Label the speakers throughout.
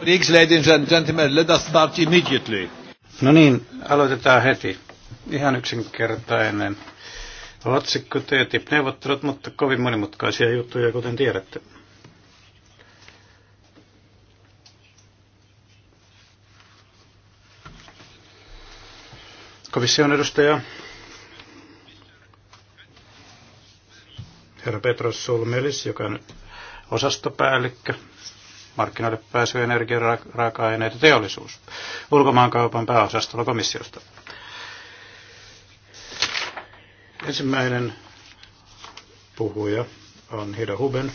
Speaker 1: Colleagues, ladies and gentlemen, let us start immediately. No niin, aloitetaan heti. Ihan yksinkertainen otsikko TTIP-neuvottelut, mutta kovin monimutkaisia juttuja, kuten tiedätte. Komission edustaja herra Petros Sulmelis, joka on osastopäällikkö markkinoille pääsy energiaraaka ja teollisuus ulkomaankaupan pääosastolla komissiosta. Ensimmäinen puhuja on Hido Huben,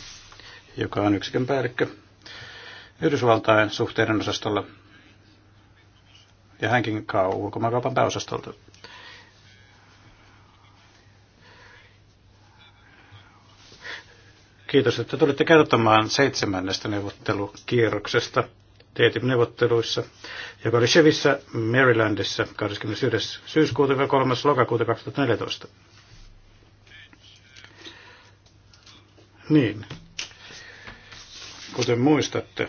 Speaker 1: joka on yksikön päällikkö Yhdysvaltain suhteiden osastolla ja hänkin ulkomaankaupan pääosastolta. Kiitos, että tulitte kertomaan seitsemännestä neuvottelukierroksesta TTIP-neuvotteluissa, joka oli Chevissä Marylandissa 21. syyskuuta 3. lokakuuta 2014. Niin, kuten muistatte,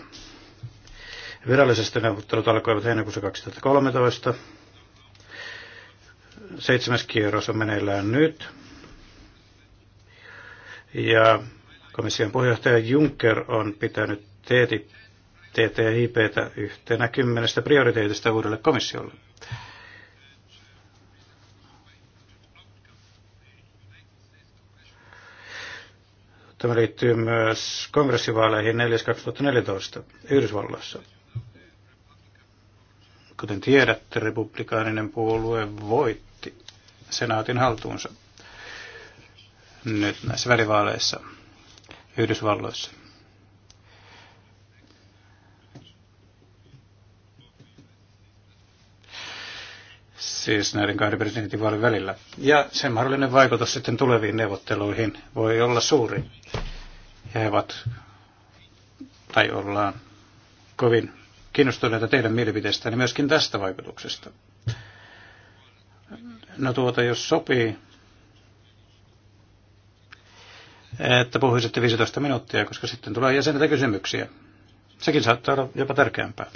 Speaker 1: virallisesti neuvottelut alkoivat heinäkuussa 2013. Seitsemäs kierros on meneillään nyt. Ja Komission puheenjohtaja Juncker on pitänyt TTIP TTIPtä yhtenä kymmenestä prioriteetista uudelle komissiolle. Tämä liittyy myös kongressivaaleihin 4.2014 Yhdysvalloissa. Kuten tiedätte, republikaaninen puolue voitti senaatin haltuunsa nyt näissä välivaaleissa. Yhdysvalloissa. siis näiden kahden presidentin vaalin välillä. Ja sen mahdollinen vaikutus sitten tuleviin neuvotteluihin voi olla suuri. Ja he ovat, tai ollaan kovin kiinnostuneita teidän mielipiteestänne myöskin tästä vaikutuksesta. No tuota, jos sopii, että puhuisitte 15 minuuttia, koska sitten tulee jäseniltä kysymyksiä. Sekin saattaa olla jopa tärkeämpää.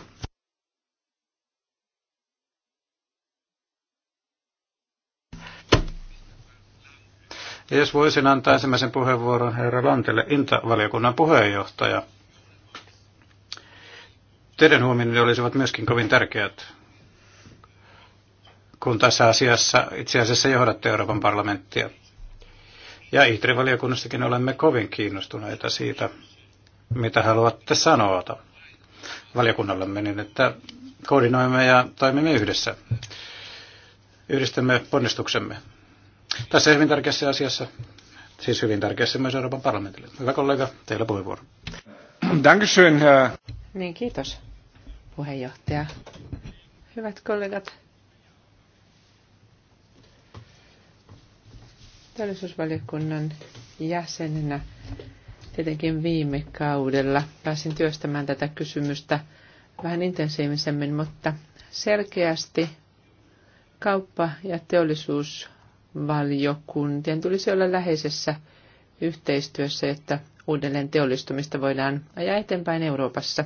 Speaker 1: Ja jos voisin antaa ensimmäisen puheenvuoron herra Lantelle, Inta-valiokunnan puheenjohtaja. Teidän huomioon olisivat myöskin kovin tärkeät, kun tässä asiassa itse asiassa johdatte Euroopan parlamenttia. Ja itri olemme kovin kiinnostuneita siitä, mitä haluatte sanoa valiokunnallemme, niin että koordinoimme ja toimimme yhdessä. Yhdistämme ponnistuksemme. Tässä hyvin tärkeässä asiassa, siis hyvin tärkeässä myös Euroopan parlamentille. Hyvä kollega, teillä puheenvuoro. Dankeschön.
Speaker 2: Niin, kiitos puheenjohtaja. Hyvät kollegat, Teollisuusvaliokunnan jäsenenä tietenkin viime kaudella pääsin työstämään tätä kysymystä vähän intensiivisemmin, mutta selkeästi kauppa- ja teollisuusvaliokuntien tulisi olla läheisessä yhteistyössä, että uudelleen teollistumista voidaan ajaa eteenpäin Euroopassa.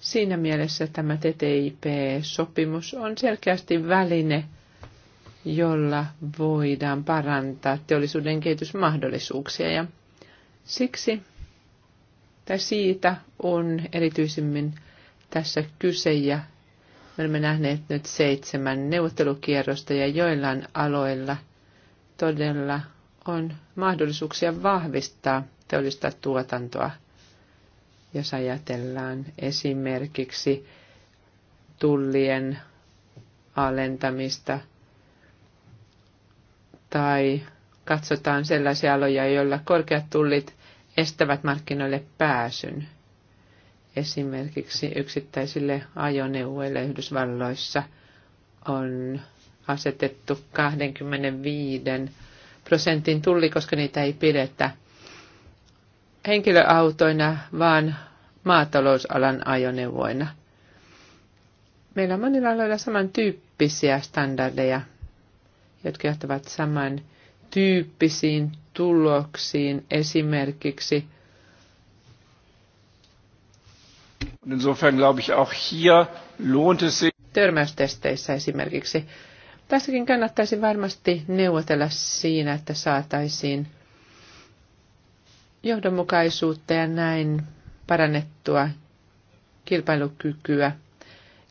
Speaker 2: Siinä mielessä tämä TTIP-sopimus on selkeästi väline – jolla voidaan parantaa teollisuuden kehitysmahdollisuuksia. Ja siksi tai siitä on erityisimmin tässä kyse ja me olemme nähneet nyt seitsemän neuvottelukierrosta ja joillain aloilla todella on mahdollisuuksia vahvistaa teollista tuotantoa, jos ajatellaan esimerkiksi tullien alentamista – tai katsotaan sellaisia aloja, joilla korkeat tullit estävät markkinoille pääsyn. Esimerkiksi yksittäisille ajoneuvoille Yhdysvalloissa on asetettu 25 prosentin tulli, koska niitä ei pidetä henkilöautoina, vaan maatalousalan ajoneuvoina. Meillä on monilla aloilla samantyyppisiä standardeja jotka johtavat saman tyyppisiin tuloksiin esimerkiksi.
Speaker 1: Insofern glaube ich auch hier lohnt es sich.
Speaker 2: Törmäystesteissä esimerkiksi. Tässäkin kannattaisi varmasti neuvotella siinä, että saataisiin johdonmukaisuutta ja näin parannettua kilpailukykyä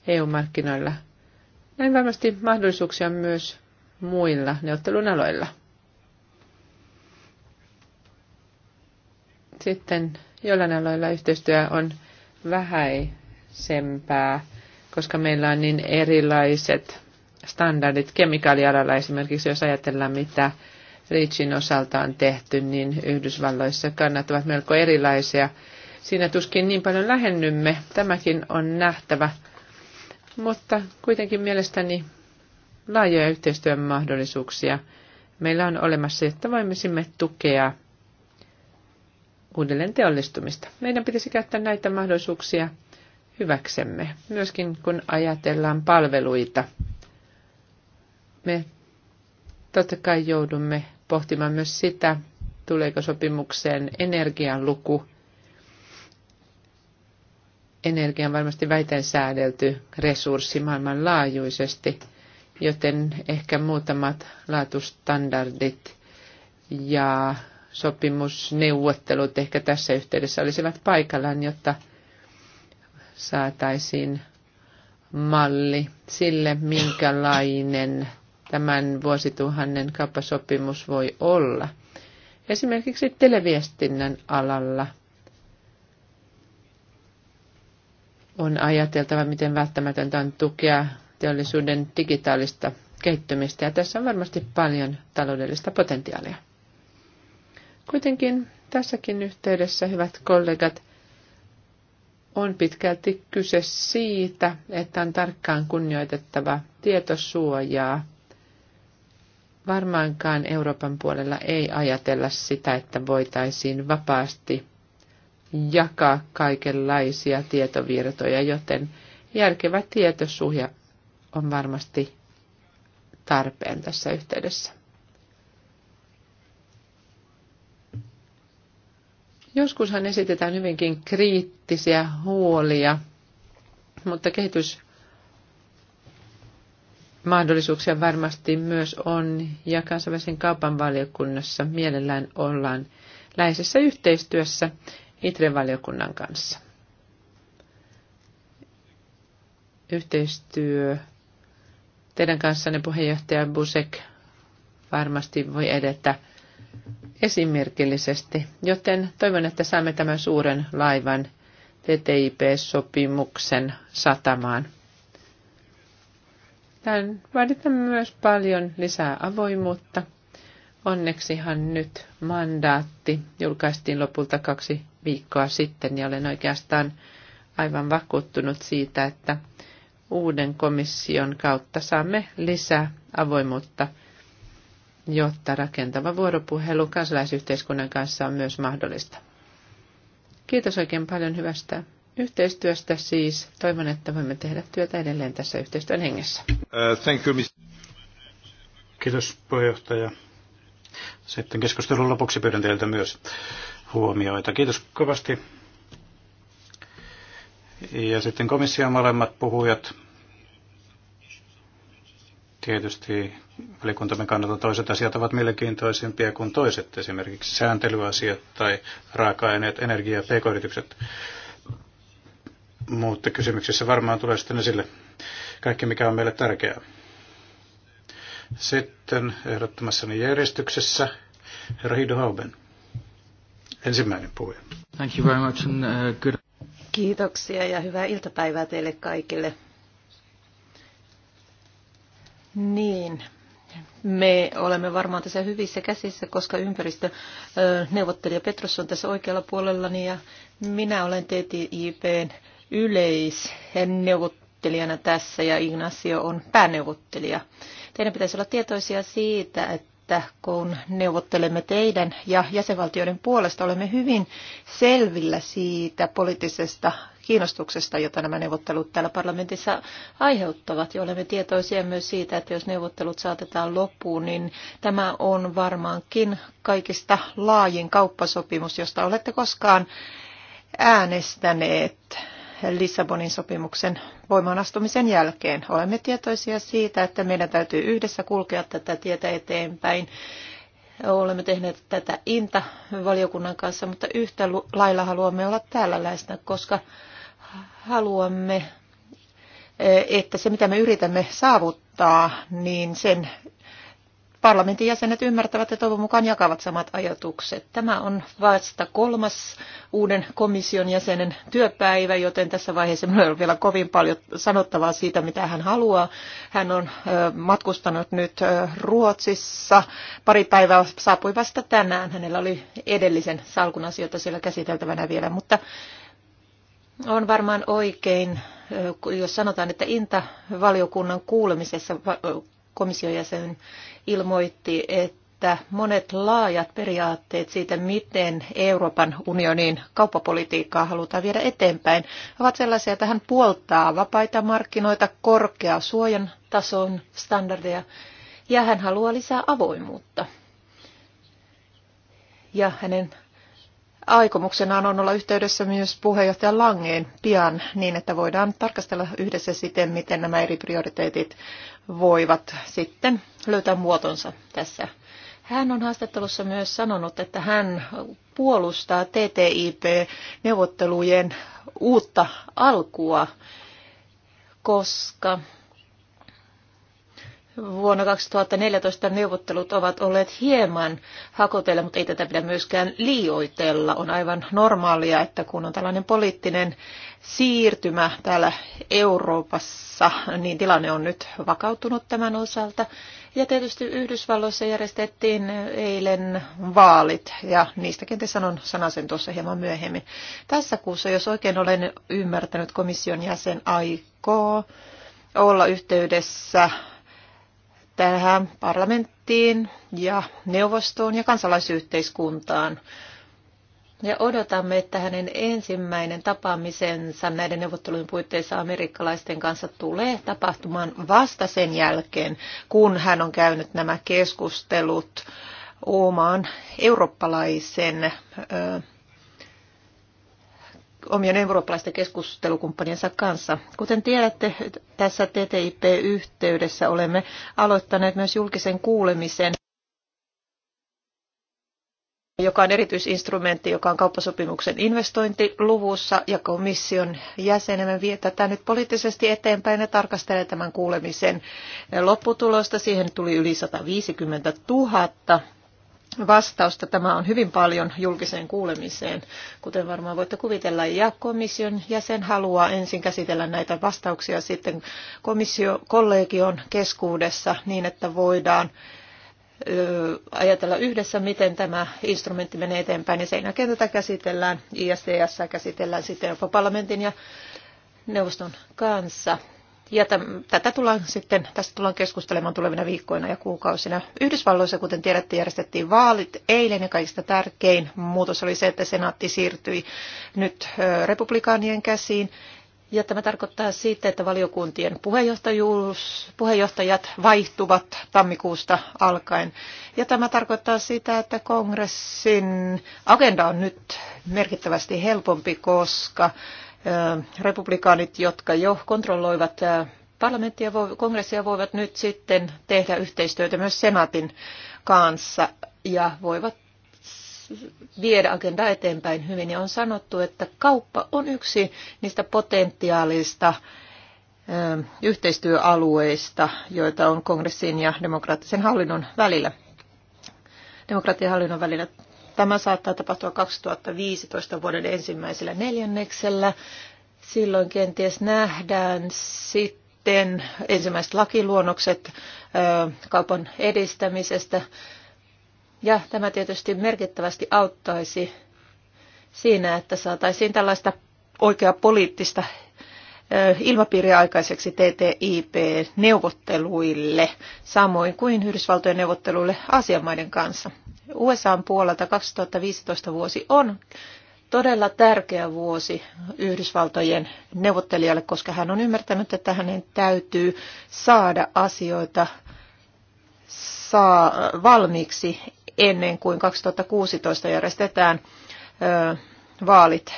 Speaker 2: EU-markkinoilla. Näin varmasti mahdollisuuksia myös muilla neuvottelun aloilla. Sitten jollain aloilla yhteistyö on vähäisempää, koska meillä on niin erilaiset standardit kemikaalialalla esimerkiksi, jos ajatellaan mitä Reachin osalta on tehty, niin Yhdysvalloissa kannat ovat melko erilaisia. Siinä tuskin niin paljon lähennymme, tämäkin on nähtävä. Mutta kuitenkin mielestäni laajoja yhteistyön mahdollisuuksia meillä on olemassa, jotta voimisimme tukea uudelleen teollistumista. Meidän pitäisi käyttää näitä mahdollisuuksia hyväksemme, myöskin kun ajatellaan palveluita. Me totta kai joudumme pohtimaan myös sitä, tuleeko sopimukseen energian luku. Energia on varmasti väiten säädelty resurssi maailmanlaajuisesti – joten ehkä muutamat laatustandardit ja sopimusneuvottelut ehkä tässä yhteydessä olisivat paikallaan, jotta saataisiin malli sille, minkälainen tämän vuosituhannen kauppasopimus voi olla. Esimerkiksi televiestinnän alalla on ajateltava, miten välttämätöntä on tukea teollisuuden digitaalista kehittymistä ja tässä on varmasti paljon taloudellista potentiaalia. Kuitenkin tässäkin yhteydessä, hyvät kollegat, on pitkälti kyse siitä, että on tarkkaan kunnioitettava tietosuojaa. Varmaankaan Euroopan puolella ei ajatella sitä, että voitaisiin vapaasti jakaa kaikenlaisia tietovirtoja, joten järkevä tietosuoja on varmasti tarpeen tässä yhteydessä. Joskushan esitetään hyvinkin kriittisiä huolia, mutta kehitys mahdollisuuksia varmasti myös on, ja kansainvälisen kaupan valiokunnassa mielellään ollaan läheisessä yhteistyössä ITREn valiokunnan kanssa. Yhteistyö Teidän kanssanne puheenjohtaja Busek varmasti voi edetä esimerkillisesti, joten toivon, että saamme tämän suuren laivan TTIP-sopimuksen satamaan. Tämän vaaditaan myös paljon lisää avoimuutta. Onneksihan nyt mandaatti julkaistiin lopulta kaksi viikkoa sitten ja olen oikeastaan aivan vakuuttunut siitä, että uuden komission kautta saamme lisää avoimuutta, jotta rakentava vuoropuhelu kansalaisyhteiskunnan kanssa on myös mahdollista. Kiitos oikein paljon hyvästä yhteistyöstä siis. Toivon, että voimme tehdä työtä edelleen tässä yhteistyön hengessä. Uh,
Speaker 1: thank you, Kiitos puheenjohtaja. Sitten keskustelun lopuksi pyydän teiltä myös huomioita. Kiitos kovasti ja sitten komission molemmat puhujat. Tietysti valikuntamme kannalta toiset asiat ovat mielenkiintoisempia kuin toiset, esimerkiksi sääntelyasiat tai raaka-aineet, energia- ja pk-yritykset. Mutta kysymyksessä varmaan tulee sitten esille kaikki, mikä on meille tärkeää. Sitten ehdottomassani järjestyksessä herra Hido Hauben, ensimmäinen puhuja. Thank you very much and, uh, good...
Speaker 3: Kiitoksia ja hyvää iltapäivää teille kaikille. Niin, me olemme varmaan tässä hyvissä käsissä, koska ympäristöneuvottelija Petros on tässä oikealla puolellani niin ja minä olen TTIPn yleisneuvottelijana tässä ja Ignacio on pääneuvottelija. Teidän pitäisi olla tietoisia siitä, että että kun neuvottelemme teidän ja jäsenvaltioiden puolesta, olemme hyvin selvillä siitä poliittisesta kiinnostuksesta, jota nämä neuvottelut täällä parlamentissa aiheuttavat. Ja olemme tietoisia myös siitä, että jos neuvottelut saatetaan loppuun, niin tämä on varmaankin kaikista laajin kauppasopimus, josta olette koskaan äänestäneet Lissabonin sopimuksen voimaanastumisen jälkeen. Olemme tietoisia siitä, että meidän täytyy yhdessä kulkea tätä tietä eteenpäin. Olemme tehneet tätä INTA-valiokunnan kanssa, mutta yhtä lailla haluamme olla täällä läsnä, koska haluamme, eh, että se mitä me yritämme saavuttaa, niin sen parlamentin jäsenet ymmärtävät ja toivon mukaan jakavat samat ajatukset. Tämä on vasta kolmas uuden komission jäsenen työpäivä, joten tässä vaiheessa minulla on vielä kovin paljon sanottavaa siitä, mitä hän haluaa. Hän on matkustanut nyt Ruotsissa. Pari päivää saapui vasta tänään. Hänellä oli edellisen salkun asioita siellä käsiteltävänä vielä, mutta on varmaan oikein, jos sanotaan, että Inta-valiokunnan kuulemisessa komission jäsen ilmoitti, että monet laajat periaatteet siitä, miten Euroopan unionin kauppapolitiikkaa halutaan viedä eteenpäin, ovat sellaisia, että hän puoltaa vapaita markkinoita, korkeaa suojan tason standardeja ja hän haluaa lisää avoimuutta. Ja hänen aikomuksenaan on olla yhteydessä myös puheenjohtaja Langeen pian niin, että voidaan tarkastella yhdessä siten, miten nämä eri prioriteetit voivat sitten löytää muotonsa tässä. Hän on haastattelussa myös sanonut, että hän puolustaa TTIP-neuvottelujen uutta alkua, koska vuonna 2014 neuvottelut ovat olleet hieman hakoteilla, mutta ei tätä pidä myöskään liioitella. On aivan normaalia, että kun on tällainen poliittinen siirtymä täällä Euroopassa, niin tilanne on nyt vakautunut tämän osalta. Ja tietysti Yhdysvalloissa järjestettiin eilen vaalit, ja niistäkin te sanon sanasen tuossa hieman myöhemmin. Tässä kuussa, jos oikein olen ymmärtänyt, komission jäsen aikoo olla yhteydessä tähän parlamenttiin ja neuvostoon ja kansalaisyhteiskuntaan. Ja odotamme, että hänen ensimmäinen tapaamisensa näiden neuvottelujen puitteissa amerikkalaisten kanssa tulee tapahtumaan vasta sen jälkeen, kun hän on käynyt nämä keskustelut omaan eurooppalaisen omien eurooppalaisten keskustelukumppaniensa kanssa. Kuten tiedätte, tässä TTIP-yhteydessä olemme aloittaneet myös julkisen kuulemisen joka on erityisinstrumentti, joka on kauppasopimuksen investointiluvussa ja komission jäsenemme vie tätä nyt poliittisesti eteenpäin ja tarkastelee tämän kuulemisen lopputulosta. Siihen tuli yli 150 000 vastausta. Tämä on hyvin paljon julkiseen kuulemiseen, kuten varmaan voitte kuvitella. Ja komission jäsen haluaa ensin käsitellä näitä vastauksia sitten komission kollegion keskuudessa niin, että voidaan ajatella yhdessä, miten tämä instrumentti menee eteenpäin. Ja sen jälkeen tätä käsitellään, ISDS käsitellään sitten jopa parlamentin ja neuvoston kanssa. Ja täm, tätä tullaan sitten, tästä tullaan keskustelemaan tulevina viikkoina ja kuukausina. Yhdysvalloissa, kuten tiedätte, järjestettiin vaalit eilen ja kaikista tärkein muutos oli se, että senaatti siirtyi nyt republikaanien käsiin. Ja tämä tarkoittaa siitä, että valiokuntien puheenjohtajat vaihtuvat tammikuusta alkaen. Ja tämä tarkoittaa sitä, että kongressin agenda on nyt merkittävästi helpompi, koska republikaanit, jotka jo kontrolloivat parlamenttia, kongressia, voivat nyt sitten tehdä yhteistyötä myös senaatin kanssa ja voivat viedä agendaa eteenpäin hyvin. Ja on sanottu, että kauppa on yksi niistä potentiaalista yhteistyöalueista, joita on kongressin ja demokraattisen hallinnon välillä. Demokraattien hallinnon välillä Tämä saattaa tapahtua 2015 vuoden ensimmäisellä neljänneksellä. Silloin kenties nähdään sitten ensimmäiset lakiluonnokset kaupan edistämisestä. Ja tämä tietysti merkittävästi auttaisi siinä, että saataisiin tällaista oikeaa poliittista ilmapiiriä aikaiseksi TTIP-neuvotteluille, samoin kuin Yhdysvaltojen neuvotteluille asianmaiden kanssa. USAn puolelta 2015 vuosi on todella tärkeä vuosi Yhdysvaltojen neuvottelijalle, koska hän on ymmärtänyt, että hänen täytyy saada asioita saa valmiiksi ennen kuin 2016 järjestetään vaalit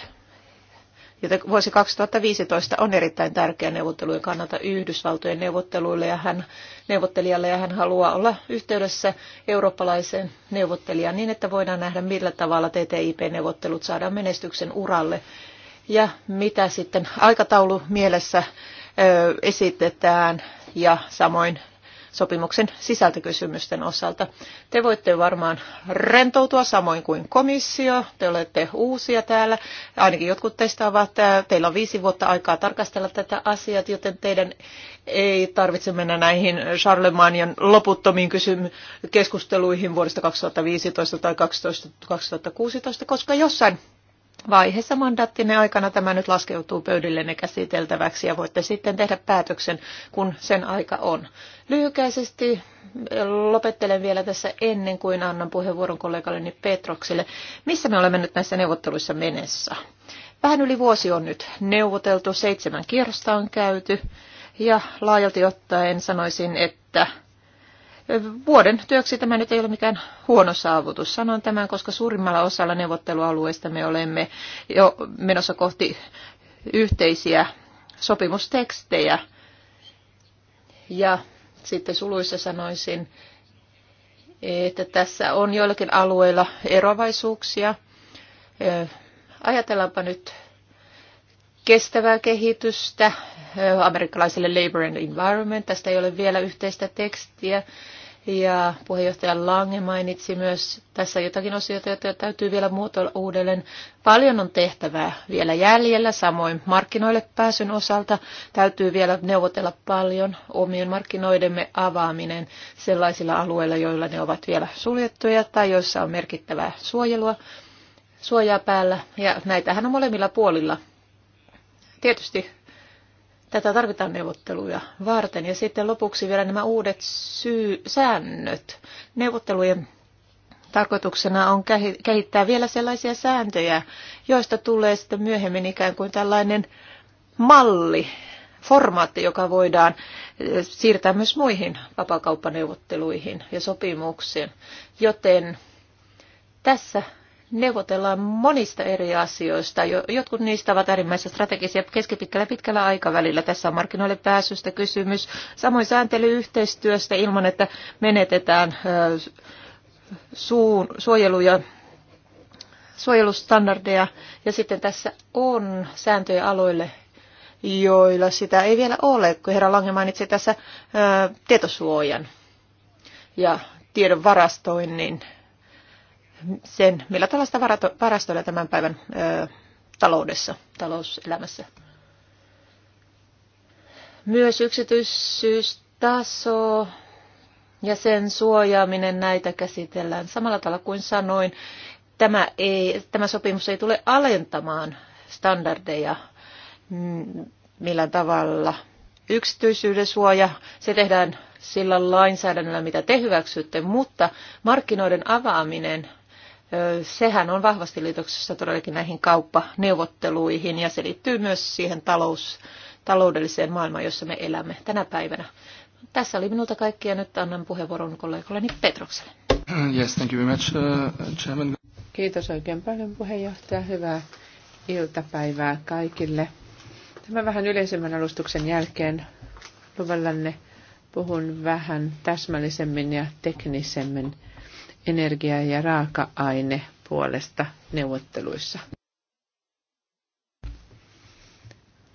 Speaker 3: Joten vuosi 2015 on erittäin tärkeä neuvottelujen kannalta Yhdysvaltojen neuvotteluille ja hän neuvottelijalle ja hän haluaa olla yhteydessä eurooppalaiseen neuvottelijaan niin, että voidaan nähdä millä tavalla TTIP-neuvottelut saadaan menestyksen uralle ja mitä sitten aikataulu mielessä esitetään ja samoin sopimuksen sisältökysymysten osalta. Te voitte varmaan rentoutua samoin kuin komissio. Te olette uusia täällä. Ainakin jotkut teistä ovat. Teillä on viisi vuotta aikaa tarkastella tätä asiaa, joten teidän ei tarvitse mennä näihin Charlemagnen loputtomiin kysym- keskusteluihin vuodesta 2015 tai 2016, koska jossain vaiheessa mandaattinne aikana tämä nyt laskeutuu pöydillenne käsiteltäväksi ja voitte sitten tehdä päätöksen, kun sen aika on. Lyhykäisesti eh, lopettelen vielä tässä ennen kuin annan puheenvuoron kollegalleni Petrokselle. Missä me olemme nyt näissä neuvotteluissa menessä? Vähän yli vuosi on nyt neuvoteltu, seitsemän kierrosta on käyty ja laajalti ottaen sanoisin, että vuoden työksi tämä nyt ei ole mikään huono saavutus. Sanon tämän, koska suurimmalla osalla neuvottelualueista me olemme jo menossa kohti yhteisiä sopimustekstejä. Ja sitten suluissa sanoisin, että tässä on joillakin alueilla eroavaisuuksia. Ajatellaanpa nyt kestävää kehitystä amerikkalaiselle Labor and Environment. Tästä ei ole vielä yhteistä tekstiä. Ja puheenjohtaja Lange mainitsi myös tässä jotakin osioita, joita täytyy vielä muotoilla uudelleen. Paljon on tehtävää vielä jäljellä, samoin markkinoille pääsyn osalta täytyy vielä neuvotella paljon omien markkinoidemme avaaminen sellaisilla alueilla, joilla ne ovat vielä suljettuja tai joissa on merkittävää suojelua, suojaa päällä. Ja näitähän on molemmilla puolilla tietysti tätä tarvitaan neuvotteluja varten. Ja sitten lopuksi vielä nämä uudet syy- säännöt. Neuvottelujen tarkoituksena on kehittää vielä sellaisia sääntöjä, joista tulee sitten myöhemmin ikään kuin tällainen malli, formaatti, joka voidaan eh, siirtää myös muihin vapakauppaneuvotteluihin ja sopimuksiin. Joten tässä neuvotellaan monista eri asioista. Jotkut niistä ovat äärimmäisen strategisia keskipitkällä ja pitkällä aikavälillä. Tässä on markkinoille pääsystä kysymys, samoin sääntelyyhteistyöstä ilman, että menetetään suojelu ja suojelustandardeja. Ja sitten tässä on sääntöjä aloille, joilla sitä ei vielä ole, kun herra Lange mainitsi tässä tietosuojan ja tiedon varastoinnin sen, millä tällaista sitä varastoida tämän päivän ö, taloudessa, talouselämässä. Myös yksityisyystaso ja sen suojaaminen näitä käsitellään samalla tavalla kuin sanoin. Tämä, ei, tämä sopimus ei tule alentamaan standardeja mm, millään tavalla. Yksityisyyden suoja, se tehdään sillä lainsäädännöllä, mitä te hyväksytte, mutta markkinoiden avaaminen sehän on vahvasti liitoksessa todellakin näihin kauppaneuvotteluihin ja se liittyy myös siihen talous, taloudelliseen maailmaan, jossa me elämme tänä päivänä. Tässä oli minulta kaikki ja nyt annan puheenvuoron kollegalleni Petrokselle.
Speaker 1: Yes, thank you very much, uh, chairman.
Speaker 2: Kiitos oikein paljon puheenjohtaja. Hyvää iltapäivää kaikille. Tämä vähän yleisemmän alustuksen jälkeen luvallanne puhun vähän täsmällisemmin ja teknisemmin energia- ja raaka-aine puolesta neuvotteluissa.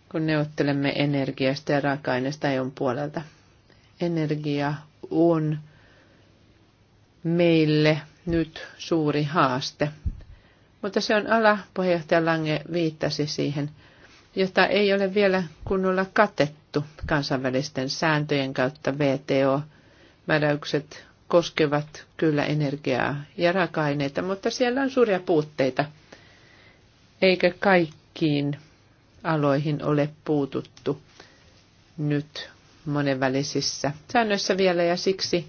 Speaker 2: Kun neuvottelemme energiasta ja raaka-aineesta EUn puolelta. Energia on meille nyt suuri haaste. Mutta se on ala, puheenjohtaja Lange viittasi siihen, jota ei ole vielä kunnolla katettu kansainvälisten sääntöjen kautta VTO, määräykset koskevat kyllä energiaa ja raaka-aineita, mutta siellä on suuria puutteita. Eikä kaikkiin aloihin ole puututtu nyt monenvälisissä säännöissä vielä ja siksi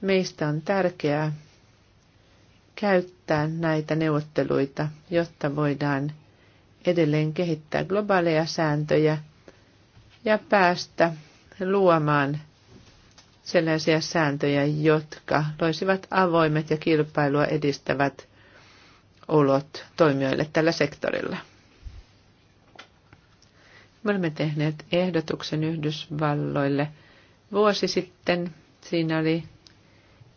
Speaker 2: meistä on tärkeää käyttää näitä neuvotteluita, jotta voidaan edelleen kehittää globaaleja sääntöjä ja päästä luomaan sellaisia sääntöjä, jotka loisivat avoimet ja kilpailua edistävät olot toimijoille tällä sektorilla. Me olemme tehneet ehdotuksen Yhdysvalloille vuosi sitten. Siinä oli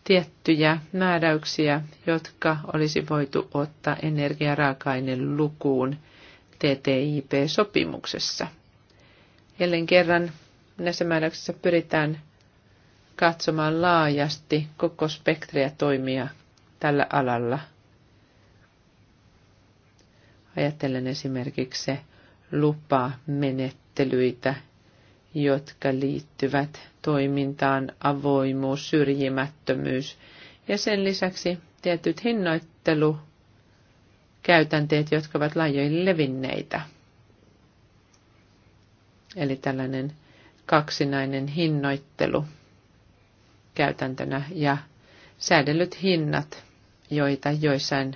Speaker 2: tiettyjä määräyksiä, jotka olisi voitu ottaa energiaraaka lukuun TTIP-sopimuksessa. Jälleen kerran näissä määräyksissä pyritään katsomaan laajasti koko spektriä toimia tällä alalla. Ajattelen esimerkiksi lupamenettelyitä, jotka liittyvät toimintaan avoimuus, syrjimättömyys ja sen lisäksi tietyt hinnoittelukäytänteet, jotka ovat laajoin levinneitä. Eli tällainen kaksinainen hinnoittelu – käytäntönä ja säädellyt hinnat, joita joissain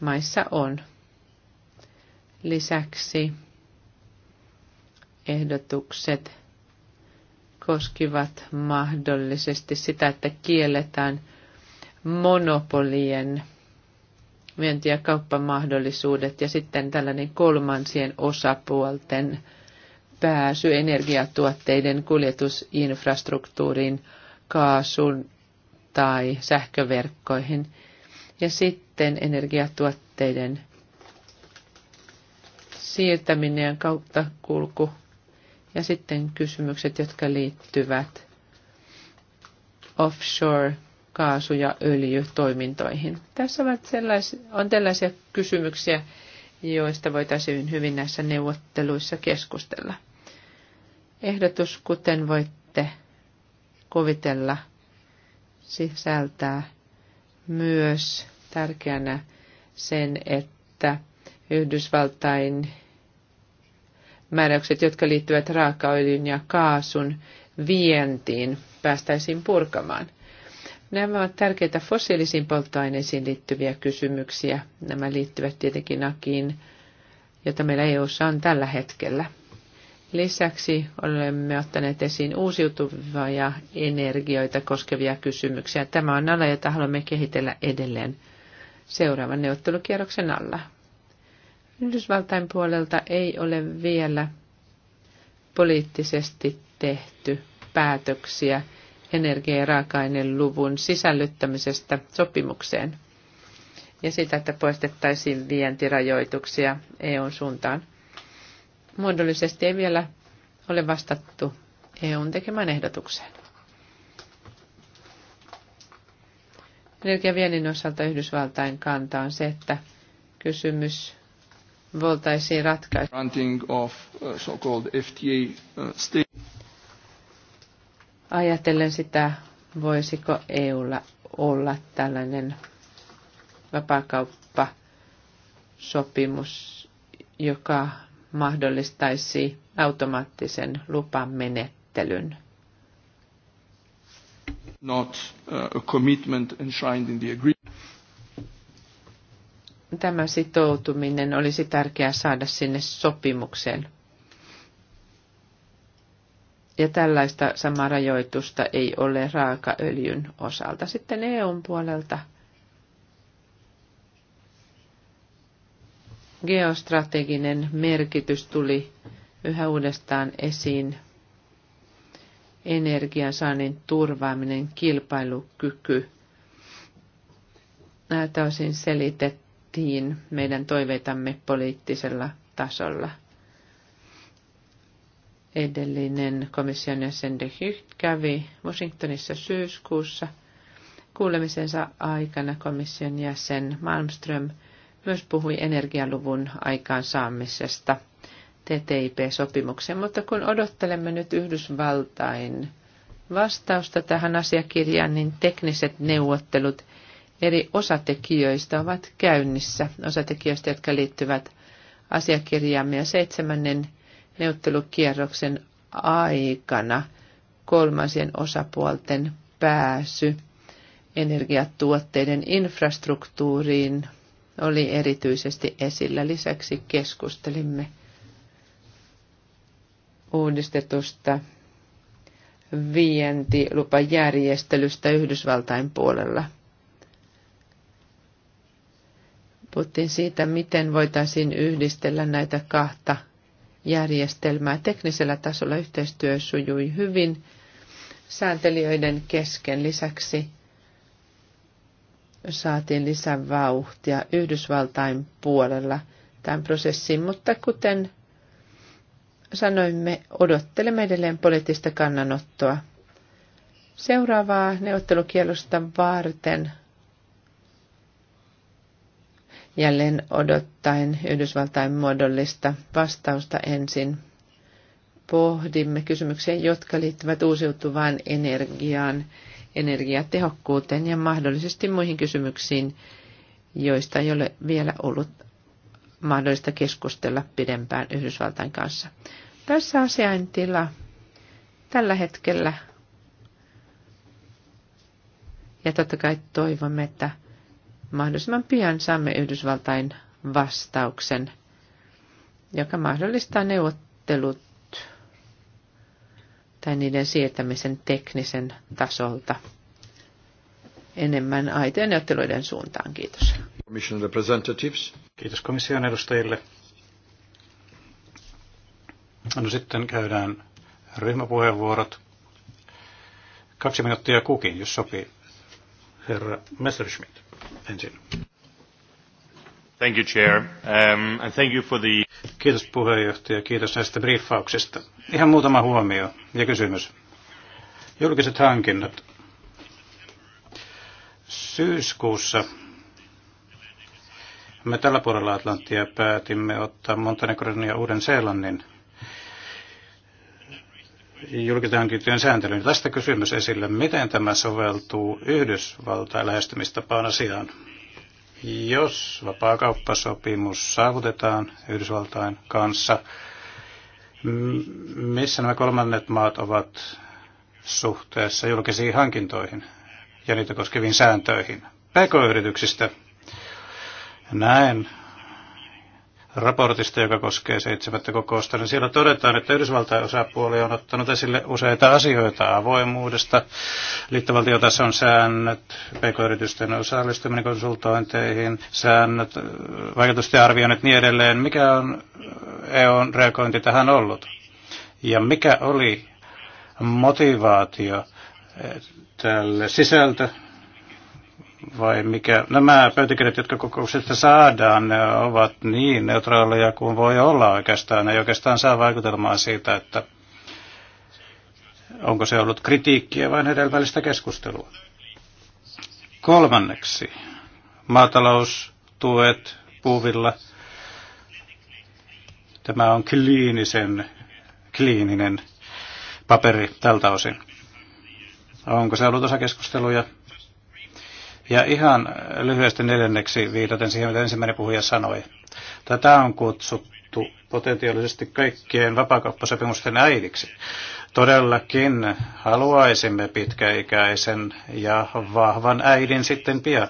Speaker 2: maissa on. Lisäksi ehdotukset koskivat mahdollisesti sitä, että kielletään monopolien vienti- ja kauppamahdollisuudet ja sitten tällainen kolmansien osapuolten pääsy energiatuotteiden kuljetusinfrastruktuuriin – kaasun tai sähköverkkoihin. Ja sitten energiatuotteiden siirtäminen ja kautta kulku. Ja sitten kysymykset, jotka liittyvät offshore kaasu- ja öljytoimintoihin. Tässä ovat sellaisia, on tällaisia kysymyksiä, joista voitaisiin hyvin näissä neuvotteluissa keskustella. Ehdotus, kuten voitte kovitella sisältää myös tärkeänä sen, että Yhdysvaltain määräykset, jotka liittyvät raakaöljyn ja kaasun vientiin, päästäisiin purkamaan. Nämä ovat tärkeitä fossiilisiin polttoaineisiin liittyviä kysymyksiä. Nämä liittyvät tietenkin akiin, jota meillä EU:ssa on tällä hetkellä. Lisäksi olemme ottaneet esiin uusiutuvia energioita koskevia kysymyksiä. Tämä on ala, jota haluamme kehitellä edelleen seuraavan neuvottelukierroksen alla. Yhdysvaltain puolelta ei ole vielä poliittisesti tehty päätöksiä energia- ja raaka-aineluvun sisällyttämisestä sopimukseen ja sitä, että poistettaisiin vientirajoituksia EUn suuntaan muodollisesti ei vielä ole vastattu EUn tekemään ehdotukseen. Energiaviennin osalta Yhdysvaltain kanta on se, että kysymys voitaisiin ratkaista. Uh, uh, Ajatellen sitä, voisiko EUlla olla tällainen vapaakauppasopimus, joka mahdollistaisi automaattisen lupamenettelyn.
Speaker 1: Not uh, a commitment enshrined in the agreement.
Speaker 2: Tämä sitoutuminen olisi tärkeää saada sinne sopimukseen. Ja tällaista samaa rajoitusta ei ole raakaöljyn osalta. Sitten EUn puolelta – Geostrateginen merkitys tuli yhä uudestaan esiin. Energiansaannin turvaaminen, kilpailukyky. Näitä osin selitettiin meidän toiveitamme poliittisella tasolla. Edellinen komission jäsen de Hycht kävi Washingtonissa syyskuussa. Kuulemisensa aikana komission jäsen Malmström – myös puhui energialuvun aikaansaamisesta TTIP-sopimukseen, mutta kun odottelemme nyt Yhdysvaltain vastausta tähän asiakirjaan, niin tekniset neuvottelut eri osatekijöistä ovat käynnissä, osatekijöistä, jotka liittyvät asiakirjaamme ja seitsemännen neuvottelukierroksen aikana kolmansien osapuolten pääsy energiatuotteiden infrastruktuuriin oli erityisesti esillä. Lisäksi keskustelimme uudistetusta vientilupajärjestelystä Yhdysvaltain puolella. Puhuttiin siitä, miten voitaisiin yhdistellä näitä kahta järjestelmää. Teknisellä tasolla yhteistyö sujui hyvin sääntelijöiden kesken. Lisäksi saatiin lisää vauhtia Yhdysvaltain puolella tämän prosessin mutta kuten sanoimme, odottelemme edelleen poliittista kannanottoa. Seuraavaa neuvottelukielosta varten jälleen odottaen Yhdysvaltain muodollista vastausta ensin. Pohdimme kysymyksiä, jotka liittyvät uusiutuvaan energiaan energiatehokkuuteen ja mahdollisesti muihin kysymyksiin, joista ei ole vielä ollut mahdollista keskustella pidempään Yhdysvaltain kanssa. Tässä asiaintila tällä hetkellä. Ja totta kai toivomme, että mahdollisimman pian saamme Yhdysvaltain vastauksen, joka mahdollistaa neuvottelut tai niiden siirtämisen teknisen tasolta enemmän aiteen neuvotteluiden suuntaan. Kiitos.
Speaker 1: Kiitos komission edustajille. No sitten käydään ryhmäpuheenvuorot. Kaksi minuuttia kukin, jos sopii. Herra Messerschmidt ensin. Thank you, Chair. Um, and thank you for the... Kiitos puheenjohtaja, kiitos näistä briefauksista. Ihan muutama huomio ja kysymys. Julkiset hankinnat. Syyskuussa me tällä puolella Atlanttia päätimme ottaa Montenegron ja Uuden-Seelannin julkisten hankintojen sääntelyyn. Tästä kysymys esille, miten tämä soveltuu Yhdysvaltain lähestymistapaan asiaan. Jos vapaakauppasopimus saavutetaan Yhdysvaltain kanssa, missä nämä kolmannet maat ovat suhteessa julkisiin hankintoihin ja niitä koskeviin sääntöihin? PK-yrityksistä näen raportista, joka koskee seitsemättä kokousta, niin siellä todetaan, että Yhdysvaltain osapuoli on ottanut esille useita asioita avoimuudesta. Liittovaltiotason säännöt, pk-yritysten osallistuminen konsultointeihin, säännöt, vaikutusten arvioinnit niin edelleen. Mikä on EUn reagointi tähän ollut? Ja mikä oli motivaatio tälle sisältö vai mikä? Nämä pöytäkirjat, jotka kokouksesta saadaan, ne ovat niin neutraaleja kuin voi olla oikeastaan. Ne ei oikeastaan saa vaikutelmaa siitä, että onko se ollut kritiikkiä vai hedelmällistä keskustelua. Kolmanneksi, maataloustuet puuvilla. Tämä on kliinisen, kliininen paperi tältä osin. Onko se ollut osa keskusteluja? Ja ihan lyhyesti neljänneksi viitaten siihen, mitä ensimmäinen puhuja sanoi. Tätä on kutsuttu potentiaalisesti kaikkien vapakauppasopimusten äidiksi. Todellakin haluaisimme pitkäikäisen ja vahvan äidin sitten pian.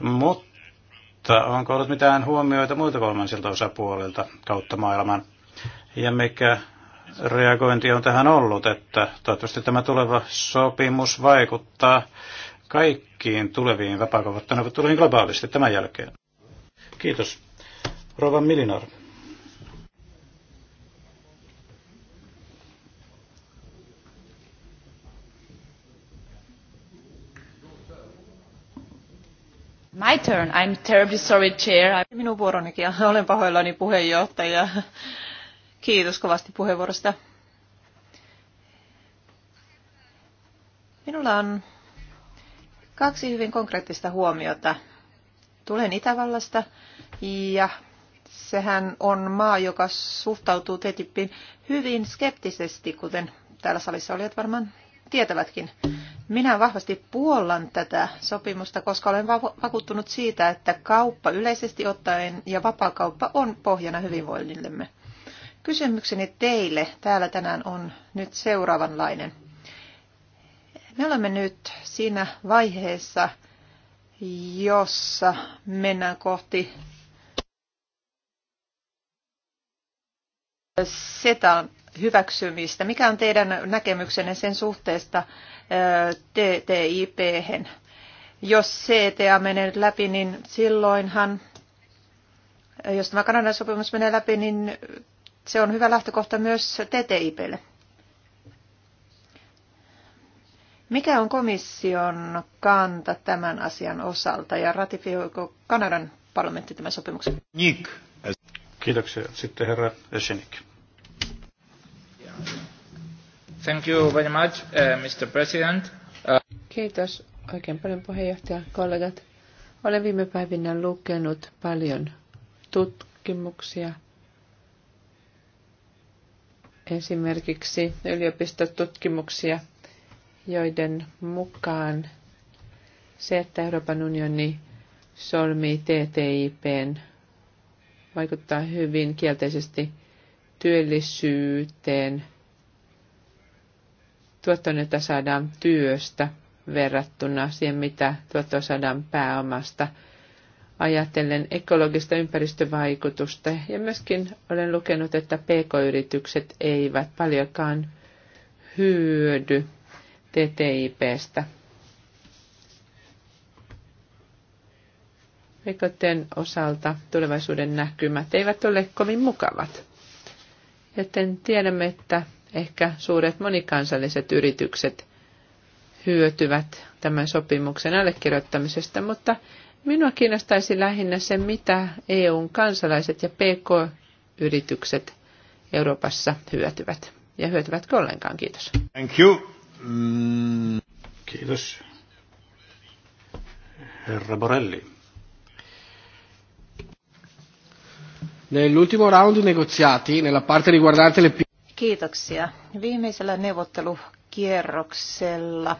Speaker 1: Mutta onko ollut mitään huomioita muilta kolmansilta osapuolilta kautta maailman? Ja mikä reagointi on tähän ollut, että toivottavasti tämä tuleva sopimus vaikuttaa kaikkiin tuleviin vapaakauppaneuvotteluihin globaalisti tämän jälkeen. Kiitos. Rova Milinar.
Speaker 3: My turn. I'm terribly sorry, chair. Minun vuoronikin ja olen pahoillani puheenjohtaja. Kiitos kovasti puheenvuorosta. Minulla on Kaksi hyvin konkreettista huomiota. Tulen Itävallasta ja sehän on maa, joka suhtautuu TTIPin hyvin skeptisesti, kuten täällä salissa olijat varmaan tietävätkin. Minä vahvasti puollan tätä sopimusta, koska olen vakuuttunut siitä, että kauppa yleisesti ottaen ja vapaakauppa on pohjana hyvinvoinnillemme. Kysymykseni teille täällä tänään on nyt seuraavanlainen. Me olemme nyt siinä vaiheessa, jossa mennään kohti SETAn hyväksymistä. Mikä on teidän näkemyksenne sen suhteesta ttip -hän? Jos CTA menee nyt läpi, niin silloinhan, jos tämä Kanadan sopimus menee läpi, niin se on hyvä lähtökohta myös TTIPlle. Mikä on komission kanta tämän asian osalta ja ratifioiko Kanadan parlamentti tämän sopimuksen?
Speaker 1: Nick. Kiitoksia. Sitten herra Esenik. Thank you very much, uh, Mr. President. Uh...
Speaker 2: Kiitos oikein paljon puheenjohtaja, kollegat. Olen viime päivinä lukenut paljon tutkimuksia. Esimerkiksi yliopistotutkimuksia – joiden mukaan se, että Euroopan unioni solmii TTIPn, vaikuttaa hyvin kielteisesti työllisyyteen, Tuottoa saadaan työstä verrattuna siihen, mitä tuottoa saadaan pääomasta, ajatellen ekologista ympäristövaikutusta. Ja myöskin olen lukenut, että pk-yritykset eivät paljonkaan hyödy TTIPstä. Rikoten osalta tulevaisuuden näkymät eivät ole kovin mukavat. Joten tiedämme, että ehkä suuret monikansalliset yritykset hyötyvät tämän sopimuksen allekirjoittamisesta, mutta minua kiinnostaisi lähinnä se, mitä EUn kansalaiset ja PK-yritykset Euroopassa hyötyvät. Ja hyötyvätkö ollenkaan? Kiitos.
Speaker 1: Thank you. Mm. Kiitos. Herra Borelli. Nell'ultimo round negoziati, nella parte riguardante le...
Speaker 3: Kiitoksia. Viimeisellä neuvottelukierroksella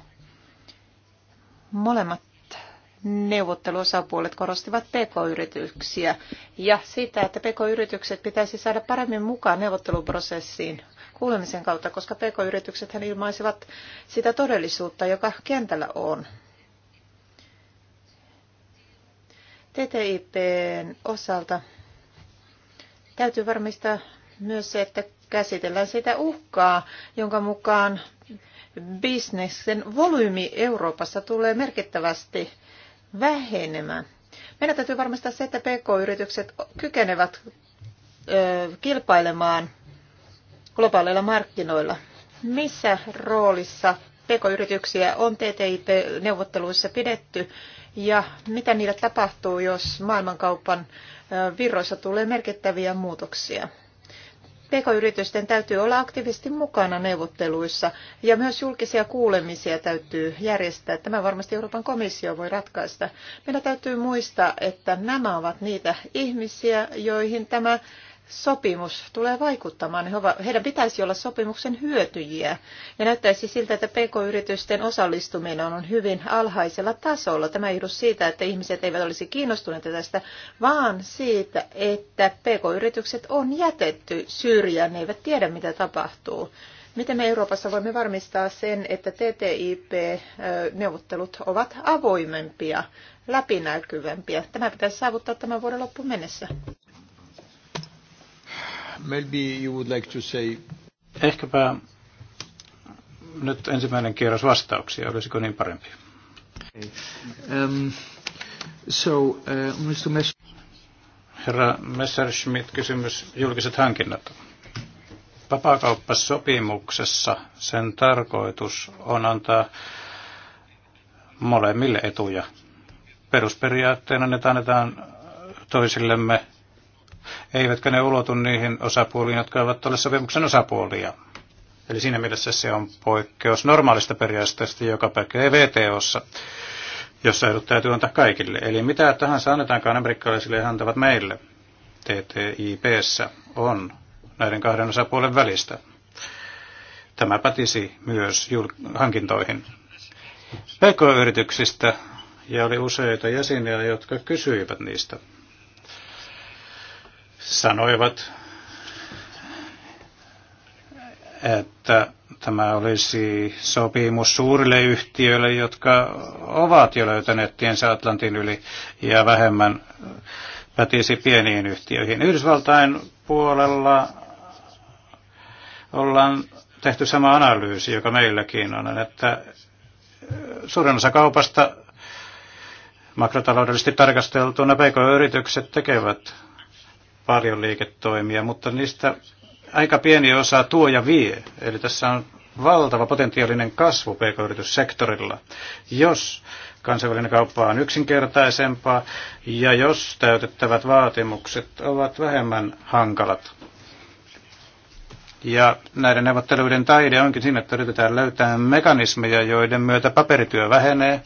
Speaker 3: molemmat neuvotteluosapuolet korostivat pk-yrityksiä ja sitä, että pk-yritykset pitäisi saada paremmin mukaan neuvotteluprosessiin kuulemisen kautta, koska pk-yritykset ilmaisivat sitä todellisuutta, joka kentällä on. TTIPn osalta täytyy varmistaa myös se, että käsitellään sitä uhkaa, jonka mukaan bisneksen volyymi Euroopassa tulee merkittävästi vähenemään. Meidän täytyy varmistaa se, että pk-yritykset kykenevät kilpailemaan globaaleilla markkinoilla. Missä roolissa PK-yrityksiä on TTIP-neuvotteluissa pidetty ja mitä niillä tapahtuu, jos maailmankaupan virroissa tulee merkittäviä muutoksia? PK-yritysten täytyy olla aktiivisesti mukana neuvotteluissa ja myös julkisia kuulemisia täytyy järjestää. Tämä varmasti Euroopan komissio voi ratkaista. Meidän täytyy muistaa, että nämä ovat niitä ihmisiä, joihin tämä sopimus tulee vaikuttamaan. Heidän pitäisi olla sopimuksen hyötyjiä. Ja näyttäisi siltä, että pk-yritysten osallistuminen on hyvin alhaisella tasolla. Tämä ei siitä, että ihmiset eivät olisi kiinnostuneita tästä, vaan siitä, että pk-yritykset on jätetty syrjään. Ne eivät tiedä, mitä tapahtuu. Miten me Euroopassa voimme varmistaa sen, että TTIP-neuvottelut ovat avoimempia, läpinäkyvämpiä? Tämä pitäisi saavuttaa tämän vuoden loppuun mennessä.
Speaker 1: Maybe you would like to say... Ehkäpä nyt ensimmäinen kierros vastauksia, olisiko niin parempi? Okay. Um, so, uh, Mr. Mess- Herra Messerschmidt, kysymys julkiset hankinnat. Vapaakauppasopimuksessa sen tarkoitus on antaa molemmille etuja. Perusperiaatteena ne annetaan toisillemme eivätkä ne ulotu niihin osapuoliin, jotka eivät ole sopimuksen osapuolia. Eli siinä mielessä se on poikkeus normaalista periaatteesta, joka pätee VTOssa, jossa edut täytyy antaa kaikille. Eli mitä tahansa annetaankaan amerikkalaisille ja antavat meille TTIPssä on näiden kahden osapuolen välistä. Tämä pätisi myös hankintoihin. PK-yrityksistä ja oli useita jäseniä, jotka kysyivät niistä sanoivat, että tämä olisi sopimus suurille yhtiöille, jotka ovat jo löytäneet tiensä Atlantin yli ja vähemmän pätisi pieniin yhtiöihin. Yhdysvaltain puolella ollaan tehty sama analyysi, joka meilläkin on, että suurin osa kaupasta makrotaloudellisesti tarkasteltuna pk-yritykset tekevät paljon liiketoimia, mutta niistä aika pieni osa tuo ja vie. Eli tässä on valtava potentiaalinen kasvu pk-yrityssektorilla, jos kansainvälinen kauppa on yksinkertaisempaa ja jos täytettävät vaatimukset ovat vähemmän hankalat. Ja näiden neuvotteluiden taide onkin siinä, että yritetään löytää mekanismeja, joiden myötä paperityö vähenee,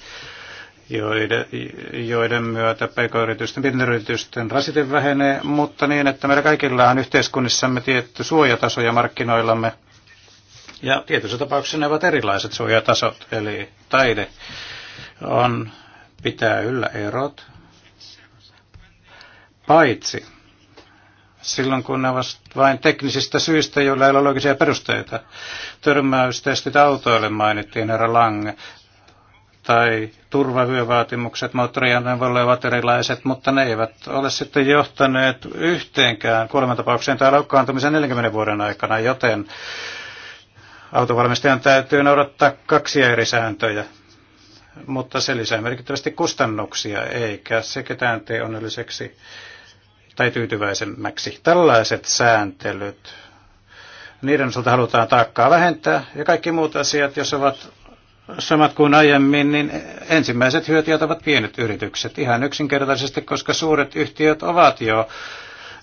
Speaker 1: joiden, joiden myötä pk-yritysten, pienyritysten rasite vähenee, mutta niin, että meillä kaikilla on yhteiskunnissamme tietty suojataso ja markkinoillamme. Ja tietyissä tapauksissa ne ovat erilaiset suojatasot, eli taide on pitää yllä erot, paitsi silloin kun ne ovat vain teknisistä syistä, joilla ei ole logisia perusteita. Törmäystestit autoille mainittiin herra Lange tai turvavyövaatimukset moottoriajoneuvoille ovat erilaiset, mutta ne eivät ole sitten johtaneet yhteenkään kuolemantapaukseen tai loukkaantumiseen 40 vuoden aikana, joten autovalmistajan täytyy noudattaa kaksia eri sääntöjä. Mutta se lisää merkittävästi kustannuksia, eikä se ketään tee onnelliseksi tai tyytyväisemmäksi. Tällaiset sääntelyt, niiden osalta halutaan taakkaa vähentää ja kaikki muut asiat, jos ovat samat kuin aiemmin, niin ensimmäiset hyötyjät ovat pienet yritykset ihan yksinkertaisesti, koska suuret yhtiöt ovat jo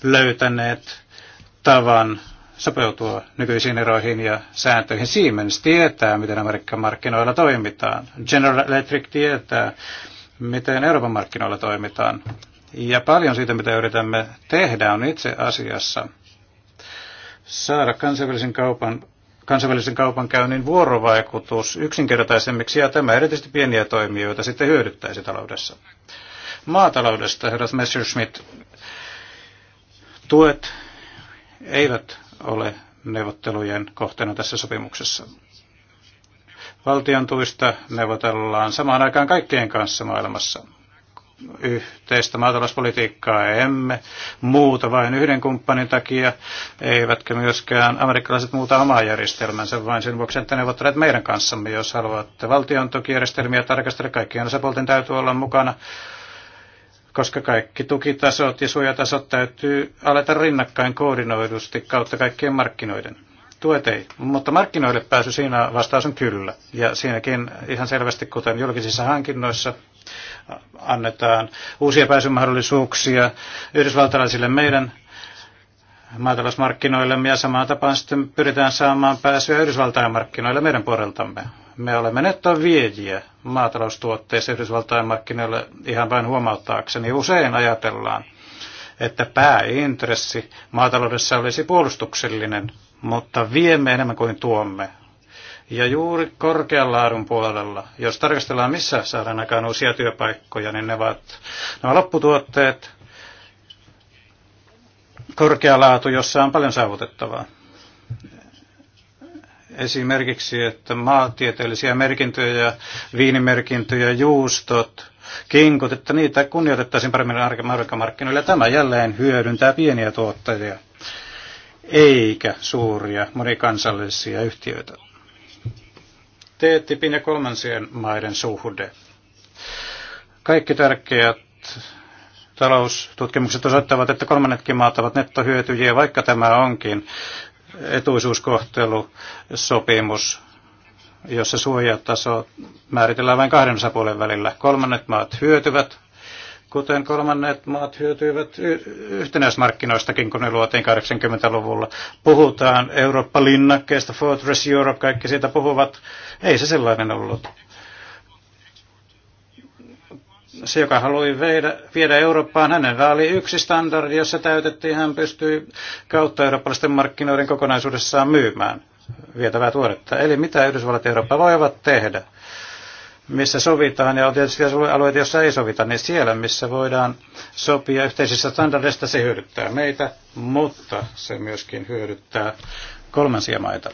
Speaker 1: löytäneet tavan sopeutua nykyisiin eroihin ja sääntöihin. Siemens tietää, miten Amerikan markkinoilla toimitaan. General Electric tietää, miten Euroopan markkinoilla toimitaan. Ja paljon siitä, mitä yritämme tehdä, on itse asiassa saada kansainvälisen kaupan kansainvälisen kaupankäynnin vuorovaikutus yksinkertaisemmiksi ja tämä erityisesti pieniä toimijoita sitten hyödyttäisi taloudessa. Maataloudesta, herrat Messerschmitt, tuet eivät ole neuvottelujen kohteena tässä sopimuksessa. Valtion tuista neuvotellaan samaan aikaan kaikkien kanssa maailmassa yhteistä maatalouspolitiikkaa emme muuta vain yhden kumppanin takia, eivätkä myöskään amerikkalaiset muuta omaa järjestelmänsä, vain sen vuoksi, että olleet meidän kanssamme. Jos haluatte valtion tukijärjestelmiä tarkastella, kaikkien osapuolten täytyy olla mukana, koska kaikki tukitasot ja suojatasot täytyy aleta rinnakkain koordinoidusti kautta kaikkien markkinoiden tuet ei. Mutta markkinoille pääsy siinä vastaus on kyllä. Ja siinäkin ihan selvästi, kuten julkisissa hankinnoissa, annetaan uusia pääsymahdollisuuksia yhdysvaltalaisille meidän maatalousmarkkinoillemme ja samaan tapaan sitten pyritään saamaan pääsyä Yhdysvaltain markkinoille meidän puoleltamme. Me olemme nettoviejiä maataloustuotteissa Yhdysvaltain markkinoille ihan vain huomauttaakseni. Usein ajatellaan, että pääintressi maataloudessa olisi puolustuksellinen, mutta viemme enemmän kuin tuomme. Ja juuri korkean laadun puolella, jos tarkastellaan missä saadaan aikaan uusia työpaikkoja, niin ne ovat nämä lopputuotteet, korkea laatu, jossa on paljon saavutettavaa. Esimerkiksi, että maatieteellisiä merkintöjä, viinimerkintöjä, juustot, kinkut, että niitä kunnioitettaisiin paremmin markkinoilla. Tämä jälleen hyödyntää pieniä tuottajia, eikä suuria monikansallisia yhtiöitä. TTIPin ja kolmansien maiden suhde. Kaikki tärkeät taloustutkimukset osoittavat, että kolmannetkin maat ovat nettohyötyjiä, vaikka tämä onkin etuisuuskohtelusopimus, jossa suojataso määritellään vain kahden osapuolen välillä. Kolmannet maat hyötyvät kuten kolmannet maat hyötyivät yhtenäismarkkinoistakin, kun ne luotiin 80-luvulla. Puhutaan Eurooppa-linnakkeesta, Fortress Europe, kaikki siitä puhuvat. Ei se sellainen ollut. Se, joka halui veidä, viedä Eurooppaan, hänellä oli yksi standardi, jossa täytettiin, hän pystyi kautta eurooppalaisten markkinoiden kokonaisuudessaan myymään vietävää tuoretta. Eli mitä Yhdysvallat ja Eurooppa voivat tehdä? missä sovitaan, ja on tietysti alueita, joissa ei sovita, niin siellä, missä voidaan sopia yhteisistä standardeista, se hyödyttää meitä, mutta se myöskin hyödyttää kolmansia maita.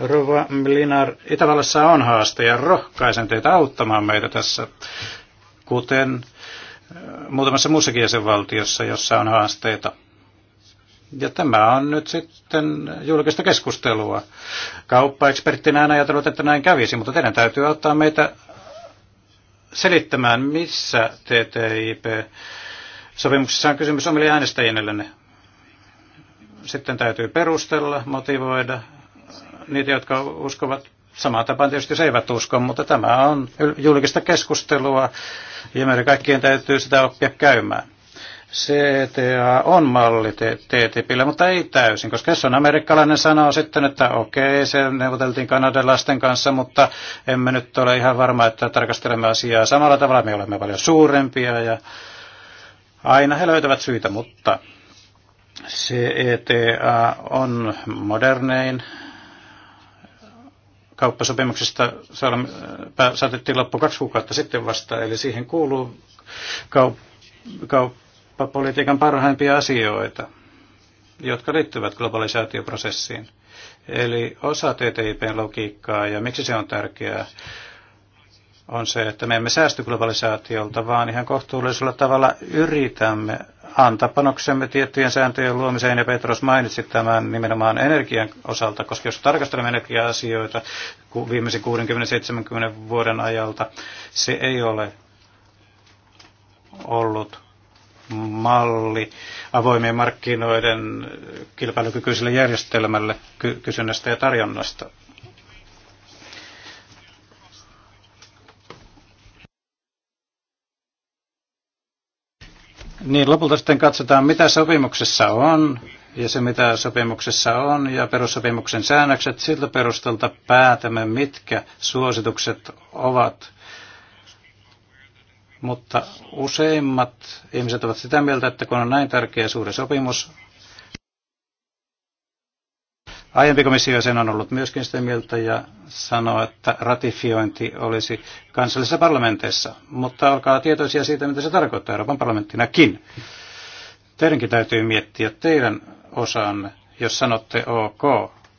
Speaker 1: Rova Milinar, Itävallassa on haaste ja rohkaisen teitä auttamaan meitä tässä, kuten äh, muutamassa muussakin jäsenvaltiossa, jossa on haasteita. Ja tämä on nyt sitten julkista keskustelua. kauppaekspertinä en ajatellut, että näin kävisi, mutta teidän täytyy auttaa meitä selittämään, missä TTIP-sopimuksessa on kysymys omille äänestäjillenne. Sitten täytyy perustella, motivoida niitä, jotka uskovat. Samaan tapaan tietysti se eivät usko, mutta tämä on julkista keskustelua ja meidän kaikkien täytyy sitä oppia käymään. CTA on malli TTIPille, mutta ei täysin, koska jos on amerikkalainen sanoo sitten, että okei, se neuvoteltiin lasten kanssa, mutta emme nyt ole ihan varma, että tarkastelemme asiaa samalla tavalla, me olemme paljon suurempia ja aina he löytävät syitä, mutta CETA on modernein kauppasopimuksesta äh, saatettiin loppu kaksi kuukautta sitten vasta, eli siihen kuuluu kaup- kaup- Kauppapolitiikan parhaimpia asioita, jotka liittyvät globalisaatioprosessiin. Eli osa ttip logiikkaa ja miksi se on tärkeää, on se, että me emme säästy globalisaatiolta, vaan ihan kohtuullisella tavalla yritämme antaa panoksemme tiettyjen sääntöjen luomiseen, ja Petros mainitsi tämän nimenomaan energian osalta, koska jos tarkastelemme energia-asioita viimeisen 60-70 vuoden ajalta, se ei ole ollut malli avoimien markkinoiden kilpailukykyiselle järjestelmälle ky- kysynnästä ja tarjonnasta. Niin, lopulta sitten katsotaan, mitä sopimuksessa on ja se, mitä sopimuksessa on ja perussopimuksen säännökset. Siltä perustalta päätämme, mitkä suositukset ovat mutta useimmat ihmiset ovat sitä mieltä, että kun on näin tärkeä suuri sopimus, Aiempi komissio sen on ollut myöskin sitä mieltä ja sanoo, että ratifiointi olisi kansallisessa parlamenteissa, mutta olkaa tietoisia siitä, mitä se tarkoittaa Euroopan parlamenttinakin. Teidänkin täytyy miettiä teidän osaanne, jos sanotte OK,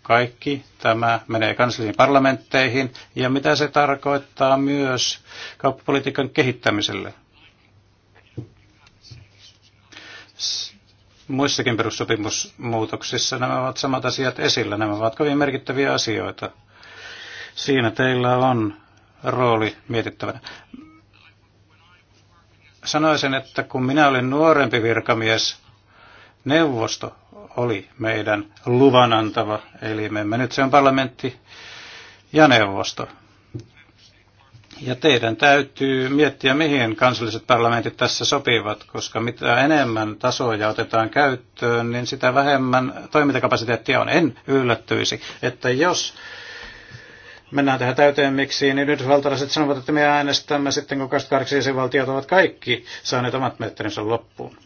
Speaker 1: kaikki tämä menee kansallisiin parlamentteihin ja mitä se tarkoittaa myös kauppapolitiikan kehittämiselle. Muissakin perussopimusmuutoksissa nämä ovat samat asiat esillä. Nämä ovat kovin merkittäviä asioita. Siinä teillä on rooli mietittävänä sanoisin, että kun minä olin nuorempi virkamies, neuvosto oli meidän luvanantava elimemme. Nyt se on parlamentti ja neuvosto. Ja teidän täytyy miettiä, mihin kansalliset parlamentit tässä sopivat, koska mitä enemmän tasoja otetaan käyttöön, niin sitä vähemmän toimintakapasiteettia on. En yllättyisi, että jos mennään tähän täyteen miksi, niin yhdysvaltalaiset sanovat, että me äänestämme sitten, kun 28 jäsenvaltiot ovat kaikki saaneet omat metrinsä loppuun.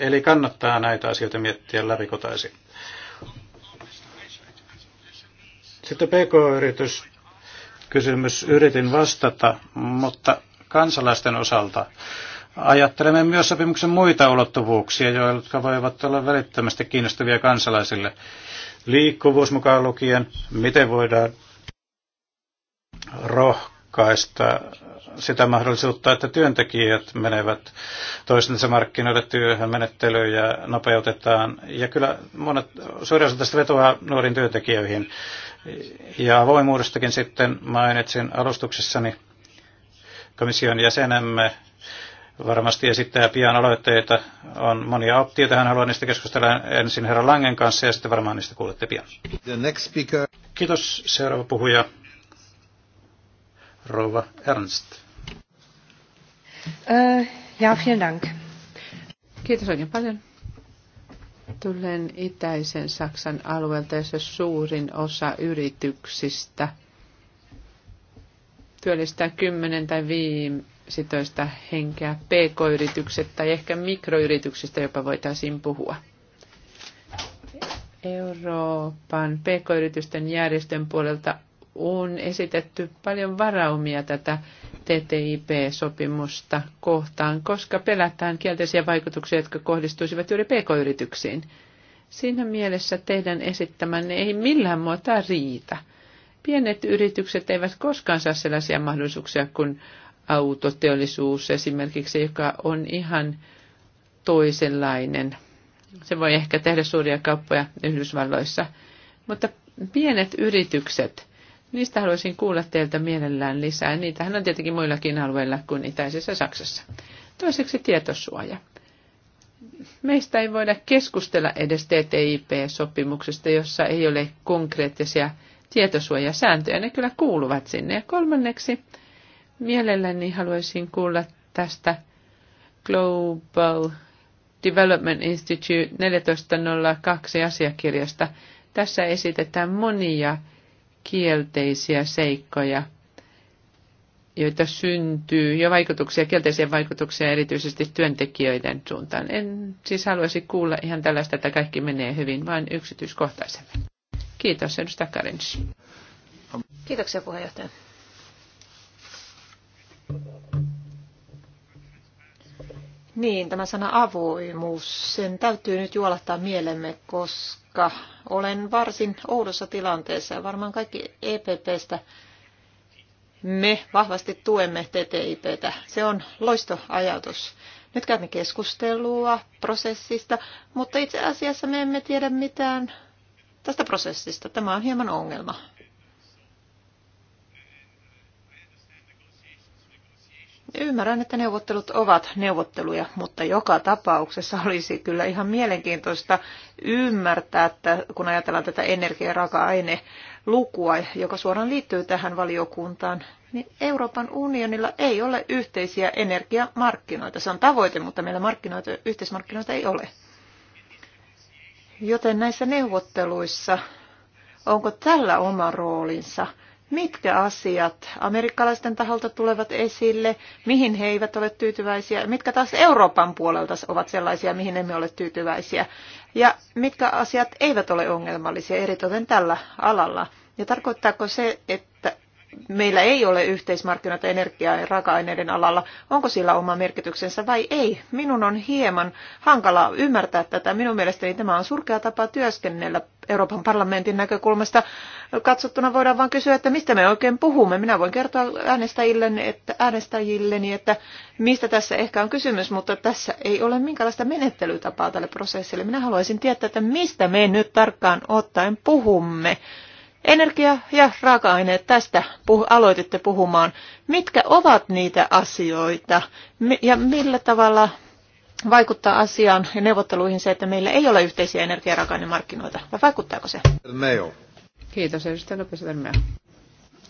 Speaker 1: Eli kannattaa näitä asioita miettiä läpikotaisin. Sitten PK-yritys kysymys yritin vastata, mutta kansalaisten osalta ajattelemme myös sopimuksen muita ulottuvuuksia, jotka voivat olla välittömästi kiinnostavia kansalaisille. Liikkuvuus mukaan lukien, miten voidaan rohkaista sitä mahdollisuutta, että työntekijät menevät toistensa markkinoille työhön, menettelyjä nopeutetaan. Ja kyllä monet suurin osa tästä vetoaa nuoriin työntekijöihin. Ja avoimuudestakin sitten mainitsin alustuksessani komission jäsenemme varmasti esittää pian aloitteita. On monia optioita, hän haluaa niistä keskustella ensin herra Langen kanssa ja sitten varmaan niistä kuulette pian. The next speaker. Kiitos, seuraava puhuja, rouva Ernst.
Speaker 2: Äh, Kiitos oikein paljon. Tulen itäisen Saksan alueelta, jossa suurin osa yrityksistä työllistää 10 tai 15 henkeä pk-yritykset tai ehkä mikroyrityksistä jopa voitaisiin puhua. Euroopan pk-yritysten järjestön puolelta on esitetty paljon varaumia tätä TTIP-sopimusta kohtaan, koska pelätään kielteisiä vaikutuksia, jotka kohdistuisivat juuri pk-yrityksiin. Siinä mielessä teidän esittämänne ei millään muuta riitä. Pienet yritykset eivät koskaan saa sellaisia mahdollisuuksia kuin autoteollisuus esimerkiksi, joka on ihan toisenlainen. Se voi ehkä tehdä suuria kauppoja Yhdysvalloissa, mutta pienet yritykset Niistä haluaisin kuulla teiltä mielellään lisää. Niitähän on tietenkin muillakin alueilla kuin itäisessä Saksassa. Toiseksi tietosuoja. Meistä ei voida keskustella edes TTIP-sopimuksesta, jossa ei ole konkreettisia tietosuojasääntöjä. Ne kyllä kuuluvat sinne. Ja kolmanneksi mielelläni haluaisin kuulla tästä Global Development Institute 1402 asiakirjasta. Tässä esitetään monia kielteisiä seikkoja, joita syntyy, ja vaikutuksia, kielteisiä vaikutuksia erityisesti työntekijöiden suuntaan. En siis haluaisi kuulla ihan tällaista, että kaikki menee hyvin, vaan yksityiskohtaisemmin. Kiitos, edustaja Karins.
Speaker 3: Kiitoksia puheenjohtaja. Niin, tämä sana avoimuus, sen täytyy nyt juolahtaa mielemme, koska olen varsin oudossa tilanteessa ja varmaan kaikki EPPstä me vahvasti tuemme TTIPtä. Se on loisto ajatus. Nyt käymme keskustelua prosessista, mutta itse asiassa me emme tiedä mitään tästä prosessista. Tämä on hieman ongelma. Ymmärrän, että neuvottelut ovat neuvotteluja, mutta joka tapauksessa olisi kyllä ihan mielenkiintoista ymmärtää, että kun ajatellaan tätä energia- ja raaka joka suoraan liittyy tähän valiokuntaan, niin Euroopan unionilla ei ole yhteisiä energiamarkkinoita. Se on tavoite, mutta meillä markkinoita, yhteismarkkinoita ei ole. Joten näissä neuvotteluissa, onko tällä oma roolinsa – mitkä asiat amerikkalaisten taholta tulevat esille, mihin he eivät ole tyytyväisiä, mitkä taas Euroopan puolelta ovat sellaisia, mihin emme ole tyytyväisiä, ja mitkä asiat eivät ole ongelmallisia, eritoten tällä alalla. Ja tarkoittaako se, että meillä ei ole yhteismarkkinoita energia- ja raaka-aineiden alalla, onko sillä oma merkityksensä vai ei. Minun on hieman hankala ymmärtää tätä. Minun mielestäni tämä on surkea tapa työskennellä Euroopan parlamentin näkökulmasta. Katsottuna voidaan vain kysyä, että mistä me oikein puhumme. Minä voin kertoa äänestäjilleni, että, äänestäjilleni, että mistä tässä ehkä on kysymys, mutta tässä ei ole minkälaista menettelytapaa tälle prosessille. Minä haluaisin tietää, että mistä me nyt tarkkaan ottaen puhumme. Energia ja raaka-aineet, tästä puh- aloititte puhumaan. Mitkä ovat niitä asioita ja millä tavalla vaikuttaa asiaan ja neuvotteluihin se, että meillä ei ole yhteisiä energia- ja raaka-ainemarkkinoita? Vai vaikuttaako se? Meo. Kiitos, edustaja lopez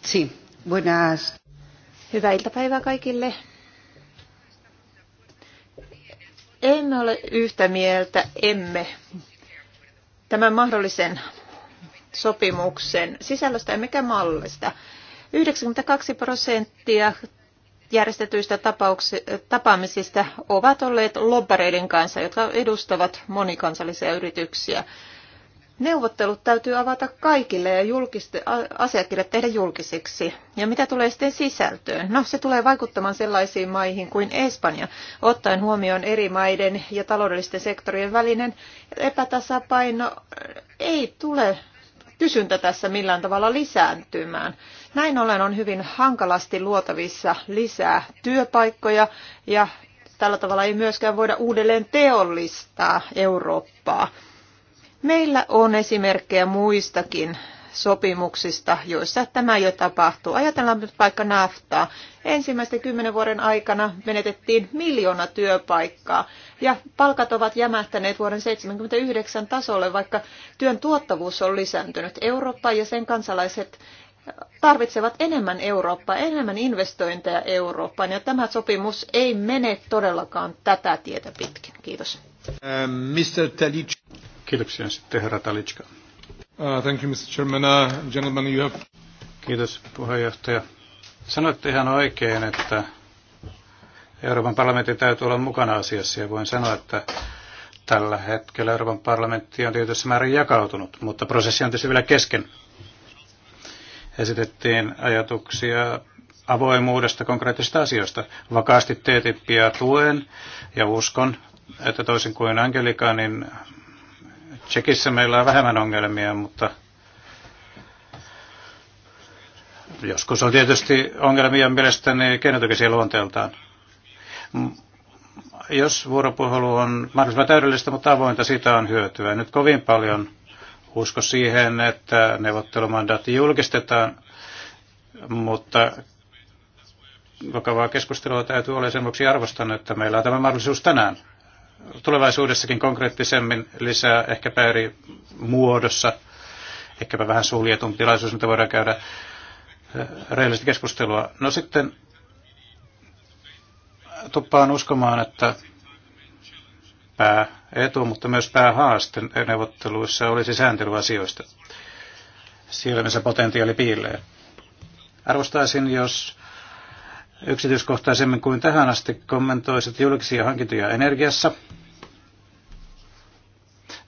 Speaker 3: Si, buenas. Hyvää iltapäivää kaikille. Emme ole yhtä mieltä, emme. Tämän mahdollisen sopimuksen sisällöstä emmekä mallista. 92 prosenttia järjestetyistä tapaamisista ovat olleet lobbareiden kanssa, jotka edustavat monikansallisia yrityksiä. Neuvottelut täytyy avata kaikille ja julkiste, asiakirjat tehdä julkisiksi. Ja mitä tulee sitten sisältöön? No, se tulee vaikuttamaan sellaisiin maihin kuin Espanja, ottaen huomioon eri maiden ja taloudellisten sektorien välinen epätasapaino ei tule kysyntä tässä millään tavalla lisääntymään. Näin ollen on hyvin hankalasti luotavissa lisää työpaikkoja ja tällä tavalla ei myöskään voida uudelleen teollistaa Eurooppaa. Meillä on esimerkkejä muistakin sopimuksista, joissa tämä jo tapahtuu. Ajatellaan nyt vaikka naftaa. Ensimmäisten kymmenen vuoden aikana menetettiin miljoona työpaikkaa ja palkat ovat jämähtäneet vuoden 1979 tasolle, vaikka työn tuottavuus on lisääntynyt. Eurooppa ja sen kansalaiset tarvitsevat enemmän Eurooppaa, enemmän investointeja Eurooppaan, ja tämä sopimus ei mene todellakaan tätä tietä pitkin. Kiitos.
Speaker 1: Mr. Ähm, Kiitoksia sitten herra Talitska. Uh, thank you, Mr. Chairman. Uh, gentlemen, you have... Kiitos puheenjohtaja. Sanoitte ihan oikein, että Euroopan parlamentti täytyy olla mukana asiassa ja voin sanoa, että tällä hetkellä Euroopan parlamentti on tietyssä määrin jakautunut, mutta prosessi on tietysti vielä kesken. Esitettiin ajatuksia avoimuudesta konkreettisista asioista. Vakaasti TTIPia tuen ja uskon, että toisin kuin Angelika, niin Tsekissä meillä on vähemmän ongelmia, mutta joskus on tietysti ongelmia mielestäni keinotekisiä luonteeltaan. Jos vuoropuhelu on mahdollisimman täydellistä, mutta avointa, sitä on hyötyä. Nyt kovin paljon usko siihen, että neuvottelumandaatti julkistetaan, mutta vakavaa keskustelua täytyy olla. Sen vuoksi arvostan, että meillä on tämä mahdollisuus tänään tulevaisuudessakin konkreettisemmin lisää, ehkäpä eri muodossa, ehkäpä vähän suljetun tilaisuus, mitä voidaan käydä eh, rehellistä keskustelua. No sitten tuppaan uskomaan, että pääetu, mutta myös päähaaste neuvotteluissa olisi sääntelyasioista. Siellä, missä potentiaali piilee. Arvostaisin, jos yksityiskohtaisemmin kuin tähän asti kommentoisit julkisia hankintoja energiassa,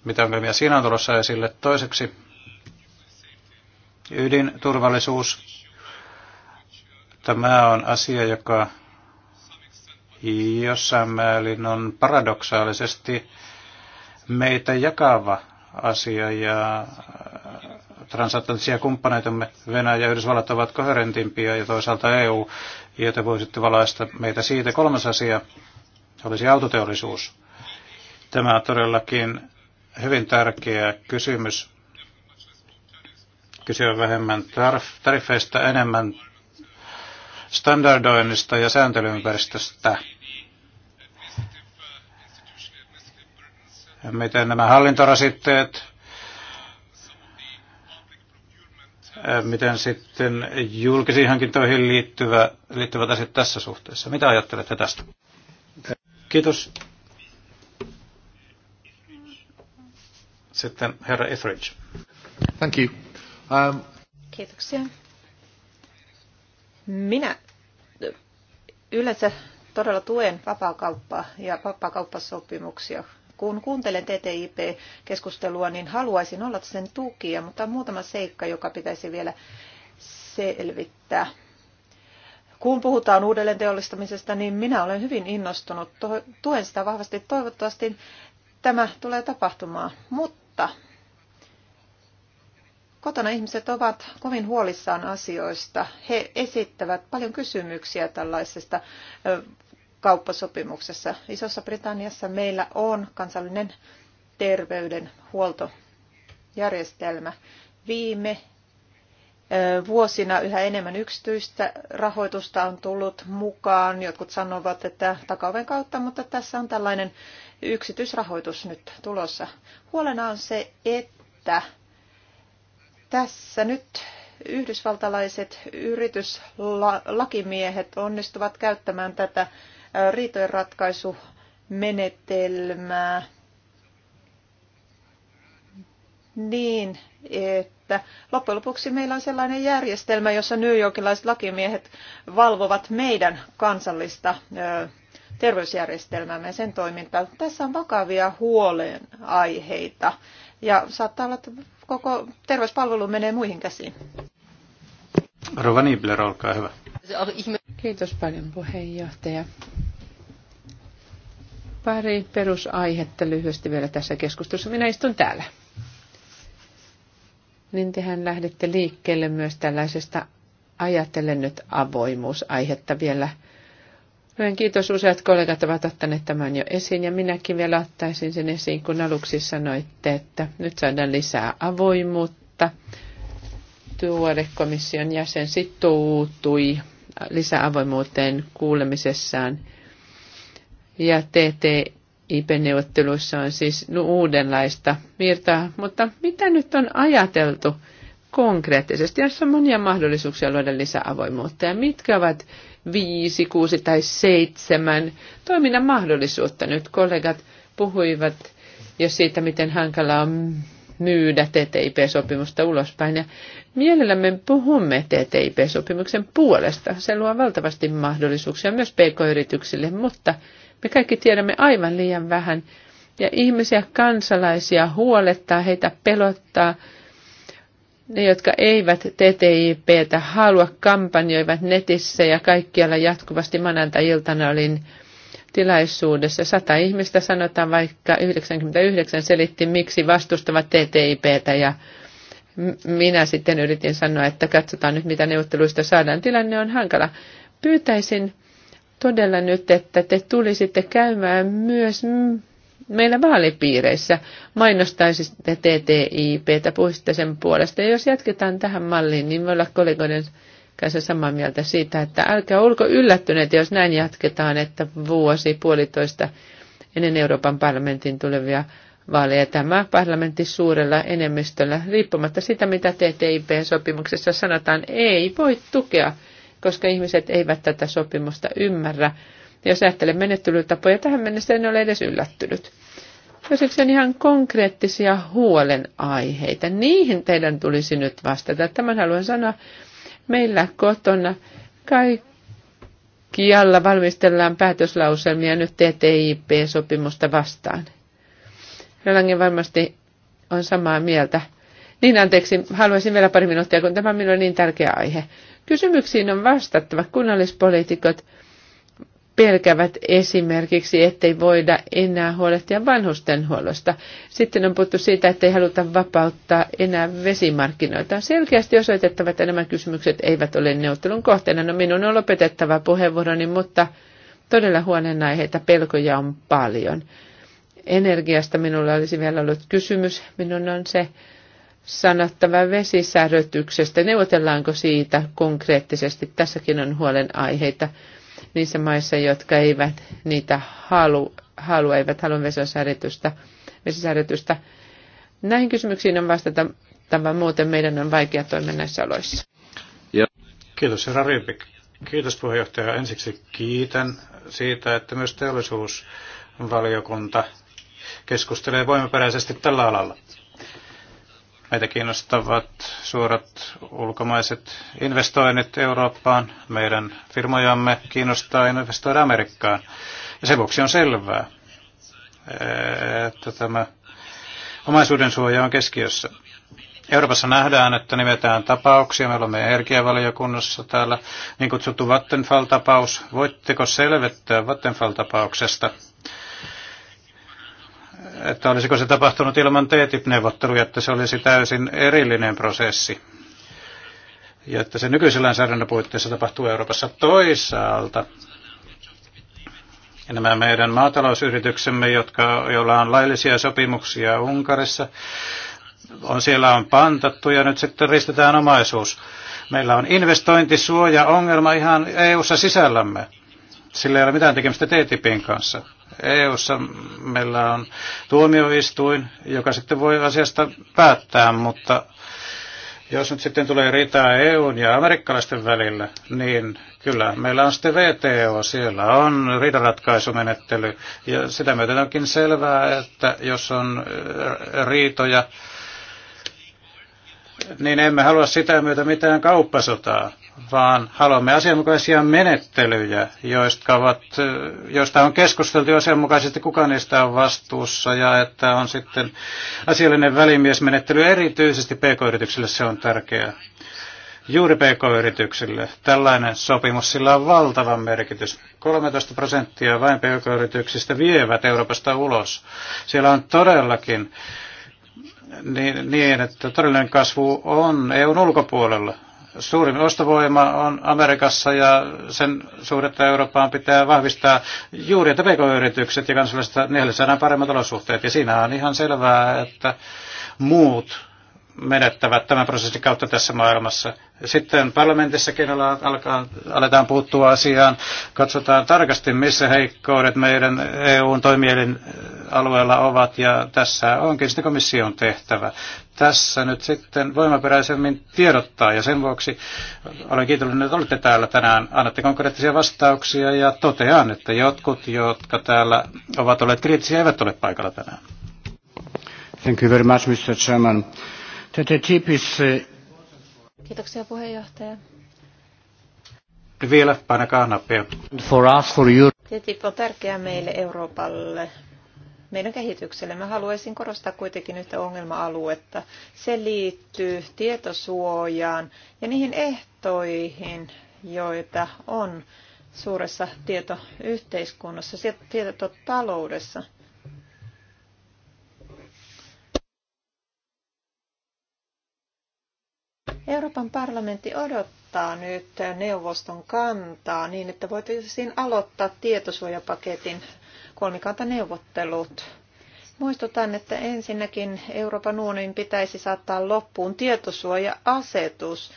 Speaker 1: mitä ongelmia siinä on tulossa esille. Toiseksi ydinturvallisuus. Tämä on asia, joka jossain määrin on paradoksaalisesti meitä jakava asia ja transatlanttisia kumppaneitamme Venäjä ja Yhdysvallat ovat koherentimpia ja toisaalta EU, ja te voisitte valaista meitä siitä. Kolmas asia olisi autoteollisuus. Tämä on todellakin hyvin tärkeä kysymys. Kysyä vähemmän tarif- tarifeista, enemmän standardoinnista ja sääntelyympäristöstä. Miten nämä hallintorasitteet Äh, miten sitten julkisiin hankintoihin liittyvä, liittyvät asiat tässä suhteessa. Mitä ajattelette tästä? Kiitos. Sitten herra Etheridge. Thank you. Um...
Speaker 3: Kiitoksia. Minä yleensä todella tuen vapaakauppaa ja vapaakauppasopimuksia kun kuuntelen TTIP-keskustelua, niin haluaisin olla sen tukia, mutta on muutama seikka, joka pitäisi vielä selvittää. Kun puhutaan uudelleen teollistamisesta, niin minä olen hyvin innostunut. Tuen sitä vahvasti. Toivottavasti tämä tulee tapahtumaan. Mutta Kotona ihmiset ovat kovin huolissaan asioista. He esittävät paljon kysymyksiä tällaisesta kauppasopimuksessa. Isossa Britanniassa meillä on kansallinen terveydenhuoltojärjestelmä. Viime vuosina yhä enemmän yksityistä rahoitusta on tullut mukaan. Jotkut sanovat, että takaoven kautta, mutta tässä on tällainen yksityisrahoitus nyt tulossa. Huolena on se, että tässä nyt yhdysvaltalaiset yrityslakimiehet onnistuvat käyttämään tätä riitojen ratkaisumenetelmää niin, että loppujen lopuksi meillä on sellainen järjestelmä, jossa Yorkilaiset lakimiehet valvovat meidän kansallista terveysjärjestelmäämme ja sen toimintaa. Tässä on vakavia huolenaiheita ja saattaa olla, että koko terveyspalvelu menee muihin käsiin.
Speaker 1: Rova Niebler, olkaa hyvä.
Speaker 2: Kiitos paljon puheenjohtaja. Pari perusaihetta lyhyesti vielä tässä keskustelussa. Minä istun täällä. Niin tehän lähdette liikkeelle myös tällaisesta ajatellen nyt avoimuusaihetta vielä. Luen kiitos, useat kollegat ovat ottaneet tämän jo esiin ja minäkin vielä ottaisin sen esiin, kun aluksi sanoitte, että nyt saadaan lisää avoimuutta. komission jäsen sitoutui lisäavoimuuteen kuulemisessaan – ja TTIP-neuvotteluissa on siis uudenlaista virtaa. Mutta mitä nyt on ajateltu konkreettisesti? Tässä on monia mahdollisuuksia luoda avoimuutta. ja mitkä ovat viisi, kuusi tai seitsemän toiminnan mahdollisuutta. Nyt kollegat puhuivat jo siitä, miten hankala on myydä TTIP-sopimusta ulospäin. Ja mielellämme puhumme TTIP-sopimuksen puolesta. Se luo valtavasti mahdollisuuksia myös pk-yrityksille, mutta me kaikki tiedämme aivan liian vähän. Ja ihmisiä, kansalaisia huolettaa, heitä pelottaa. Ne, jotka eivät TTIPtä halua, kampanjoivat netissä ja kaikkialla jatkuvasti. manantai iltana olin tilaisuudessa. Sata ihmistä sanotaan, vaikka 99 selitti, miksi vastustavat TTIPtä ja minä sitten yritin sanoa, että katsotaan nyt, mitä neuvotteluista saadaan. Tilanne on hankala. Pyytäisin todella nyt, että te tulisitte käymään myös meillä vaalipiireissä, mainostaisitte TTIPtä, puhuisitte sen puolesta. Ja jos jatketaan tähän malliin, niin me ollaan kollegoiden kanssa samaa mieltä siitä, että älkää olko yllättyneet, jos näin jatketaan, että vuosi puolitoista ennen Euroopan parlamentin tulevia vaaleja tämä parlamentti suurella enemmistöllä, riippumatta sitä, mitä TTIP-sopimuksessa sanotaan, ei voi tukea koska ihmiset eivät tätä sopimusta ymmärrä. Jos ajattelen menettelytapoja tähän mennessä, en ole edes yllättynyt. Toiseksi on ihan konkreettisia huolenaiheita. Niihin teidän tulisi nyt vastata. Tämän haluan sanoa. Meillä kotona kaikkialla valmistellaan päätöslauselmia nyt TTIP-sopimusta vastaan. Relangen varmasti on samaa mieltä. Niin anteeksi, haluaisin vielä pari minuuttia, kun tämä on minulle niin tärkeä aihe. Kysymyksiin on vastattava. Kunnallispoliitikot pelkävät esimerkiksi, ettei voida enää huolehtia vanhustenhuollosta. Sitten on puhuttu siitä, ettei haluta vapauttaa enää vesimarkkinoita. On selkeästi osoitettava, että nämä kysymykset eivät ole neuvottelun kohteena. No minun on lopetettava puheenvuoroni, mutta todella huolenaiheita pelkoja on paljon. Energiasta minulla olisi vielä ollut kysymys. Minun on se sanottava vesisärötyksestä. Neuvotellaanko siitä konkreettisesti? Tässäkin on huolenaiheita niissä maissa, jotka eivät niitä halu, halua, eivät halua vesisärötystä. vesisärötystä. Näihin kysymyksiin on vastata tämä muuten meidän on vaikea toimia näissä oloissa.
Speaker 1: Ja. Kiitos, herra Rimpik. Kiitos puheenjohtaja. Ensiksi kiitän siitä, että myös teollisuusvaliokunta keskustelee voimaperäisesti tällä alalla. Meitä kiinnostavat suorat ulkomaiset investoinnit Eurooppaan. Meidän firmojamme kiinnostaa investoida Amerikkaan. Ja sen vuoksi on selvää, että tämä omaisuuden suoja on keskiössä. Euroopassa nähdään, että nimetään tapauksia. meillä Me meidän energiavaliokunnassa täällä niin kutsuttu Vattenfall-tapaus. Voitteko selvittää Vattenfall-tapauksesta? että olisiko se tapahtunut ilman TTIP-neuvotteluja, että se olisi täysin erillinen prosessi. Ja että se nykyisen lainsäädännön puitteissa tapahtuu Euroopassa toisaalta. Ja nämä meidän maatalousyrityksemme, jotka, joilla on laillisia sopimuksia Unkarissa, on, siellä on pantattu ja nyt sitten ristetään omaisuus. Meillä on investointisuoja-ongelma ihan EU-ssa sisällämme. Sillä ei ole mitään tekemistä TTIPin kanssa. EU:ssa meillä on tuomioistuin, joka sitten voi asiasta päättää, mutta jos nyt sitten tulee riitaa EUn ja amerikkalaisten välillä, niin kyllä meillä on sitten VTO, siellä on riidanratkaisumenettely. Ja sitä myöten onkin selvää, että jos on äh, riitoja, niin emme halua sitä myötä mitään kauppasotaa vaan haluamme asianmukaisia menettelyjä, joista, ovat, joista on keskusteltu asianmukaisesti, kuka niistä on vastuussa ja että on sitten asiallinen välimiesmenettely erityisesti pk-yrityksille se on tärkeää. Juuri pk-yrityksille tällainen sopimus, sillä on valtava merkitys. 13 prosenttia vain pk-yrityksistä vievät Euroopasta ulos. Siellä on todellakin niin, niin, että todellinen kasvu on EUn ulkopuolella suurin ostovoima on Amerikassa ja sen suhdetta Eurooppaan pitää vahvistaa juuri, että pk-yritykset ja kansalaiset, niille saadaan paremmat olosuhteet. Ja siinä on ihan selvää, että muut menettävät tämän prosessin kautta tässä maailmassa. Sitten parlamentissakin alkaa, aletaan puuttua asiaan. Katsotaan tarkasti, missä heikkoudet meidän EUn toimielin alueella ovat, ja tässä onkin sitten komission tehtävä tässä nyt sitten voimaperäisemmin tiedottaa. Ja sen vuoksi olen kiitollinen, että olette täällä tänään. Annatte konkreettisia vastauksia ja totean, että jotkut, jotka täällä ovat olleet kriittisiä, eivät ole paikalla tänään. Thank you very much, Mr. Chairman. TTIP is... Uh,
Speaker 3: Kiitoksia puheenjohtaja.
Speaker 1: Vielä painakaa nappia. For us, for you.
Speaker 3: TTIP on tärkeää meille Euroopalle meidän kehityksellemme. Haluaisin korostaa kuitenkin yhtä ongelma-aluetta. Se liittyy tietosuojaan ja niihin ehtoihin, joita on suuressa tietoyhteiskunnassa, tietotaloudessa. Euroopan parlamentti odottaa nyt neuvoston kantaa niin, että voitaisiin aloittaa tietosuojapaketin kolmikantaneuvottelut. Muistutan, että ensinnäkin Euroopan unionin pitäisi saattaa loppuun tietosuoja-asetus,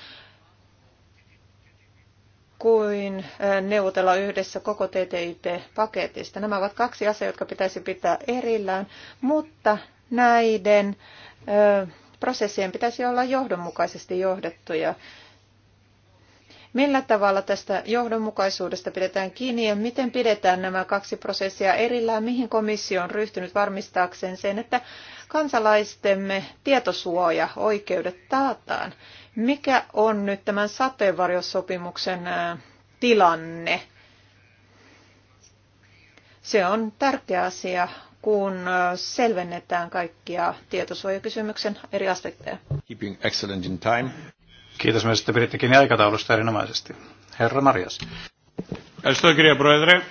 Speaker 3: kuin neuvotella yhdessä koko TTIP-paketista. Nämä ovat kaksi asiaa, jotka pitäisi pitää erillään, mutta näiden prosessien pitäisi olla johdonmukaisesti johdettuja. Millä tavalla tästä johdonmukaisuudesta pidetään kiinni ja miten pidetään nämä kaksi prosessia erillään, mihin komissio on ryhtynyt varmistaakseen sen, että kansalaistemme tietosuoja, oikeudet taataan? Mikä on nyt tämän sateenvarjosopimuksen tilanne? Se on tärkeä asia, kun selvennetään kaikkia tietosuojakysymyksen eri aspekteja.
Speaker 1: Keeping excellent in time. Kiitos myös, että piditte kiinni aikataulusta erinomaisesti. Herra Marias. Ευχαριστώ κύριε Πρόεδρε.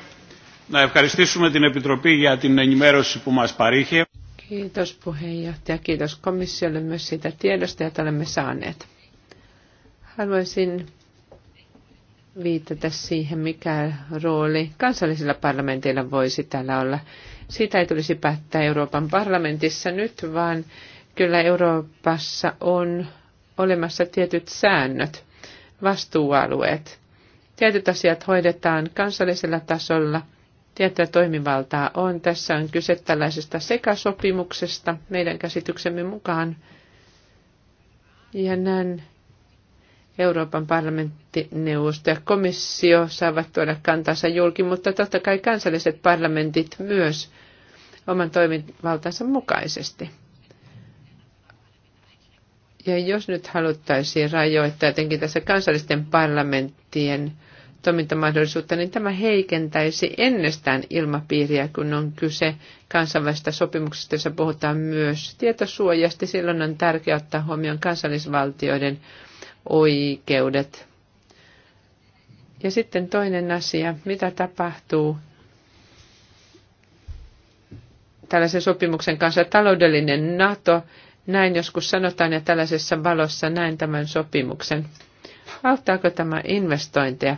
Speaker 1: Να ευχαριστήσουμε την Επιτροπή για την ενημέρωση που μας παρήχε.
Speaker 2: Kiitos puheenjohtaja, kiitos komissiolle myös siitä tiedosta, jota olemme saaneet. Haluaisin viitata siihen, mikä rooli kansallisilla parlamenteilla voisi täällä olla. Siitä ei tulisi päättää Euroopan parlamentissa nyt, vaan kyllä Euroopassa on olemassa tietyt säännöt, vastuualueet. Tietyt asiat hoidetaan kansallisella tasolla, tiettyä toimivaltaa on. Tässä on kyse tällaisesta sekasopimuksesta meidän käsityksemme mukaan. Ja näin Euroopan parlamenttineuvosto ja komissio saavat tuoda kantansa julki, mutta totta kai kansalliset parlamentit myös oman toimivaltansa mukaisesti. Ja jos nyt haluttaisiin rajoittaa jotenkin tässä kansallisten parlamenttien toimintamahdollisuutta, niin tämä heikentäisi ennestään ilmapiiriä, kun on kyse kansainvälisestä sopimuksesta, jossa puhutaan myös tietosuojasta. Silloin on tärkeää ottaa huomioon kansallisvaltioiden oikeudet. Ja sitten toinen asia, mitä tapahtuu tällaisen sopimuksen kanssa taloudellinen NATO näin joskus sanotaan ja tällaisessa valossa näin tämän sopimuksen. Auttaako tämä investointeja?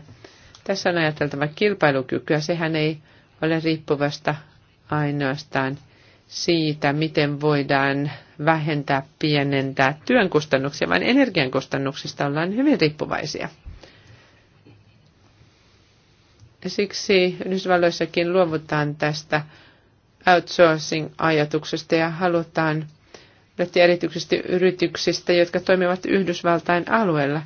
Speaker 2: Tässä on ajateltava kilpailukykyä. Sehän ei ole riippuvasta ainoastaan siitä, miten voidaan vähentää, pienentää työn kustannuksia, vaan energian kustannuksista ollaan hyvin riippuvaisia. Siksi Yhdysvalloissakin luovutaan tästä outsourcing-ajatuksesta ja halutaan Yllätti erityisesti yrityksistä, jotka toimivat Yhdysvaltain alueella.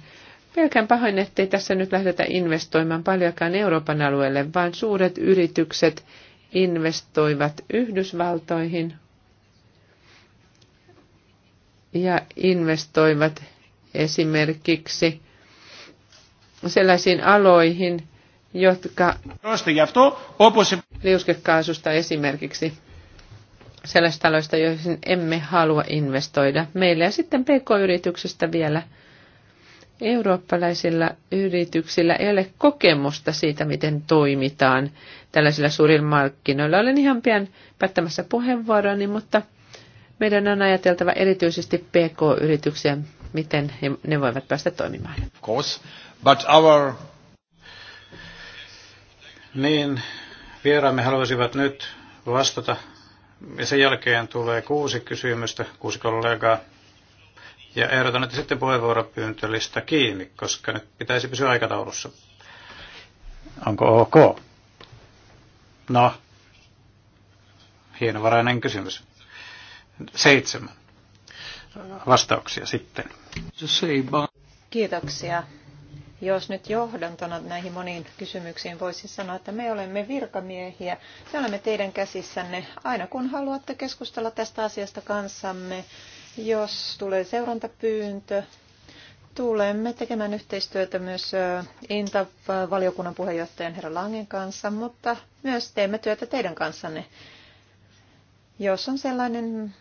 Speaker 2: Pelkään pahoin, ettei tässä nyt lähdetä investoimaan paljonkaan Euroopan alueelle, vaan suuret yritykset investoivat Yhdysvaltoihin ja investoivat esimerkiksi sellaisiin aloihin, jotka liuskekaasusta esimerkiksi sellaisista aloista, joihin emme halua investoida meillä. Ja sitten PK-yrityksistä vielä. Eurooppalaisilla yrityksillä ei ole kokemusta siitä, miten toimitaan tällaisilla suurilla markkinoilla. Olen ihan pian päättämässä puheenvuoroni, mutta meidän on ajateltava erityisesti PK-yrityksiä, miten ne voivat päästä toimimaan.
Speaker 1: Of course, but our... Niin, vieraamme haluaisivat nyt vastata ja sen jälkeen tulee kuusi kysymystä, kuusi kollegaa. Ja ehdotan, että sitten puheenvuoropyyntölistä kiinni, koska nyt pitäisi pysyä aikataulussa. Onko ok? No, hienovarainen kysymys. Seitsemän vastauksia sitten. Kiitoksia.
Speaker 3: Jos nyt johdantona näihin moniin kysymyksiin voisi sanoa, että me olemme virkamiehiä, me olemme teidän käsissänne aina kun haluatte keskustella tästä asiasta kanssamme. Jos tulee seurantapyyntö, tulemme tekemään yhteistyötä myös Inta-valiokunnan puheenjohtajan herra Langen kanssa, mutta myös teemme työtä teidän kanssanne. Jos on sellainen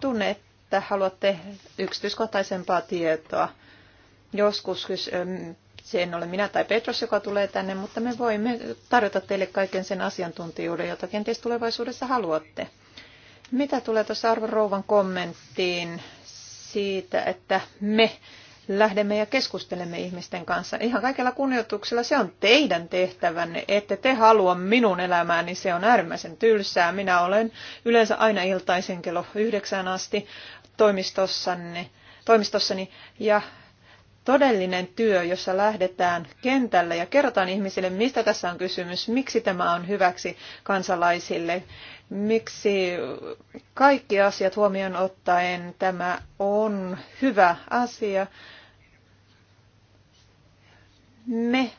Speaker 3: tunne, että haluatte yksityiskohtaisempaa tietoa, Joskus se en ole minä tai Petros, joka tulee tänne, mutta me voimme tarjota teille kaiken sen asiantuntijuuden, jota kenties tulevaisuudessa haluatte. Mitä tulee tuossa Arvon Rouvan kommenttiin siitä, että me lähdemme ja keskustelemme ihmisten kanssa. Ihan kaikella kunnioituksella se on teidän tehtävänne, ette te halua minun elämääni, se on äärimmäisen tylsää. Minä olen yleensä aina iltaisen kello yhdeksän asti toimistossani ja todellinen työ, jossa lähdetään kentälle ja kerrotaan ihmisille, mistä tässä on kysymys, miksi tämä on hyväksi kansalaisille, miksi kaikki asiat huomioon ottaen tämä on hyvä asia. Me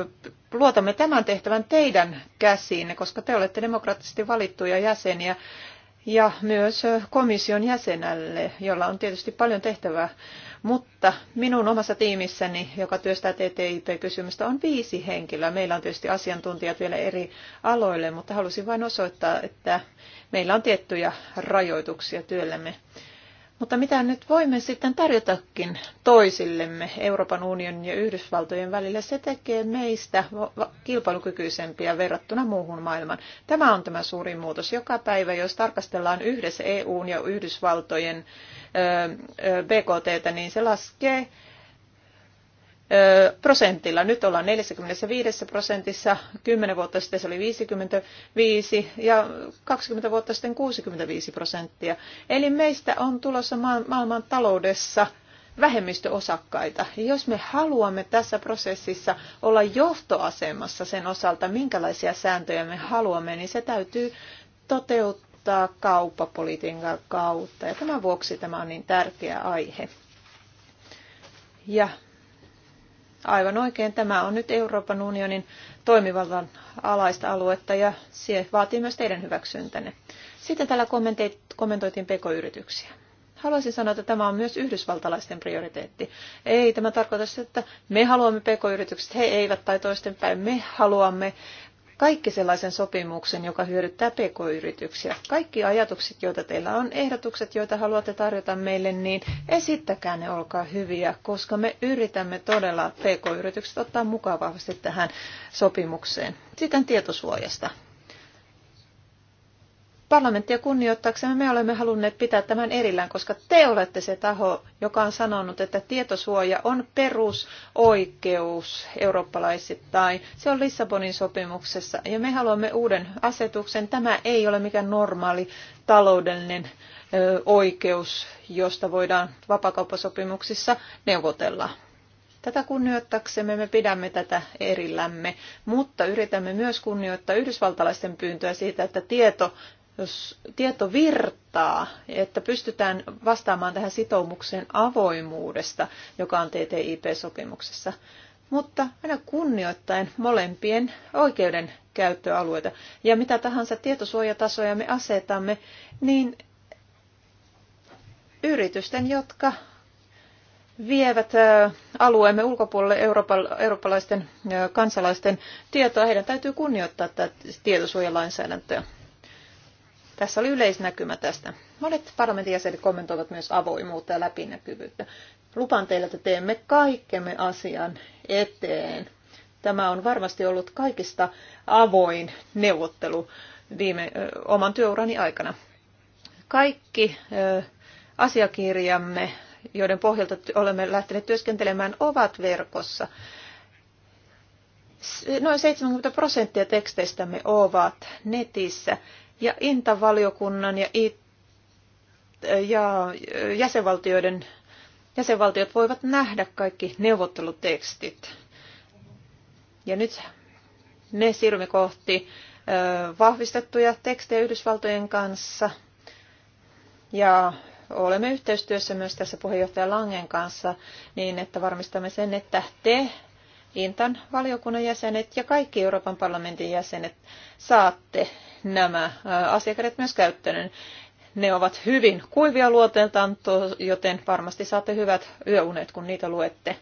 Speaker 3: ö, luotamme tämän tehtävän teidän käsiinne, koska te olette demokraattisesti valittuja jäseniä ja myös komission jäsenelle, jolla on tietysti paljon tehtävää. Mutta minun omassa tiimissäni, joka työstää TTIP-kysymystä, on viisi henkilöä. Meillä on tietysti asiantuntijat vielä eri aloille, mutta halusin vain osoittaa, että meillä on tiettyjä rajoituksia työllämme. Mutta mitä nyt voimme sitten tarjotakin toisillemme Euroopan unionin ja Yhdysvaltojen välillä, se tekee meistä kilpailukykyisempiä verrattuna muuhun maailmaan. Tämä on tämä suuri muutos. Joka päivä, jos tarkastellaan yhdessä EUn ja Yhdysvaltojen BKT, niin se laskee prosentilla. Nyt ollaan 45 prosentissa, 10 vuotta sitten se oli 55 ja 20 vuotta sitten 65 prosenttia. Eli meistä on tulossa maailman taloudessa vähemmistöosakkaita. Jos me haluamme tässä prosessissa olla johtoasemassa sen osalta, minkälaisia sääntöjä me haluamme, niin se täytyy toteuttaa kauppapolitiikan kautta. Ja tämän vuoksi tämä on niin tärkeä aihe. Ja Aivan oikein, tämä on nyt Euroopan unionin toimivallan alaista aluetta ja se vaatii myös teidän hyväksyntänne. Sitten täällä kommentoitiin pk-yrityksiä. Haluaisin sanoa, että tämä on myös yhdysvaltalaisten prioriteetti. Ei tämä tarkoita sitä, että me haluamme pk-yritykset, he eivät tai toisten päin. Me haluamme kaikki sellaisen sopimuksen, joka hyödyttää pk-yrityksiä. Kaikki ajatukset, joita teillä on, ehdotukset, joita haluatte tarjota meille, niin esittäkää ne, olkaa hyviä, koska me yritämme todella pk-yritykset ottaa mukaan vahvasti tähän sopimukseen. Sitten tietosuojasta parlamenttia kunnioittaaksemme me olemme halunneet pitää tämän erillään, koska te olette se taho, joka on sanonut, että tietosuoja on perusoikeus eurooppalaisittain. Se on Lissabonin sopimuksessa ja me haluamme uuden asetuksen. Tämä ei ole mikään normaali taloudellinen oikeus, josta voidaan vapakauppasopimuksissa neuvotella. Tätä kunnioittaksemme me pidämme tätä erillämme, mutta yritämme myös kunnioittaa yhdysvaltalaisten pyyntöä siitä, että tieto jos tieto virtaa, että pystytään vastaamaan tähän sitoumukseen avoimuudesta, joka on TTIP-sopimuksessa, mutta aina kunnioittaen molempien oikeudenkäyttöalueita. Ja mitä tahansa tietosuojatasoja me asetamme, niin yritysten, jotka vievät alueemme ulkopuolelle eurooppalaisten kansalaisten tietoa, heidän täytyy kunnioittaa tätä tietosuojalainsäädäntöä. Tässä oli yleisnäkymä tästä. Monet parlamentin jäsenet kommentoivat myös avoimuutta ja läpinäkyvyyttä. Lupaan teille, että teemme kaikkemme asian eteen. Tämä on varmasti ollut kaikista avoin neuvottelu viime, ö, oman työurani aikana. Kaikki ö, asiakirjamme, joiden pohjalta olemme lähteneet työskentelemään, ovat verkossa. Noin 70 prosenttia teksteistämme ovat netissä ja Intavaliokunnan ja, it, ja jäsenvaltioiden jäsenvaltiot voivat nähdä kaikki neuvottelutekstit. Ja nyt me siirrymme kohti vahvistettuja tekstejä Yhdysvaltojen kanssa. Ja olemme yhteistyössä myös tässä puheenjohtaja Langen kanssa niin, että varmistamme sen, että te Intan valiokunnan jäsenet ja kaikki Euroopan parlamentin jäsenet saatte nämä äh, asiakirjat myös käyttöön. Ne ovat hyvin kuivia luoteeltaan, joten varmasti saatte hyvät yöunet, kun niitä luette.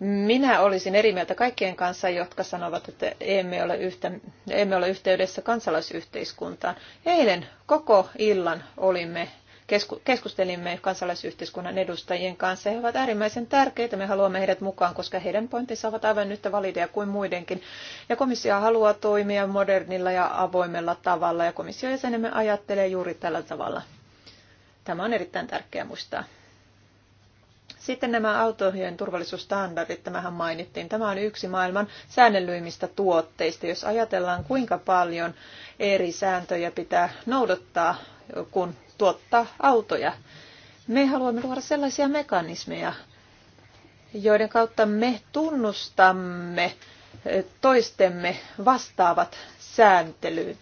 Speaker 3: Minä olisin eri mieltä kaikkien kanssa, jotka sanovat, että emme ole, yhtä, emme ole yhteydessä kansalaisyhteiskuntaan. Eilen koko illan olimme kesku, keskustelimme kansalaisyhteiskunnan edustajien kanssa. He ovat äärimmäisen tärkeitä. Me haluamme heidät mukaan, koska heidän pointtinsa ovat aivan yhtä valideja kuin muidenkin. Ja komissio haluaa toimia modernilla ja avoimella tavalla. Ja komission jäsenemme ajattelee juuri tällä tavalla. Tämä on erittäin tärkeää muistaa. Sitten nämä autojen turvallisuusstandardit, tämähän mainittiin. Tämä on yksi maailman säännellyimmistä tuotteista. Jos ajatellaan, kuinka paljon eri sääntöjä pitää noudattaa, kun tuottaa autoja. Me haluamme luoda sellaisia mekanismeja, joiden kautta me tunnustamme toistemme vastaavat sääntelyt.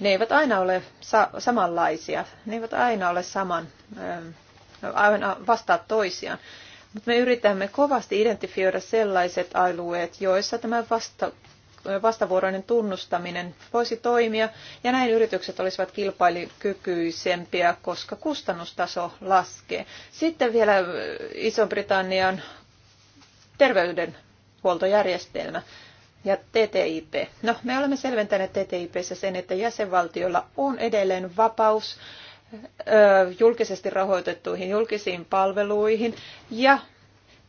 Speaker 3: Ne eivät aina ole sa- samanlaisia, ne eivät aina ole saman, aina vastaa toisiaan. Mutta me yritämme kovasti identifioida sellaiset alueet, joissa tämä vasta- vastavuoroinen tunnustaminen voisi toimia ja näin yritykset olisivat kilpailukykyisempiä, koska kustannustaso laskee. Sitten vielä Iso-Britannian terveydenhuoltojärjestelmä ja TTIP. No, me olemme selventäneet TTIPssä sen, että jäsenvaltioilla on edelleen vapaus julkisesti rahoitettuihin julkisiin palveluihin ja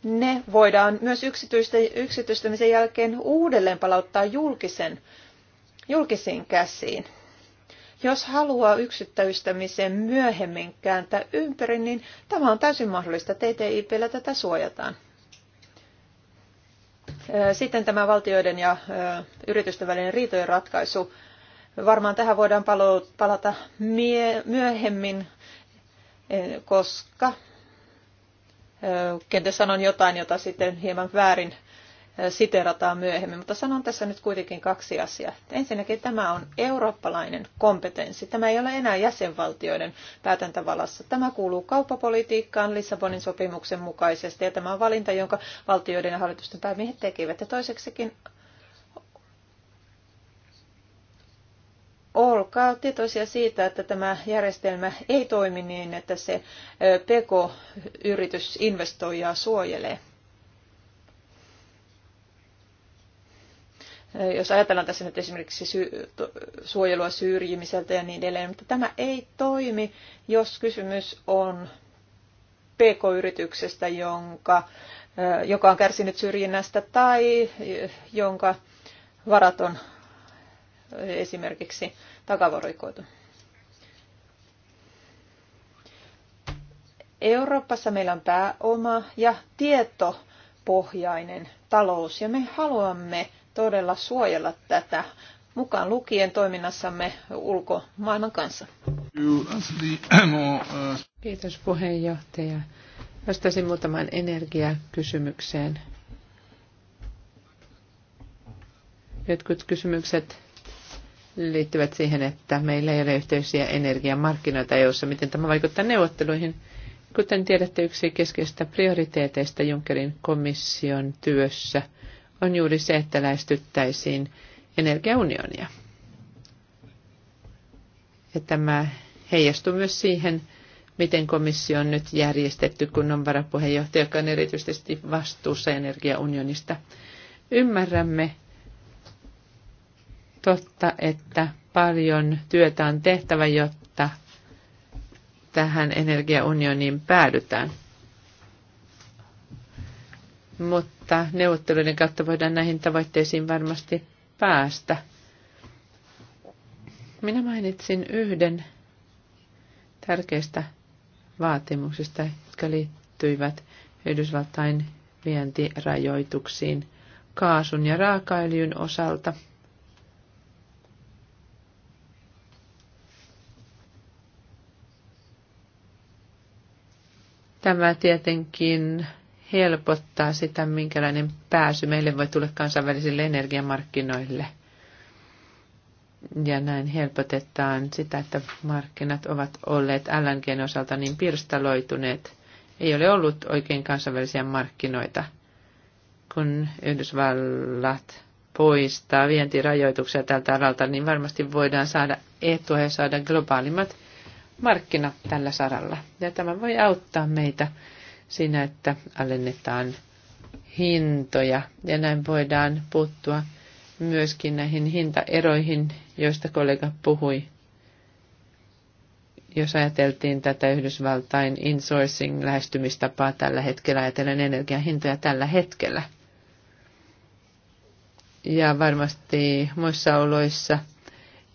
Speaker 3: ne voidaan myös yksityistämisen jälkeen uudelleen palauttaa julkisen, julkisiin käsiin. Jos haluaa yksityistämisen myöhemmin kääntää ympäri, niin tämä on täysin mahdollista. TTIPllä tätä suojataan. Sitten tämä valtioiden ja yritysten välinen riitojen ratkaisu. Varmaan tähän voidaan palata myöhemmin, koska Kenties sanon jotain, jota sitten hieman väärin siterataan myöhemmin, mutta sanon tässä nyt kuitenkin kaksi asiaa. Ensinnäkin tämä on eurooppalainen kompetenssi. Tämä ei ole enää jäsenvaltioiden päätäntävallassa. Tämä kuuluu kauppapolitiikkaan Lissabonin sopimuksen mukaisesti ja tämä on valinta, jonka valtioiden ja hallitusten päämiehet tekivät. Ja toiseksikin olkaa tietoisia siitä, että tämä järjestelmä ei toimi niin, että se PK-yritys investoijaa suojelee. Jos ajatellaan tässä nyt esimerkiksi suojelua syrjimiseltä ja niin edelleen, mutta tämä ei toimi, jos kysymys on PK-yrityksestä, jonka, joka on kärsinyt syrjinnästä tai jonka varat on esimerkiksi takavarikoitu. Euroopassa meillä on pääoma ja tietopohjainen talous ja me haluamme todella suojella tätä mukaan lukien toiminnassamme ulkomaailman kanssa.
Speaker 2: Kiitos puheenjohtaja. Vastasin muutaman energiakysymykseen. Jotkut kysymykset liittyvät siihen, että meillä ei ole yhteisiä energiamarkkinoita EU-ssa. Miten tämä vaikuttaa neuvotteluihin? Kuten tiedätte, yksi keskeisistä prioriteeteista Junckerin komission työssä on juuri se, että lähestyttäisiin energiaunionia. Ja tämä heijastuu myös siihen, miten komissio on nyt järjestetty, kun on varapuheenjohtaja, joka on erityisesti vastuussa energiaunionista. Ymmärrämme, totta, että paljon työtä on tehtävä, jotta tähän energiaunioniin päädytään. Mutta neuvotteluiden kautta voidaan näihin tavoitteisiin varmasti päästä. Minä mainitsin yhden tärkeistä vaatimuksista, jotka liittyivät Yhdysvaltain vientirajoituksiin kaasun ja raakaöljyn osalta – Tämä tietenkin helpottaa sitä, minkälainen pääsy meille voi tulla kansainvälisille energiamarkkinoille. Ja näin helpotetaan sitä, että markkinat ovat olleet lng osalta niin pirstaloituneet. Ei ole ollut oikein kansainvälisiä markkinoita, kun Yhdysvallat poistaa vientirajoituksia tältä alalta, niin varmasti voidaan saada etua ja saada globaalimmat markkina tällä saralla. Ja tämä voi auttaa meitä siinä, että alennetaan hintoja ja näin voidaan puuttua myöskin näihin hintaeroihin, joista kollega puhui. Jos ajateltiin tätä Yhdysvaltain insourcing-lähestymistapaa tällä hetkellä, ajatellen energian hintoja tällä hetkellä. Ja varmasti muissa oloissa –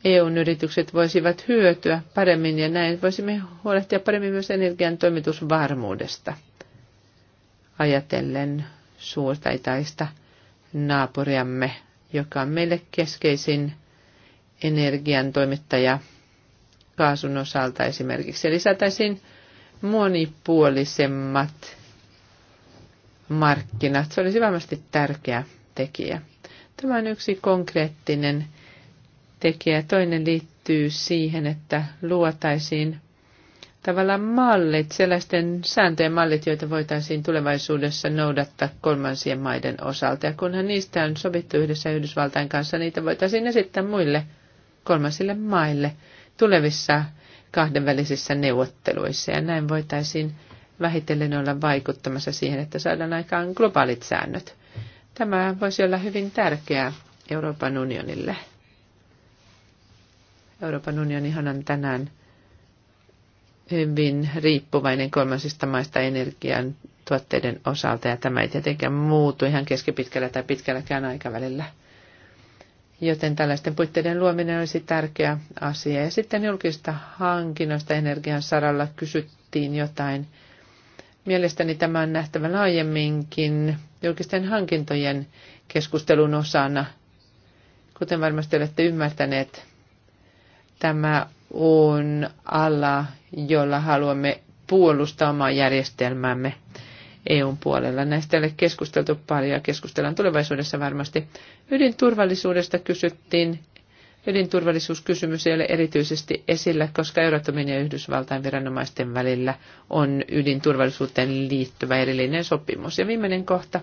Speaker 2: eu yritykset voisivat hyötyä paremmin ja näin voisimme huolehtia paremmin myös energian toimitusvarmuudesta ajatellen suurta naapuriamme, joka on meille keskeisin energian toimittaja kaasun osalta esimerkiksi. Eli saataisiin monipuolisemmat markkinat. Se olisi varmasti tärkeä tekijä. Tämä on yksi konkreettinen tekijä. Toinen liittyy siihen, että luotaisiin tavallaan mallit, sellaisten sääntöjen mallit, joita voitaisiin tulevaisuudessa noudattaa kolmansien maiden osalta. Ja kunhan niistä on sovittu yhdessä Yhdysvaltain kanssa, niitä voitaisiin esittää muille kolmansille maille tulevissa kahdenvälisissä neuvotteluissa. Ja näin voitaisiin vähitellen olla vaikuttamassa siihen, että saadaan aikaan globaalit säännöt. Tämä voisi olla hyvin tärkeää Euroopan unionille. Euroopan unionihan on tänään hyvin riippuvainen kolmansista maista energian tuotteiden osalta, ja tämä ei tietenkään muutu ihan keskipitkällä tai pitkälläkään aikavälillä. Joten tällaisten puitteiden luominen olisi tärkeä asia. Ja sitten julkista hankinnoista energian saralla kysyttiin jotain. Mielestäni tämä on nähtävä laajemminkin julkisten hankintojen keskustelun osana. Kuten varmasti olette ymmärtäneet, Tämä on ala, jolla haluamme puolustaa omaa järjestelmäämme EUn puolella. Näistä ei ole keskusteltu paljon ja keskustellaan tulevaisuudessa varmasti. Ydinturvallisuudesta kysyttiin. Ydinturvallisuuskysymys ei ole erityisesti esillä, koska Euroopan ja Yhdysvaltain viranomaisten välillä on ydinturvallisuuteen liittyvä erillinen sopimus. Ja viimeinen kohta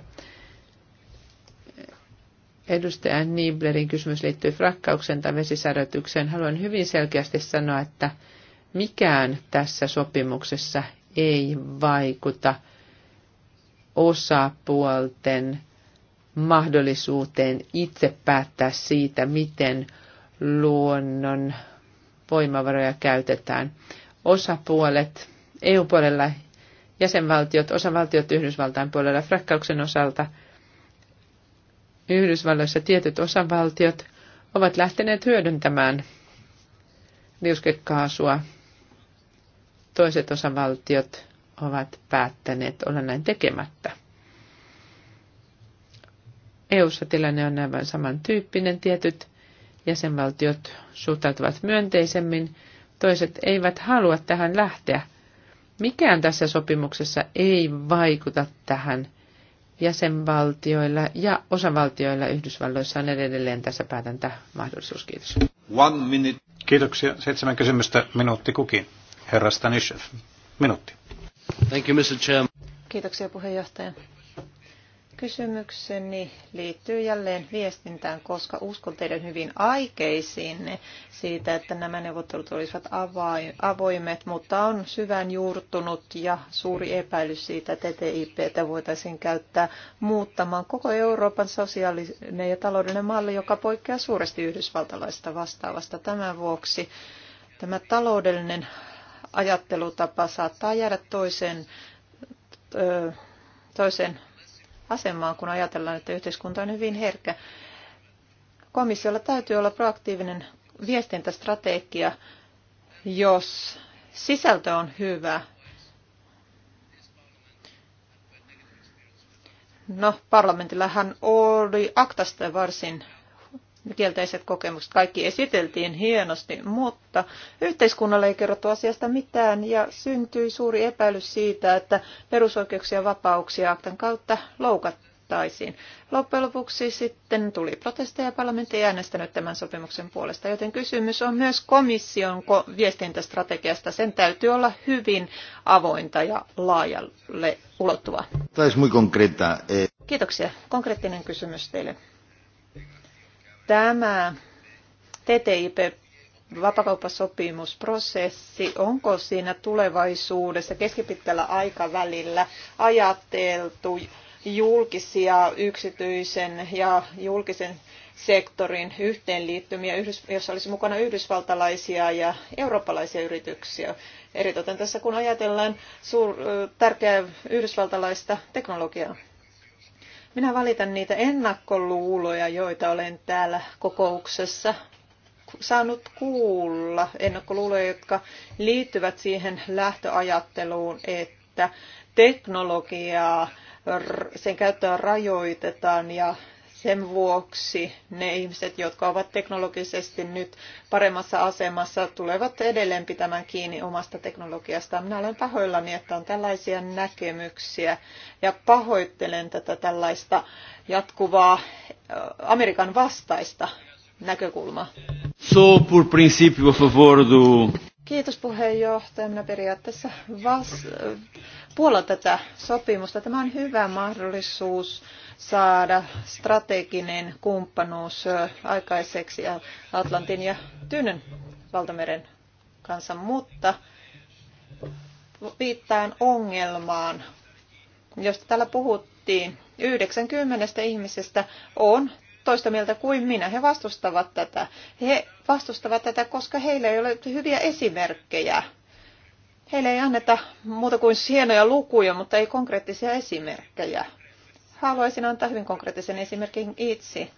Speaker 2: Edustaja Nieblerin kysymys liittyy frakkauksen tai vesisärötykseen. Haluan hyvin selkeästi sanoa, että mikään tässä sopimuksessa ei vaikuta osapuolten mahdollisuuteen itse päättää siitä, miten luonnon voimavaroja käytetään. Osapuolet EU-puolella, jäsenvaltiot, osavaltiot Yhdysvaltain puolella, frakkauksen osalta – Yhdysvalloissa tietyt osavaltiot ovat lähteneet hyödyntämään liuskekaasua. Toiset osavaltiot ovat päättäneet olla näin tekemättä. EU-ssa tilanne on aivan samantyyppinen. Tietyt jäsenvaltiot suhtautuvat myönteisemmin, toiset eivät halua tähän lähteä. Mikään tässä sopimuksessa ei vaikuta tähän – jäsenvaltioilla ja osavaltioilla Yhdysvalloissa on edelleen tässä mahdollisuus. Kiitos.
Speaker 1: One minute. Kiitoksia. Seitsemän kysymystä minuutti kukin. Herra Stanishev, minuutti. Thank you, Mr. Chairman. Kiitoksia
Speaker 3: puheenjohtaja. Kysymykseni liittyy jälleen viestintään, koska uskon teidän hyvin aikeisiinne siitä, että nämä neuvottelut olisivat avoimet, mutta on syvän juurtunut ja suuri epäilys siitä, että TTIPtä voitaisiin käyttää muuttamaan koko Euroopan sosiaalinen ja taloudellinen malli, joka poikkeaa suuresti yhdysvaltalaista vastaavasta. Tämän vuoksi tämä taloudellinen ajattelutapa saattaa jäädä toiseen, toiseen asemaan, kun ajatellaan, että yhteiskunta on hyvin herkkä. Komissiolla täytyy olla proaktiivinen viestintästrategia, jos sisältö on hyvä. No, parlamentillahan oli aktasta varsin kielteiset kokemukset, kaikki esiteltiin hienosti, mutta yhteiskunnalle ei kerrottu asiasta mitään ja syntyi suuri epäilys siitä, että perusoikeuksia ja vapauksia aktan kautta loukattaisiin. Loppujen lopuksi sitten tuli protesteja ja parlamentti ei äänestänyt tämän sopimuksen puolesta, joten kysymys on myös komission viestintästrategiasta. Sen täytyy olla hyvin avointa ja laajalle ulottuva. Eh. Kiitoksia. Konkreettinen kysymys teille tämä TTIP vapakauppasopimusprosessi, onko siinä tulevaisuudessa keskipitkällä aikavälillä ajateltu julkisia, yksityisen ja julkisen sektorin yhteenliittymiä, jossa olisi mukana yhdysvaltalaisia ja eurooppalaisia yrityksiä. Eritoten tässä kun ajatellaan suur, tärkeää yhdysvaltalaista teknologiaa. Minä valitan niitä ennakkoluuloja, joita olen täällä kokouksessa saanut kuulla, ennakkoluuloja, jotka liittyvät siihen lähtöajatteluun, että teknologiaa, sen käyttöä rajoitetaan ja sen vuoksi ne ihmiset, jotka ovat teknologisesti nyt paremmassa asemassa, tulevat edelleen pitämään kiinni omasta teknologiastaan. Minä olen pahoillani, että on tällaisia näkemyksiä ja pahoittelen tätä tällaista jatkuvaa Amerikan vastaista näkökulmaa.
Speaker 1: So, por principio, favor do...
Speaker 3: Kiitos puheenjohtaja. Minä periaatteessa vas- puola tätä sopimusta. Tämä on hyvä mahdollisuus saada strateginen kumppanuus aikaiseksi Atlantin ja Tyynen valtameren kanssa, mutta viittaan ongelmaan, josta täällä puhuttiin. 90 ihmisestä on toista mieltä kuin minä. He vastustavat tätä. He vastustavat tätä, koska heillä ei ole hyviä esimerkkejä. Heille ei anneta muuta kuin hienoja lukuja, mutta ei konkreettisia esimerkkejä haluaisin antaa hyvin konkreettisen esimerkin itse.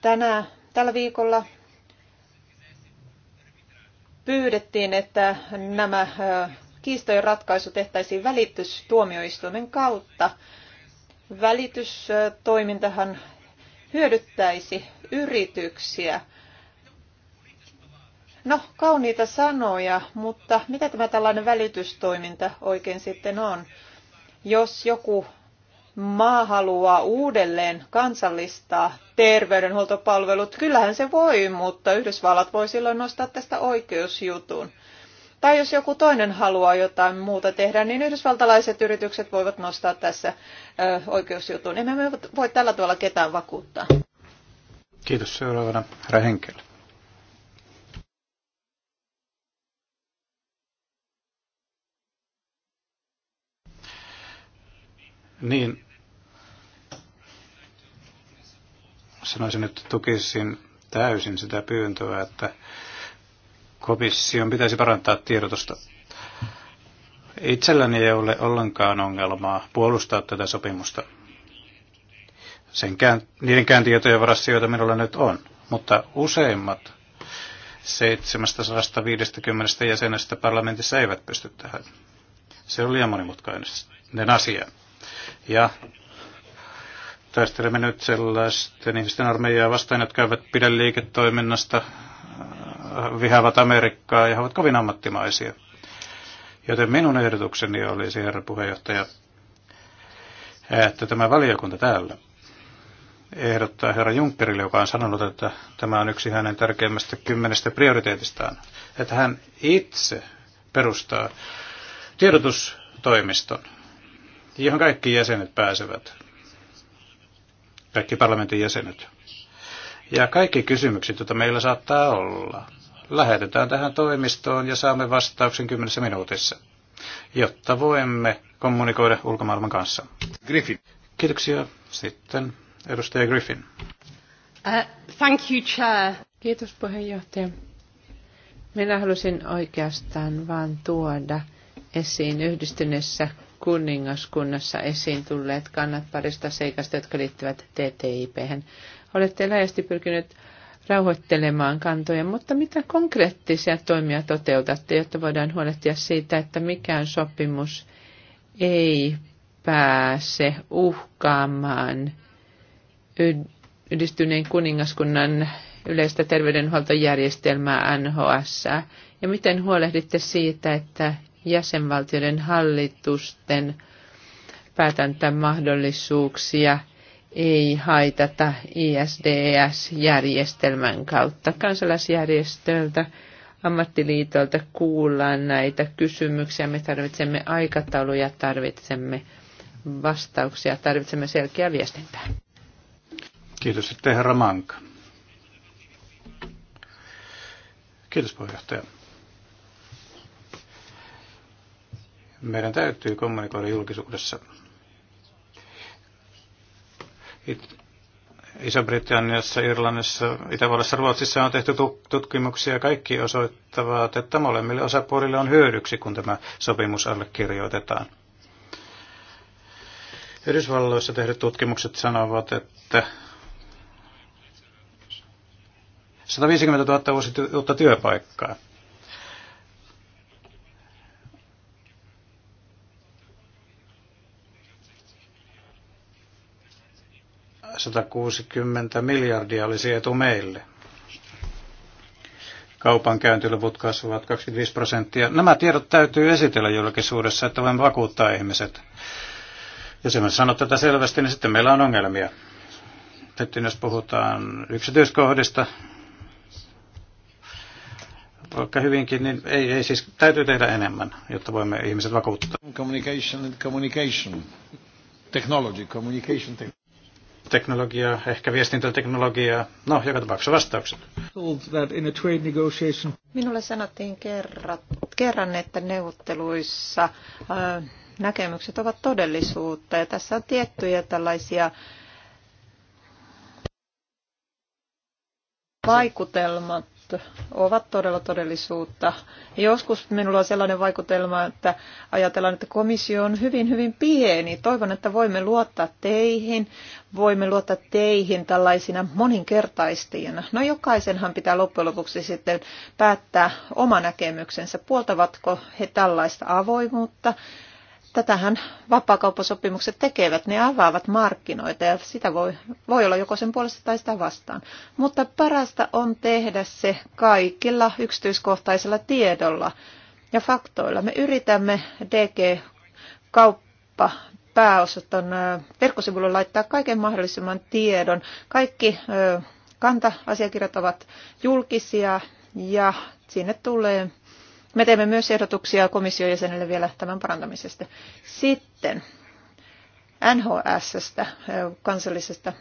Speaker 3: Tänä, tällä viikolla pyydettiin, että nämä kiistojen ratkaisu tehtäisiin välitystuomioistuimen kautta. Välitystoimintahan hyödyttäisi yrityksiä No, kauniita sanoja, mutta mitä tämä tällainen välitystoiminta oikein sitten on? Jos joku maa haluaa uudelleen kansallistaa terveydenhuoltopalvelut, kyllähän se voi, mutta Yhdysvallat voi silloin nostaa tästä oikeusjutun. Tai jos joku toinen haluaa jotain muuta tehdä, niin yhdysvaltalaiset yritykset voivat nostaa tässä ö, oikeusjutun. Emme me voi tällä tavalla ketään vakuuttaa.
Speaker 1: Kiitos seuraavana, herra Henkel. Niin sanoisin, että tukisin täysin sitä pyyntöä, että komission pitäisi parantaa tiedotusta. Itselläni ei ole ollenkaan ongelmaa puolustaa tätä sopimusta. Senkään, niidenkään tietojen varassa, joita minulla nyt on. Mutta useimmat 750 jäsenestä parlamentissa eivät pysty tähän. Se on liian monimutkainen asia. Ja taistelemme nyt sellaisten ihmisten armeijaa vastaan, jotka eivät pidä liiketoiminnasta, äh, vihaavat Amerikkaa ja ovat kovin ammattimaisia. Joten minun ehdotukseni olisi, herra puheenjohtaja, että tämä valiokunta täällä ehdottaa herra Junckerille, joka on sanonut, että tämä on yksi hänen tärkeimmästä kymmenestä prioriteetistaan, että hän itse perustaa tiedotustoimiston, johon kaikki jäsenet pääsevät, kaikki parlamentin jäsenet. Ja kaikki kysymykset, joita meillä saattaa olla, lähetetään tähän toimistoon ja saamme vastauksen kymmenessä minuutissa, jotta voimme kommunikoida ulkomaailman kanssa. Griffin. Kiitoksia. Sitten edustaja Griffin.
Speaker 2: Uh, thank you, Chair. Kiitos puheenjohtaja. Minä halusin oikeastaan vain tuoda esiin yhdistyneessä kuningaskunnassa esiin tulleet kannat parista seikasta, jotka liittyvät ttip -hän. Olette laajasti pyrkineet rauhoittelemaan kantoja, mutta mitä konkreettisia toimia toteutatte, jotta voidaan huolehtia siitä, että mikään sopimus ei pääse uhkaamaan yhdistyneen kuningaskunnan yleistä terveydenhuoltojärjestelmää NHS? Ja miten huolehditte siitä, että jäsenvaltioiden hallitusten päätäntämahdollisuuksia ei haitata ISDS-järjestelmän e kautta. Kansalaisjärjestöltä, ammattiliitolta kuullaan näitä kysymyksiä. Me tarvitsemme aikatauluja, tarvitsemme vastauksia, tarvitsemme selkeää viestintää.
Speaker 1: Kiitos sitten herra Manka. Kiitos puheenjohtaja. meidän täytyy kommunikoida julkisuudessa. Iso-Britanniassa, Irlannissa, Itävallassa, Ruotsissa on tehty tutkimuksia. Kaikki osoittavat, että molemmille osapuolille on hyödyksi, kun tämä sopimus allekirjoitetaan. Yhdysvalloissa tehdyt tutkimukset sanovat, että 150 000 uutta työpaikkaa 160 miljardia olisi etu meille. Kaupankäyntiluvut kasvavat 25 prosenttia. Nämä tiedot täytyy esitellä julkisuudessa, että voimme vakuuttaa ihmiset. Jos emme sano tätä selvästi, niin sitten meillä on ongelmia. Nyt jos puhutaan yksityiskohdista, vaikka hyvinkin, niin ei, ei siis täytyy tehdä enemmän, jotta voimme ihmiset vakuuttaa. Communication and communication. Technology, communication technology teknologiaa, ehkä viestintäteknologiaa. No, joka tapauksessa vastaukset.
Speaker 3: Minulle sanottiin kerran, että neuvotteluissa näkemykset ovat todellisuutta ja tässä on tiettyjä tällaisia vaikutelmat ovat todella todellisuutta. Joskus minulla on sellainen vaikutelma, että ajatellaan, että komissio on hyvin, hyvin pieni. Toivon, että voimme luottaa teihin, voimme luottaa teihin tällaisina moninkertaistajina. No jokaisenhan pitää loppujen lopuksi sitten päättää oma näkemyksensä, puoltavatko he tällaista avoimuutta Tätähän vapaakauppasopimukset tekevät, ne avaavat markkinoita ja sitä voi, voi olla joko sen puolesta tai sitä vastaan. Mutta parasta on tehdä se kaikilla yksityiskohtaisella tiedolla ja faktoilla. Me yritämme DG-kauppa pääosaston verkkosivulle laittaa kaiken mahdollisimman tiedon. Kaikki kanta-asiakirjat ovat julkisia ja sinne tulee me teemme myös ehdotuksia komission jäsenelle vielä tämän parantamisesta. Sitten NHS-stä, kansallisesta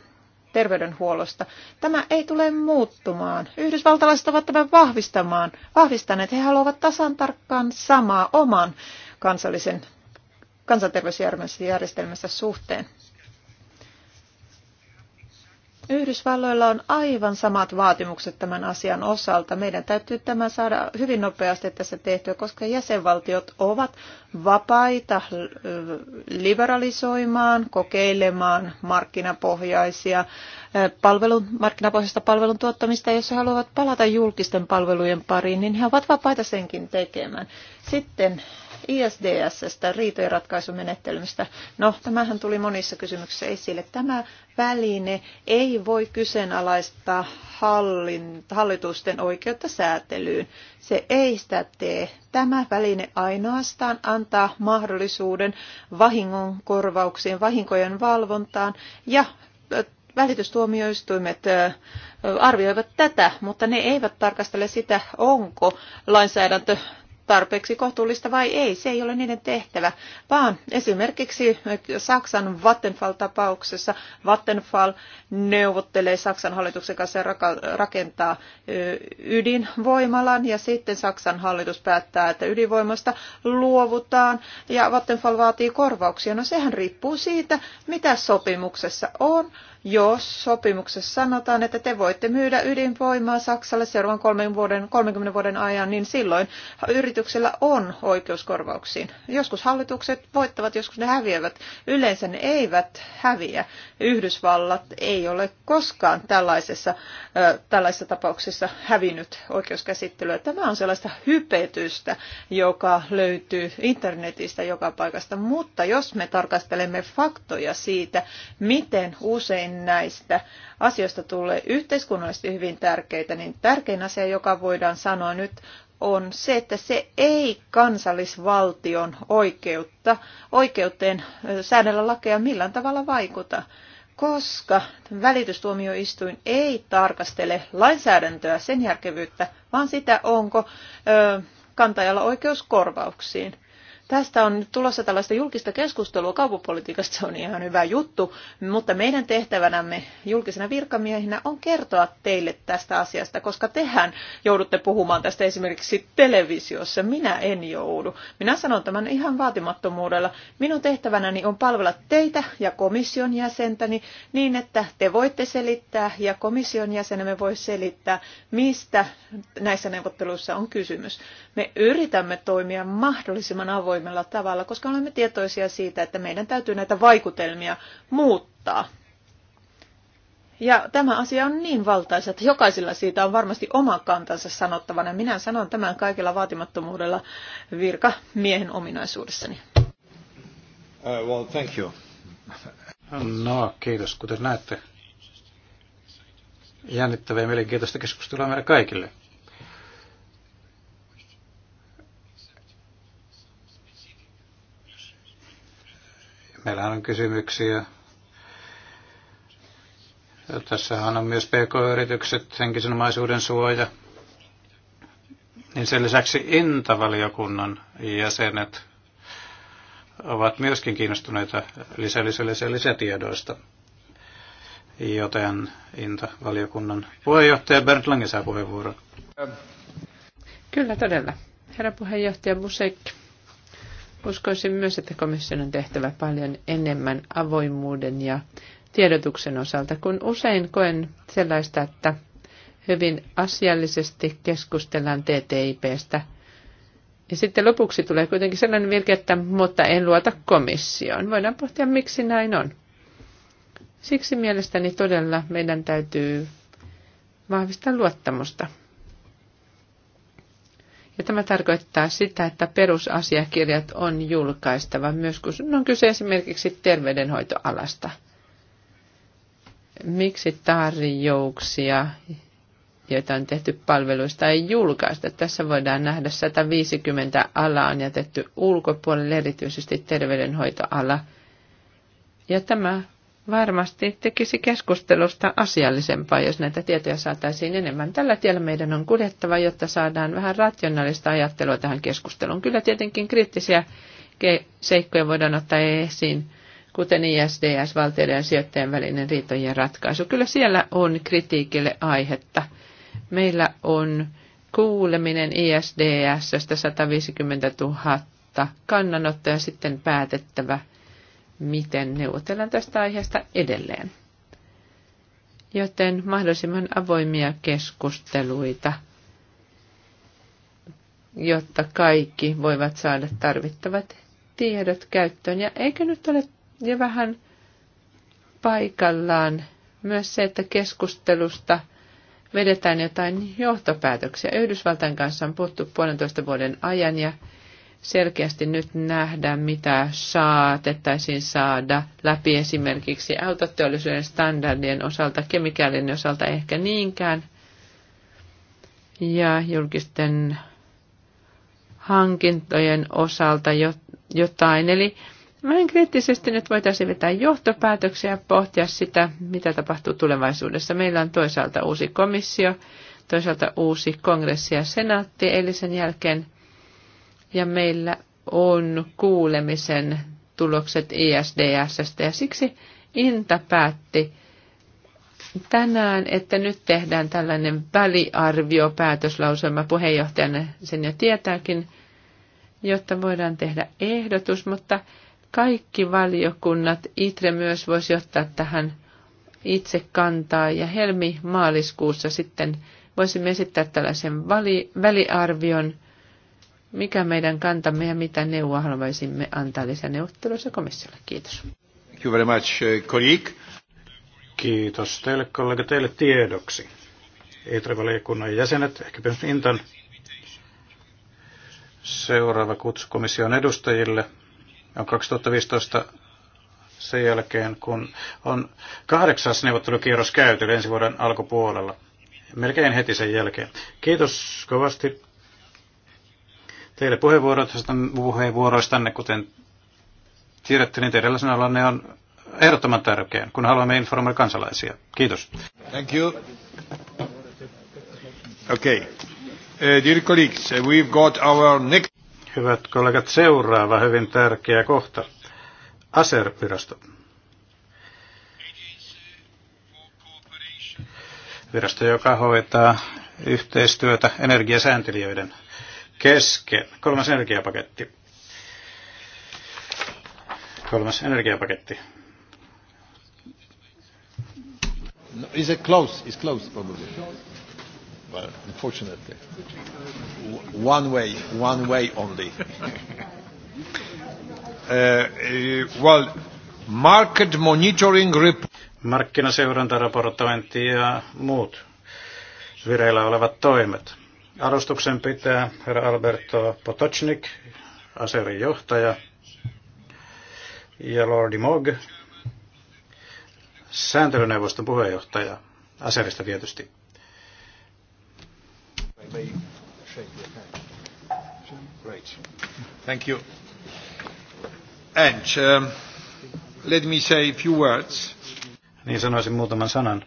Speaker 3: terveydenhuollosta. Tämä ei tule muuttumaan. Yhdysvaltalaiset ovat tämän vahvistamaan, vahvistaneet. He haluavat tasan tarkkaan samaa oman kansallisen kansanterveysjärjestelmässä suhteen. Yhdysvalloilla on aivan samat vaatimukset tämän asian osalta. Meidän täytyy tämä saada hyvin nopeasti tässä tehtyä, koska jäsenvaltiot ovat vapaita liberalisoimaan, kokeilemaan markkinapohjaisia eh, palvelun, markkinapohjaista palvelun tuottamista. Jos he haluavat palata julkisten palvelujen pariin, niin he ovat vapaita senkin tekemään. Sitten ISDSstä, riitojenratkaisumenettelystä. No, tämähän tuli monissa kysymyksissä esille. Tämä väline ei voi kyseenalaistaa hallin, hallitusten oikeutta säätelyyn. Se ei sitä tee. Tämä väline ainoastaan antaa mahdollisuuden vahingon korvauksiin, vahinkojen valvontaan ja välitystuomioistuimet arvioivat tätä, mutta ne eivät tarkastele sitä, onko lainsäädäntö tarpeeksi kohtuullista vai ei, se ei ole niiden tehtävä, vaan esimerkiksi Saksan Vattenfall-tapauksessa Vattenfall neuvottelee Saksan hallituksen kanssa ja rakentaa ydinvoimalan ja sitten Saksan hallitus päättää, että ydinvoimasta luovutaan ja Vattenfall vaatii korvauksia. No sehän riippuu siitä, mitä sopimuksessa on jos sopimuksessa sanotaan, että te voitte myydä ydinvoimaa Saksalle seuraavan 30 vuoden, 30 vuoden ajan, niin silloin yrityksellä on oikeus korvauksiin. Joskus hallitukset voittavat, joskus ne häviävät. Yleensä ne eivät häviä. Yhdysvallat ei ole koskaan tällaisessa, äh, tällaisessa tapauksessa hävinnyt oikeuskäsittelyä. Tämä on sellaista hypetystä, joka löytyy internetistä joka paikasta. Mutta jos me tarkastelemme faktoja siitä, miten usein moniin näistä asioista tulee yhteiskunnallisesti hyvin tärkeitä, niin tärkein asia, joka voidaan sanoa nyt, on se, että se ei kansallisvaltion oikeutta, oikeuteen säädellä lakeja millään tavalla vaikuta, koska välitystuomioistuin ei tarkastele lainsäädäntöä sen järkevyyttä, vaan sitä, onko ö, kantajalla oikeus korvauksiin. Tästä on nyt tulossa tällaista julkista keskustelua kaupunpolitiikasta, se on ihan hyvä juttu, mutta meidän tehtävänämme julkisena virkamiehinä on kertoa teille tästä asiasta, koska tehän joudutte puhumaan tästä esimerkiksi televisiossa. Minä en joudu. Minä sanon tämän ihan vaatimattomuudella. Minun tehtävänäni on palvella teitä ja komission jäsentäni niin, että te voitte selittää ja komission jäsenemme voi selittää, mistä näissä neuvotteluissa on kysymys. Me yritämme toimia mahdollisimman avoimesti toimella tavalla, koska olemme tietoisia siitä, että meidän täytyy näitä vaikutelmia muuttaa. Ja tämä asia on niin valtaisa, että jokaisella siitä on varmasti oma kantansa sanottavana. Minä sanon tämän kaikilla vaatimattomuudella virka miehen
Speaker 1: ominaisuudessani. Uh, well, thank you. No, kiitos. Kuten näette, jännittävää ja mielenkiintoista keskustelua meille kaikille. Meillähän on kysymyksiä. Tässähän on myös PK-yritykset, henkisen omaisuuden suoja. Niin sen lisäksi intavaliokunnan jäsenet ovat myöskin kiinnostuneita lisällisellisiä lisätiedoista. Joten Inta-valiokunnan puheenjohtaja Bernd Lange saa puheenvuoron.
Speaker 2: Kyllä todella. Herra puheenjohtaja Busek, Uskoisin myös, että komission on tehtävä paljon enemmän avoimuuden ja tiedotuksen osalta, kun usein koen sellaista, että hyvin asiallisesti keskustellaan TTIPstä. Ja sitten lopuksi tulee kuitenkin sellainen virke, että mutta en luota komissioon. Voidaan pohtia, miksi näin on. Siksi mielestäni todella meidän täytyy vahvistaa luottamusta ja tämä tarkoittaa sitä, että perusasiakirjat on julkaistava myös, kun on kyse esimerkiksi terveydenhoitoalasta. Miksi tarjouksia, joita on tehty palveluista, ei julkaista? Tässä voidaan nähdä 150 alaa on jätetty ulkopuolelle, erityisesti terveydenhoitoala. Ja tämä varmasti tekisi keskustelusta asiallisempaa, jos näitä tietoja saataisiin enemmän. Tällä tiellä meidän on kuljettava, jotta saadaan vähän rationaalista ajattelua tähän keskusteluun. Kyllä tietenkin kriittisiä seikkoja voidaan ottaa esiin, kuten ISDS, valtioiden ja sijoittajien välinen riitojen ratkaisu. Kyllä siellä on kritiikille aihetta. Meillä on kuuleminen ISDS 150 000 kannanottoja sitten päätettävä – miten neuvotellaan tästä aiheesta edelleen. Joten mahdollisimman avoimia keskusteluita, jotta kaikki voivat saada tarvittavat tiedot käyttöön. Ja eikö nyt ole jo vähän paikallaan myös se, että keskustelusta vedetään jotain johtopäätöksiä. Yhdysvaltain kanssa on puhuttu puolentoista vuoden ajan ja selkeästi nyt nähdä, mitä saatettaisiin saada läpi esimerkiksi autoteollisuuden standardien osalta, kemikaalien osalta ehkä niinkään, ja julkisten hankintojen osalta jotain. Eli vähän kriittisesti nyt voitaisiin vetää johtopäätöksiä ja pohtia sitä, mitä tapahtuu tulevaisuudessa. Meillä on toisaalta uusi komissio, toisaalta uusi kongressi ja senaatti eilisen jälkeen – ja meillä on kuulemisen tulokset ISDSstä ja siksi Inta päätti tänään, että nyt tehdään tällainen väliarvio päätöslauselma puheenjohtajana sen jo tietääkin, jotta voidaan tehdä ehdotus, mutta kaikki valiokunnat, itse myös voisi ottaa tähän itse kantaa ja helmi-maaliskuussa sitten voisimme esittää tällaisen vali, väliarvion – mikä meidän kantamme ja mitä neuvoa haluaisimme antaa lisäneuvotteluissa komissiolle. Kiitos.
Speaker 1: Thank you very much, eh, colleague. Kiitos teille kollega teille tiedoksi. Itrevaliokunnan jäsenet, ehkä myös Intan seuraava kutsu komission edustajille on 2015 sen jälkeen, kun on kahdeksas neuvottelukierros käyty ensi vuoden alkupuolella. Melkein heti sen jälkeen. Kiitos kovasti teille puheenvuoroistanne, kuten tiedätte, niin teidän sanallanne on ehdottoman tärkeä, kun haluamme informoida kansalaisia. Kiitos. Thank you. Okay. Uh, dear colleagues, uh, we've got our next... Hyvät kollegat, seuraava hyvin tärkeä kohta. ASER-virasto. Virasto, joka hoitaa yhteistyötä energiasääntelijöiden kesken. Kolmas energiapaketti. Kolmas energiapaketti. No, is it close? It's close probably. Well, unfortunately. One way, one way only. Uh, uh, well, market monitoring report. Markkinaseurantaraportointi ja muut vireillä olevat toimet. Alustuksen pitää herra Alberto Potocnik, aserin johtaja, ja Lordi Mog, sääntelyneuvoston puheenjohtaja, aserista tietysti. Great. Thank you. And um, let me say a few words. Niin sanoisin muutaman sanan.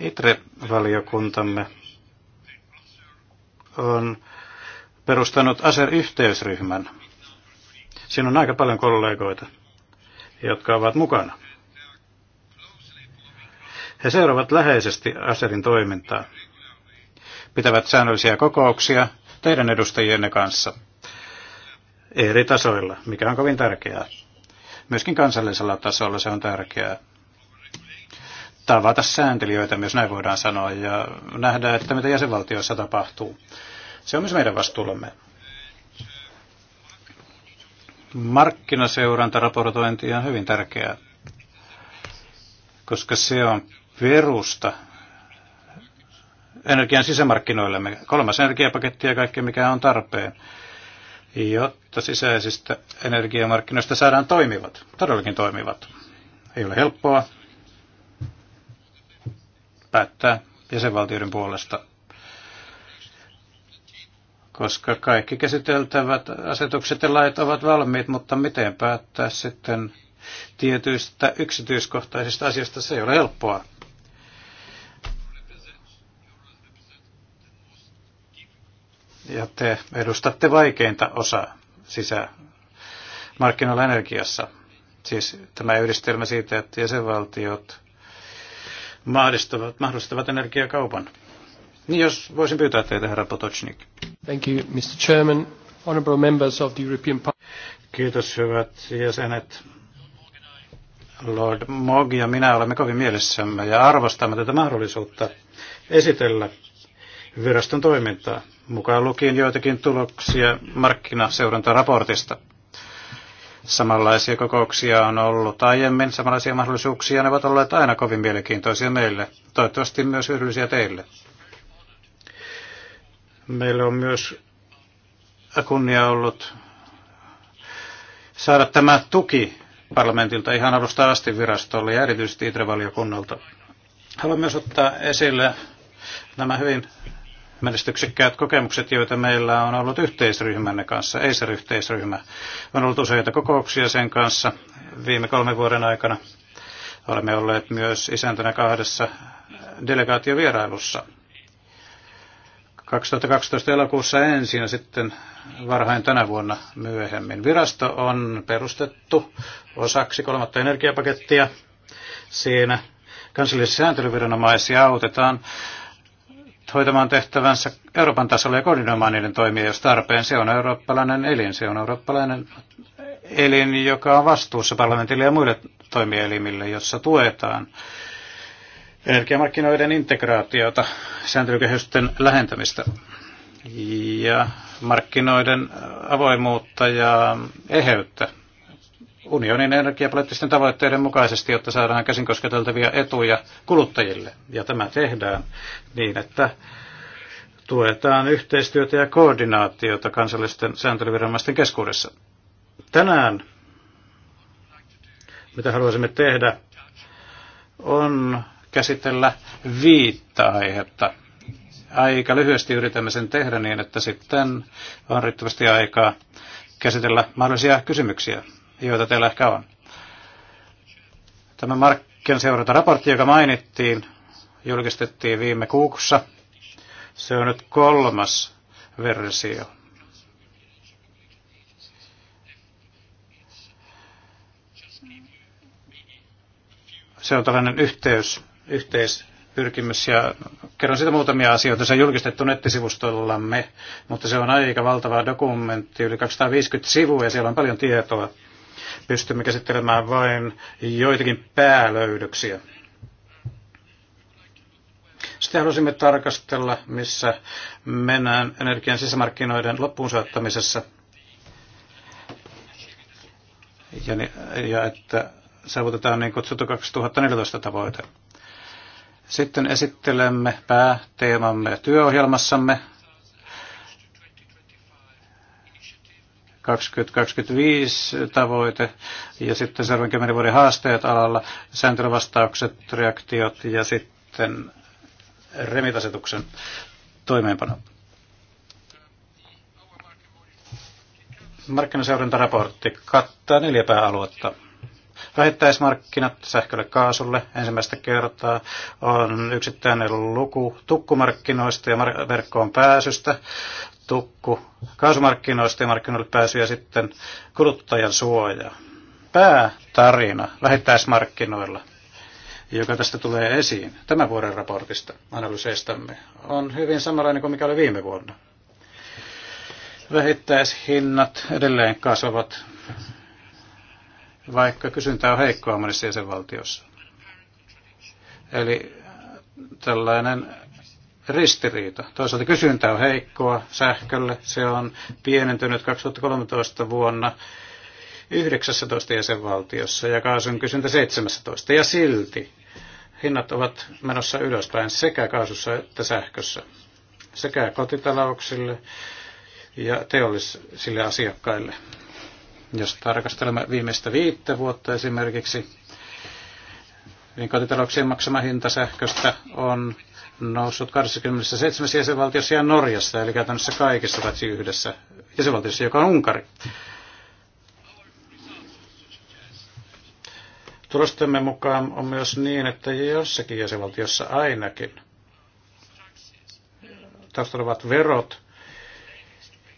Speaker 1: ITRE-valiokuntamme on perustanut ASER-yhteysryhmän. Siinä on aika paljon kollegoita, jotka ovat mukana. He seuraavat läheisesti ASERin toimintaa, pitävät säännöllisiä kokouksia teidän edustajienne kanssa eri tasoilla, mikä on kovin tärkeää. Myöskin kansallisella tasolla se on tärkeää tavata sääntelijöitä, myös näin voidaan sanoa, ja nähdä, että mitä jäsenvaltioissa tapahtuu. Se on myös meidän vastuullamme. Markkinaseurantaraportointi on hyvin tärkeää, koska se on perusta energian sisämarkkinoillemme. Kolmas energiapaketti ja kaikki, mikä on tarpeen, jotta sisäisistä energiamarkkinoista saadaan toimivat, todellakin toimivat. Ei ole helppoa, päättää jäsenvaltioiden puolesta, koska kaikki käsiteltävät asetukset ja lait ovat valmiit, mutta miten päättää sitten tietyistä yksityiskohtaisista asioista, se ei ole helppoa. Ja te edustatte vaikeinta osaa sisämarkkinoilla energiassa. Siis tämä yhdistelmä siitä, että jäsenvaltiot mahdollistavat, mahdollistavat energiakaupan. Niin jos voisin pyytää teitä, herra Potocnik. Thank you, Mr. Chairman, honorable members of the European Parliament. Kiitos, hyvät jäsenet. Lord Mog ja minä olemme kovin mielessämme ja arvostamme tätä mahdollisuutta esitellä viraston toimintaa, mukaan lukien joitakin tuloksia markkinaseurantaraportista. Samanlaisia kokouksia on ollut aiemmin, samanlaisia mahdollisuuksia ne ovat olleet aina kovin mielenkiintoisia meille, toivottavasti myös hyödyllisiä teille. Meillä on myös kunnia ollut saada tämä tuki parlamentilta ihan alusta asti virastolle ja erityisesti Itrevaliokunnalta. Haluan myös ottaa esille nämä hyvin menestyksekkäät kokemukset, joita meillä on ollut yhteisryhmänne kanssa. Ei se yhteisryhmä. On ollut useita kokouksia sen kanssa viime kolmen vuoden aikana. Olemme olleet myös isäntänä kahdessa delegaatiovierailussa. 2012 elokuussa ensin ja sitten varhain tänä vuonna myöhemmin. Virasto on perustettu osaksi kolmatta energiapakettia. Siinä kansallisessa sääntelyviranomaisia autetaan hoitamaan tehtävänsä Euroopan tasolla ja koordinoimaan niiden toimia, jos tarpeen. Se on eurooppalainen elin, se on eurooppalainen elin, joka on vastuussa parlamentille ja muille toimielimille, jossa tuetaan energiamarkkinoiden integraatiota, sääntelykehysten lähentämistä ja markkinoiden avoimuutta ja eheyttä unionin energiapoliittisten tavoitteiden mukaisesti, jotta saadaan käsin kosketeltavia etuja kuluttajille. Ja tämä tehdään niin, että tuetaan yhteistyötä ja koordinaatiota kansallisten sääntelyviranomaisten keskuudessa. Tänään, mitä haluaisimme tehdä, on käsitellä viittä aihetta. Aika lyhyesti yritämme sen tehdä niin, että sitten on riittävästi aikaa käsitellä mahdollisia kysymyksiä joita teillä ehkä on. Tämä Markken seurantaraportti, joka mainittiin, julkistettiin viime kuukussa, Se on nyt kolmas versio. Se on tällainen yhteys, yhteispyrkimys ja kerron siitä muutamia asioita. Se on julkistettu nettisivustollamme, mutta se on aika valtava dokumentti, yli 250 sivua ja siellä on paljon tietoa pystymme käsittelemään vain joitakin päälöydöksiä. Sitten halusimme tarkastella, missä mennään energian sisämarkkinoiden loppuun saattamisessa. Ja, ja että saavutetaan niin kutsuttu 2014 tavoite. Sitten esittelemme pääteemamme työohjelmassamme 2025 tavoite ja sitten seuraavan kymmenen vuoden haasteet alalla, sääntelyvastaukset, reaktiot ja sitten remitasetuksen toimeenpano. Markkinaseurantaraportti kattaa neljä pääaluetta. Vähittäismarkkinat sähkölle kaasulle ensimmäistä kertaa on yksittäinen luku tukkumarkkinoista ja verkkoon pääsystä, tukku kaasumarkkinoista ja markkinoille pääsy ja sitten kuluttajan suoja. Päätarina vähittäismarkkinoilla joka tästä tulee esiin tämän vuoden raportista analyseistamme, on hyvin samanlainen kuin mikä oli viime vuonna. Vähittäishinnat edelleen kasvavat vaikka kysyntä on heikkoa monissa jäsenvaltiossa. Eli äh, tällainen ristiriita. Toisaalta kysyntä on heikkoa sähkölle. Se on pienentynyt 2013 vuonna 19 jäsenvaltiossa ja kaasun kysyntä 17. Ja silti hinnat ovat menossa ylöspäin sekä kaasussa että sähkössä. Sekä kotitalouksille ja teollisille asiakkaille. Jos tarkastelemme viimeistä viittä vuotta esimerkiksi, niin kotitalouksien maksama hinta sähköstä on noussut 27 jäsenvaltiossa ja Norjassa, eli käytännössä kaikissa paitsi yhdessä jäsenvaltiossa, joka on Unkari. Tulostemme mukaan on myös niin, että jossakin jäsenvaltiossa ainakin taustalla ovat verot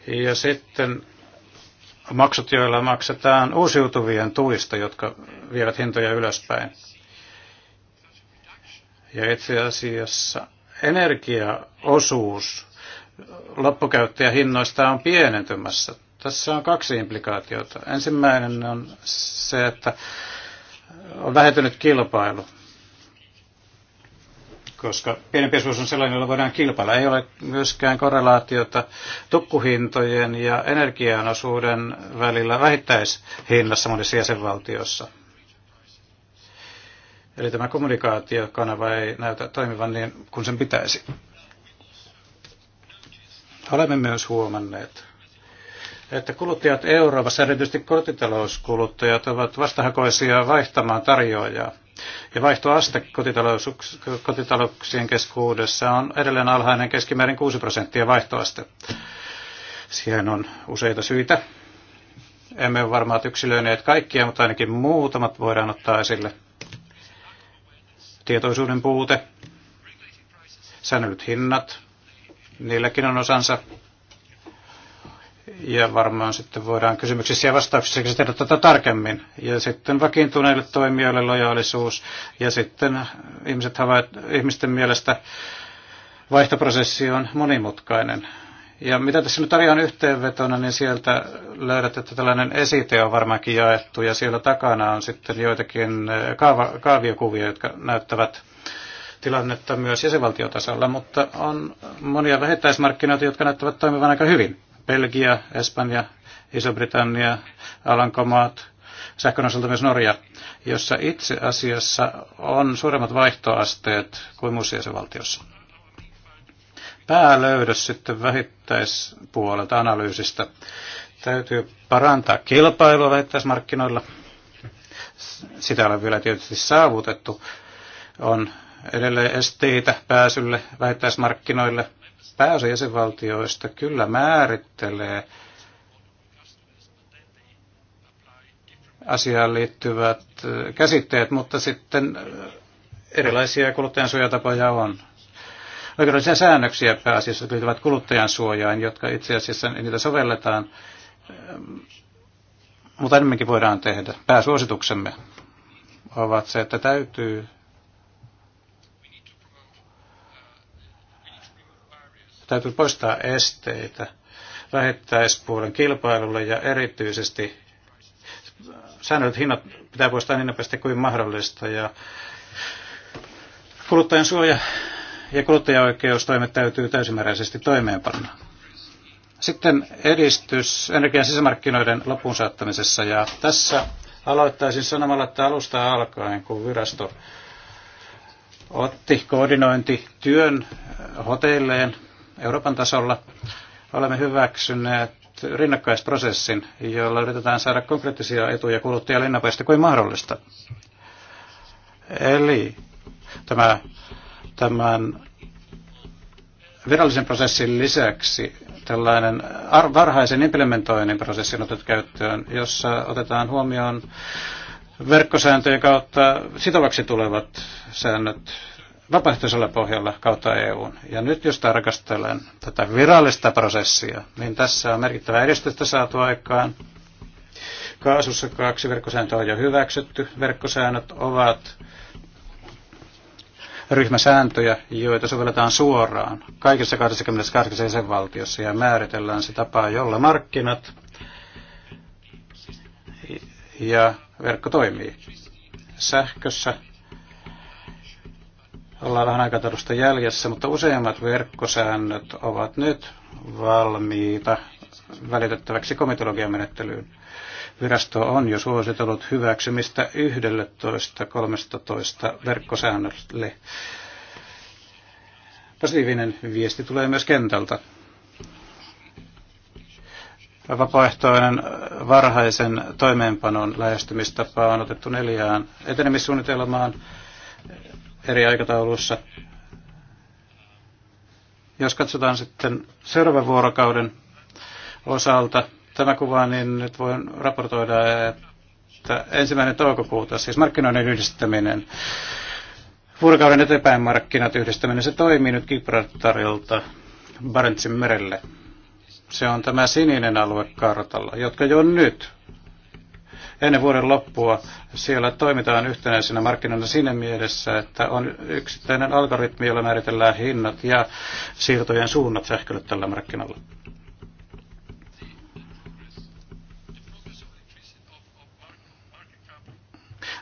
Speaker 1: ja sitten maksut, joilla maksetaan uusiutuvien tuista, jotka vievät hintoja ylöspäin. Ja itse asiassa energiaosuus loppukäyttäjähinnoista on pienentymässä. Tässä on kaksi implikaatiota. Ensimmäinen on se, että on vähentynyt kilpailu koska pienempi osuus on sellainen, jolla voidaan kilpailla. Ei ole myöskään korrelaatiota tukkuhintojen ja energian osuuden välillä vähittäishinnassa monissa jäsenvaltiossa. Eli tämä kommunikaatiokanava ei näytä toimivan niin kuin sen pitäisi. Olemme myös huomanneet, että kuluttajat Euroopassa, erityisesti kotitalouskuluttajat, ovat vastahakoisia vaihtamaan tarjoajaa. Ja vaihtoaste kotitalouksien keskuudessa on edelleen alhainen keskimäärin 6 prosenttia vaihtoaste. Siihen on useita syitä. Emme ole varmaan yksilöineet kaikkia, mutta ainakin muutamat voidaan ottaa esille. Tietoisuuden puute, säännöllyt hinnat, niilläkin on osansa ja varmaan sitten voidaan kysymyksissä ja vastauksissa käsitellä tätä tarkemmin. Ja sitten vakiintuneille toimijoille lojaalisuus ja sitten ihmiset havait, ihmisten mielestä vaihtoprosessi on monimutkainen. Ja mitä tässä nyt tarjoan yhteenvetona, niin sieltä löydät, että tällainen esite on varmaankin jaettu ja siellä takana on sitten joitakin eh, kaava, kaaviokuvia, jotka näyttävät tilannetta myös jäsenvaltiotasolla, mutta on monia vähittäismarkkinoita, jotka näyttävät toimivan aika hyvin. Belgia, Espanja, Iso-Britannia, Alankomaat, sähkön osalta myös Norja, jossa itse asiassa on suuremmat vaihtoasteet kuin muissa jäsenvaltiossa. Päälöydös sitten vähittäispuolelta analyysistä. Täytyy parantaa kilpailua vähittäismarkkinoilla. Sitä ei ole vielä tietysti saavutettu. On edelleen esteitä pääsylle vähittäismarkkinoille. Pääosa jäsenvaltioista kyllä määrittelee asiaan liittyvät äh, käsitteet, mutta sitten äh, erilaisia kuluttajansuojatapoja on. Oikeudellisia säännöksiä pääasiassa liittyvät kuluttajansuojaan, jotka itse asiassa niitä sovelletaan, ähm, mutta enemmänkin voidaan tehdä. Pääsuosituksemme ovat se, että täytyy Täytyy poistaa esteitä vähittäispuolen kilpailulle ja erityisesti säännölliset hinnat pitää poistaa niin nopeasti kuin mahdollista ja kuluttajan suoja ja kuluttajaoikeustoimet täytyy täysimääräisesti toimeenpanna. Sitten edistys energian sisämarkkinoiden lopun saattamisessa ja tässä aloittaisin sanomalla, että alusta alkaen, kun virasto otti koordinointi työn hotelleen Euroopan tasolla olemme hyväksyneet rinnakkaisprosessin, jolla yritetään saada konkreettisia etuja kuluttajalle ennapäistä kuin mahdollista. Eli tämä, tämän virallisen prosessin lisäksi tällainen varhaisen implementoinnin prosessi on otettu käyttöön, jossa otetaan huomioon verkkosääntöjen kautta sitovaksi tulevat säännöt vapaaehtoisella pohjalla kautta EUn. Ja nyt jos tarkastellaan tätä virallista prosessia, niin tässä on merkittävä edistystä saatu aikaan. Kaasussa kaksi verkkosääntöä on jo hyväksytty. Verkkosäännöt ovat ryhmäsääntöjä, joita sovelletaan suoraan kaikissa 28 jäsenvaltiossa ja määritellään se tapa, jolla markkinat ja verkko toimii. Sähkössä ollaan vähän aikataulusta jäljessä, mutta useimmat verkkosäännöt ovat nyt valmiita välitettäväksi komitologiamenettelyyn. Virasto on jo suositellut hyväksymistä 11.13 verkkosäännölle. Positiivinen viesti tulee myös kentältä. Vapaaehtoinen varhaisen toimeenpanon lähestymistapa on otettu neljään etenemissuunnitelmaan eri aikatauluissa. Jos katsotaan sitten seuraavan vuorokauden osalta, tämä kuva, niin nyt voin raportoida, että ensimmäinen toukokuuta, siis markkinoiden yhdistäminen, vuorokauden eteenpäin markkinat yhdistäminen, se toimii nyt Gibraltarilta Barentsin merelle. Se on tämä sininen alue kartalla, jotka jo nyt ennen vuoden loppua. Siellä toimitaan yhtenäisenä markkinoina siinä mielessä, että on yksittäinen algoritmi, jolla määritellään hinnat ja siirtojen suunnat sähkölle tällä markkinalla.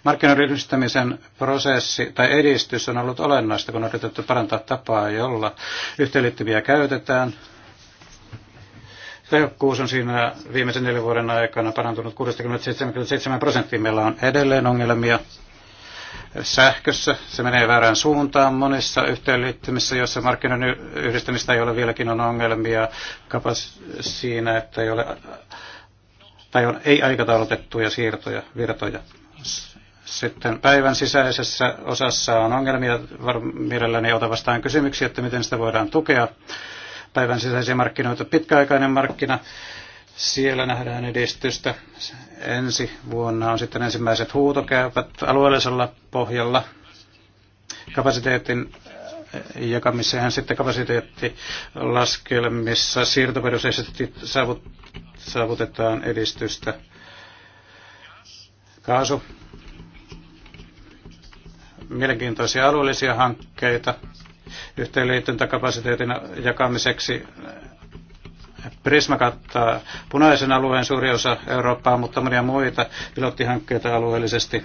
Speaker 1: Markkinoiden yhdistämisen prosessi tai edistys on ollut olennaista, kun on yritetty parantaa tapaa, jolla yhteenliittymiä käytetään – Tehokkuus on siinä viimeisen neljän vuoden aikana parantunut 60-77 prosenttia. Meillä on edelleen ongelmia sähkössä. Se menee väärään suuntaan monissa yhteenliittymissä, joissa markkinoiden yhdistämistä ei ole vieläkin on ongelmia kapas siinä, että ei ole tai on ei-aikataulutettuja siirtoja, virtoja. Sitten päivän sisäisessä osassa on ongelmia. Var- mielelläni ota vastaan kysymyksiä, että miten sitä voidaan tukea päivän sisäisiä markkinoita. Pitkäaikainen markkina, siellä nähdään edistystä. Ensi vuonna on sitten ensimmäiset huutokäypät alueellisella pohjalla kapasiteetin eh, jakamiseen sitten kapasiteettilaskelmissa siirtoperusteisesti saavutetaan edistystä. Kaasu. Mielenkiintoisia alueellisia hankkeita yhteenliityntäkapasiteetin jakamiseksi. Prisma kattaa punaisen alueen suuri osa Eurooppaa, mutta monia muita pilottihankkeita alueellisesti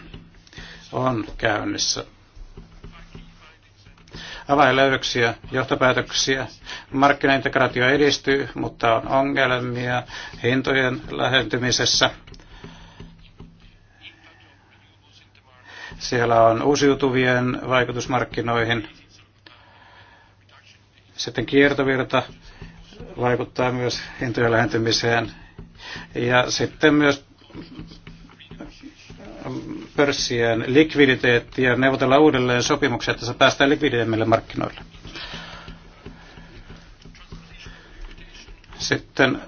Speaker 1: on käynnissä. Avainlöydöksiä, johtopäätöksiä. Markkinaintegraatio edistyy, mutta on ongelmia hintojen lähentymisessä. Siellä on uusiutuvien vaikutusmarkkinoihin sitten kiertovirta vaikuttaa myös hintojen lähentymiseen. Ja sitten myös pörssien likviditeetti ja neuvotella uudelleen sopimuksia, että se päästään likvididemmille markkinoille. Sitten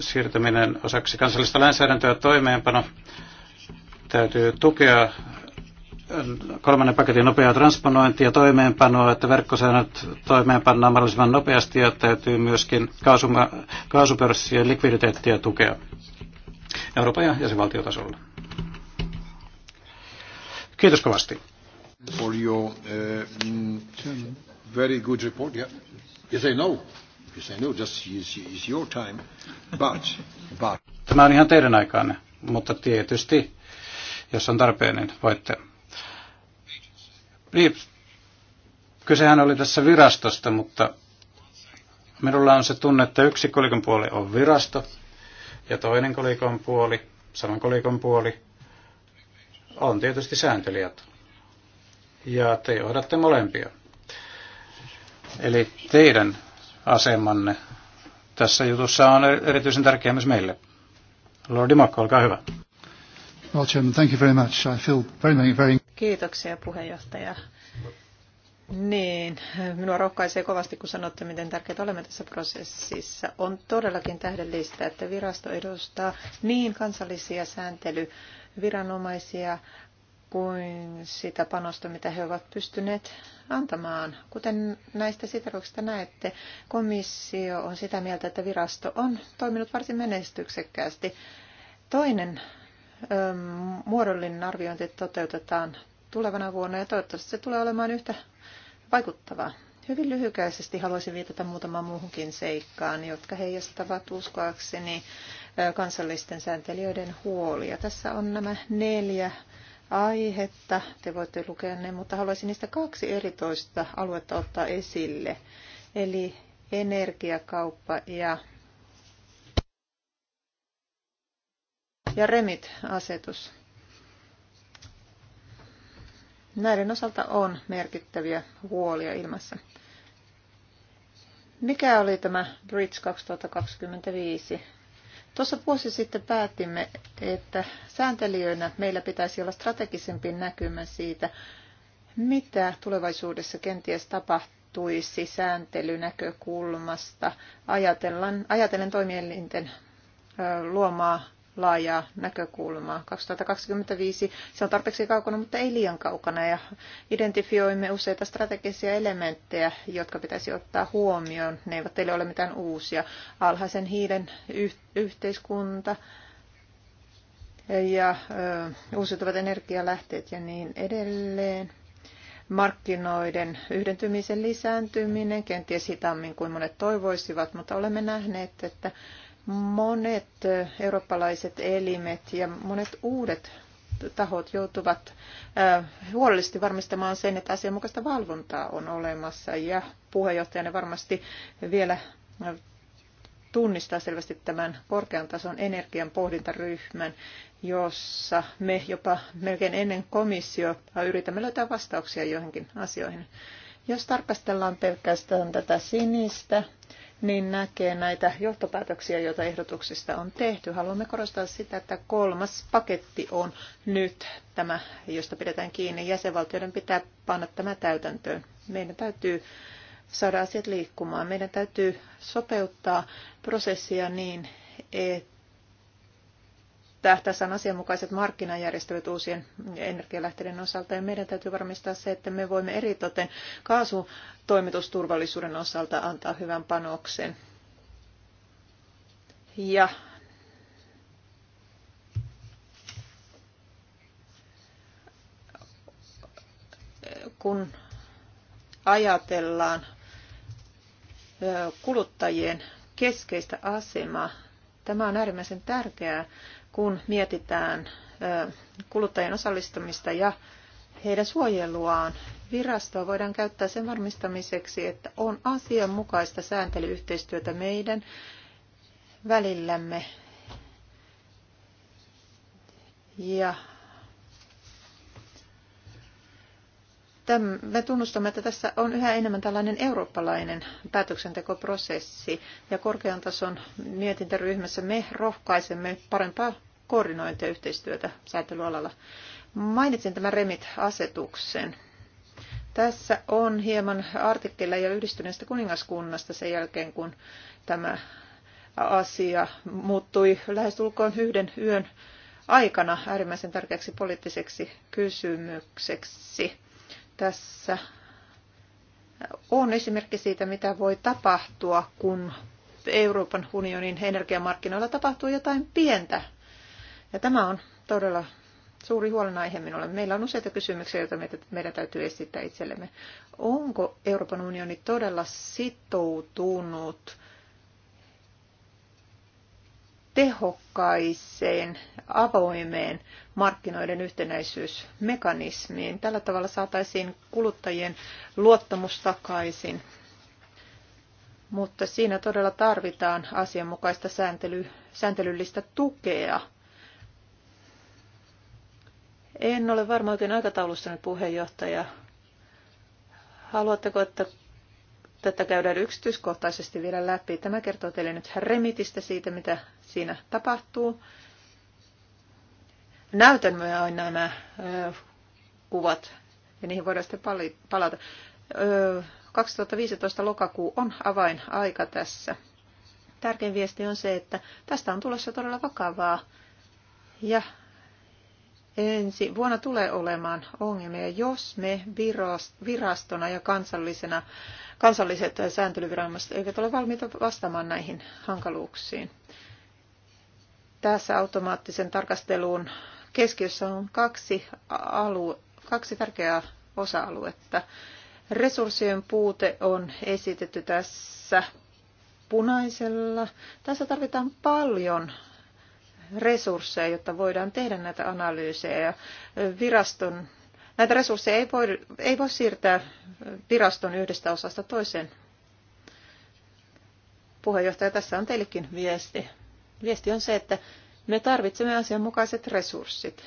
Speaker 1: siirtyminen osaksi kansallista lainsäädäntöä toimeenpano täytyy tukea kolmannen paketin nopeaa transponointia ja toimeenpanoa, että verkkosäännöt toimeenpannaan mahdollisimman nopeasti ja täytyy myöskin kaasuma, kaasupörssien likviditeettiä tukea Euroopan ja jäsenvaltiotasolla. Kiitos kovasti. For your, uh, very good report. Yeah. You say no. You say no, just it's, it's your time. But, but. Tämä on ihan teidän aikaanne, mutta tietysti, jos on tarpeen, niin voitte niin, kysehän oli tässä virastosta, mutta minulla on se tunne, että yksi kolikon puoli on virasto ja toinen kolikon puoli, saman kolikon puoli, on tietysti sääntelijät. Ja te johdatte molempia. Eli teidän asemanne tässä jutussa on erityisen tärkeä myös meille. Lordi Makko, olkaa hyvä. Well, Chairman, thank you very much. I feel very, very...
Speaker 3: Kiitoksia puheenjohtaja. Niin, minua rohkaisee kovasti, kun sanotte, miten tärkeitä olemme tässä prosessissa. On todellakin tähdellistä, että virasto edustaa niin kansallisia sääntelyviranomaisia kuin sitä panosta, mitä he ovat pystyneet antamaan. Kuten näistä sitaruksista näette, komissio on sitä mieltä, että virasto on toiminut varsin menestyksekkäästi. Toinen muodollinen arviointi toteutetaan tulevana vuonna ja toivottavasti se tulee olemaan yhtä vaikuttavaa. Hyvin lyhykäisesti haluaisin viitata muutamaan muuhunkin seikkaan, jotka heijastavat uskoakseni kansallisten sääntelijöiden huolia. Tässä on nämä neljä aihetta, te voitte lukea ne, mutta haluaisin niistä kaksi eritoista aluetta ottaa esille, eli energiakauppa ja ja REMIT-asetus. Näiden osalta on merkittäviä huolia ilmassa. Mikä oli tämä Bridge 2025? Tuossa vuosi sitten päätimme, että sääntelijöinä meillä pitäisi olla strategisempi näkymä siitä, mitä tulevaisuudessa kenties tapahtuisi sääntelynäkökulmasta. ajatellen toimielinten luomaa laaja näkökulma. 2025 se on tarpeeksi kaukana, mutta ei liian kaukana ja identifioimme useita strategisia elementtejä, jotka pitäisi ottaa huomioon. Ne eivät teille ole mitään uusia. Alhaisen hiilen yh- yhteiskunta ja ö, uusiutuvat energialähteet ja niin edelleen markkinoiden yhdentymisen lisääntyminen, kenties hitaammin kuin monet toivoisivat, mutta olemme nähneet, että monet eurooppalaiset elimet ja monet uudet tahot joutuvat huolellisesti varmistamaan sen, että asianmukaista valvontaa on olemassa. Ja puheenjohtajana varmasti vielä tunnistaa selvästi tämän korkean tason energian pohdintaryhmän, jossa me jopa melkein ennen komissio yritämme löytää vastauksia joihinkin asioihin. Jos tarkastellaan pelkästään tätä sinistä niin näkee näitä johtopäätöksiä, joita ehdotuksista on tehty. Haluamme korostaa sitä, että kolmas paketti on nyt tämä, josta pidetään kiinni. Jäsenvaltioiden pitää panna tämä täytäntöön. Meidän täytyy saada asiat liikkumaan. Meidän täytyy sopeuttaa prosessia niin, että että tässä on asianmukaiset markkinajärjestelyt uusien energialähteiden osalta ja meidän täytyy varmistaa se, että me voimme eritoten kaasutoimitusturvallisuuden osalta antaa hyvän panoksen. Ja kun ajatellaan kuluttajien keskeistä asemaa, tämä on äärimmäisen tärkeää kun mietitään kuluttajien osallistumista ja heidän suojeluaan. Virastoa voidaan käyttää sen varmistamiseksi, että on asianmukaista sääntelyyhteistyötä meidän välillämme. Ja me tunnustamme, että tässä on yhä enemmän tällainen eurooppalainen päätöksentekoprosessi ja korkean tason mietintäryhmässä me rohkaisemme parempaa koordinointia ja yhteistyötä säätelyalalla. Mainitsin tämän REMIT-asetuksen. Tässä on hieman artikkeleja yhdistyneestä kuningaskunnasta sen jälkeen, kun tämä asia muuttui lähestulkoon yhden yön aikana äärimmäisen tärkeäksi poliittiseksi kysymykseksi. Tässä on esimerkki siitä, mitä voi tapahtua, kun Euroopan unionin energiamarkkinoilla tapahtuu jotain pientä ja tämä on todella suuri huolenaihe minulle. Meillä on useita kysymyksiä, joita meidän täytyy esittää itsellemme. Onko Euroopan unioni todella sitoutunut tehokkaiseen, avoimeen markkinoiden yhtenäisyysmekanismiin. Tällä tavalla saataisiin kuluttajien luottamus takaisin. Mutta siinä todella tarvitaan asianmukaista sääntely, sääntelyllistä tukea – en ole varma oikein aikataulusta niin puheenjohtaja. Haluatteko, että tätä käydään yksityiskohtaisesti vielä läpi? Tämä kertoo teille nyt remitistä siitä, mitä siinä tapahtuu. Näytän myös aina nämä ö, kuvat ja niihin voidaan sitten palata. Ö, 2015 lokakuu on avainaika tässä. Tärkein viesti on se, että tästä on tulossa todella vakavaa ja ensi vuonna tulee olemaan ongelmia, jos me virastona ja kansallisena, kansalliset sääntelyviranomaiset eivät ole valmiita vastaamaan näihin hankaluuksiin. Tässä automaattisen tarkastelun keskiössä on kaksi, alue, kaksi tärkeää osa-aluetta. Resurssien puute on esitetty tässä punaisella. Tässä tarvitaan paljon resursseja, jotta voidaan tehdä näitä analyysejä. Ja viraston, näitä resursseja ei voi, ei voi siirtää viraston yhdestä osasta toiseen. Puheenjohtaja, tässä on teillekin viesti. Viesti on se, että me tarvitsemme asianmukaiset resurssit.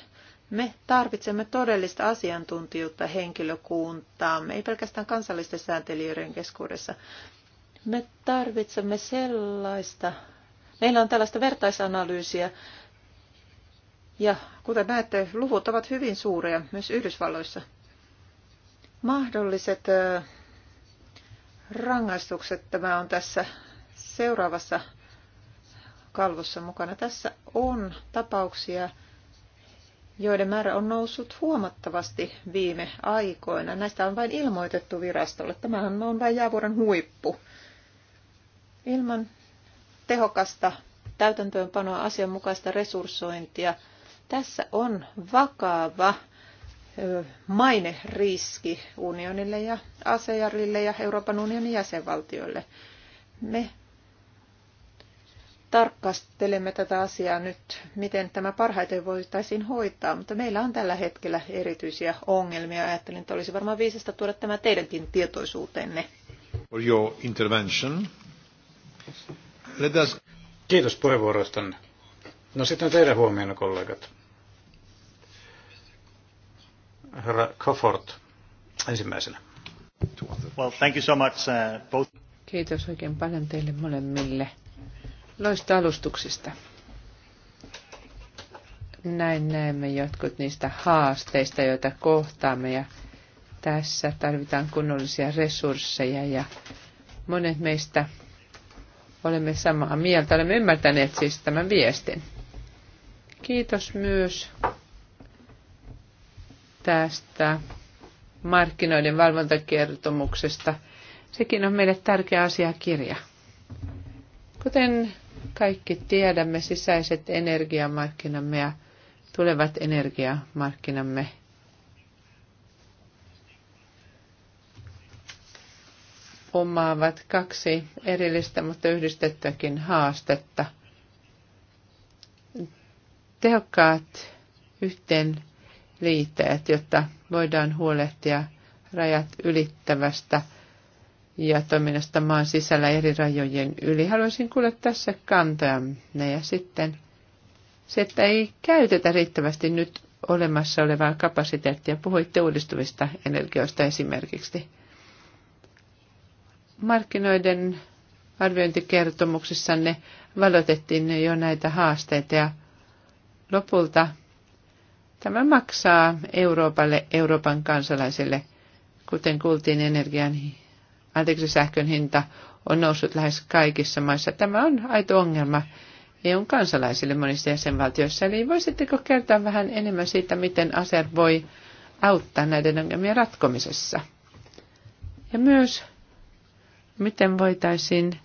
Speaker 3: Me tarvitsemme todellista asiantuntijuutta henkilökuntaamme, ei pelkästään kansallisten sääntelijöiden keskuudessa. Me tarvitsemme sellaista Meillä on tällaista vertaisanalyysiä ja kuten näette, luvut ovat hyvin suuria myös Yhdysvalloissa. Mahdolliset rangaistukset, tämä on tässä seuraavassa kalvossa mukana. Tässä on tapauksia, joiden määrä on noussut huomattavasti viime aikoina. Näistä on vain ilmoitettu virastolle. Tämähän on vain jäävuoren huippu. Ilman tehokasta täytäntöönpanoa, asianmukaista resurssointia. Tässä on vakava maineriski unionille ja ASEARille ja Euroopan unionin jäsenvaltioille. Me tarkastelemme tätä asiaa nyt, miten tämä parhaiten voitaisiin hoitaa, mutta meillä on tällä hetkellä erityisiä ongelmia. Ajattelin, että olisi varmaan viisasta tuoda tämä teidänkin tietoisuuteenne.
Speaker 1: For your intervention. Us... Kiitos puheenvuoroistanne. No sitten teidän huomioon, kollegat. Herra Kofort ensimmäisenä. Well, thank you so much, uh, both.
Speaker 2: Kiitos oikein paljon teille molemmille loista alustuksista. Näin näemme jotkut niistä haasteista, joita kohtaamme ja tässä tarvitaan kunnollisia resursseja ja monet meistä olemme samaa mieltä. Olemme ymmärtäneet siis tämän viestin. Kiitos myös tästä markkinoiden valvontakertomuksesta. Sekin on meille tärkeä asiakirja. Kuten kaikki tiedämme, sisäiset energiamarkkinamme ja tulevat energiamarkkinamme omaavat kaksi erillistä, mutta yhdistettäkin haastetta. Tehokkaat yhteen liitteet, jotta voidaan huolehtia rajat ylittävästä ja toiminnasta maan sisällä eri rajojen yli. Haluaisin kuulla tässä kantoja ja sitten se, että ei käytetä riittävästi nyt olemassa olevaa kapasiteettia. Puhuitte uudistuvista energioista esimerkiksi markkinoiden arviointikertomuksissanne valotettiin jo näitä haasteita ja lopulta tämä maksaa Euroopalle, Euroopan kansalaisille. Kuten kuultiin, energian, anteeksi, sähkön hinta on noussut lähes kaikissa maissa. Tämä on aito ongelma EUn kansalaisille monissa jäsenvaltioissa. Eli voisitteko kertoa vähän enemmän siitä, miten ASER voi auttaa näiden ongelmien ratkomisessa? Ja myös miten voitaisiin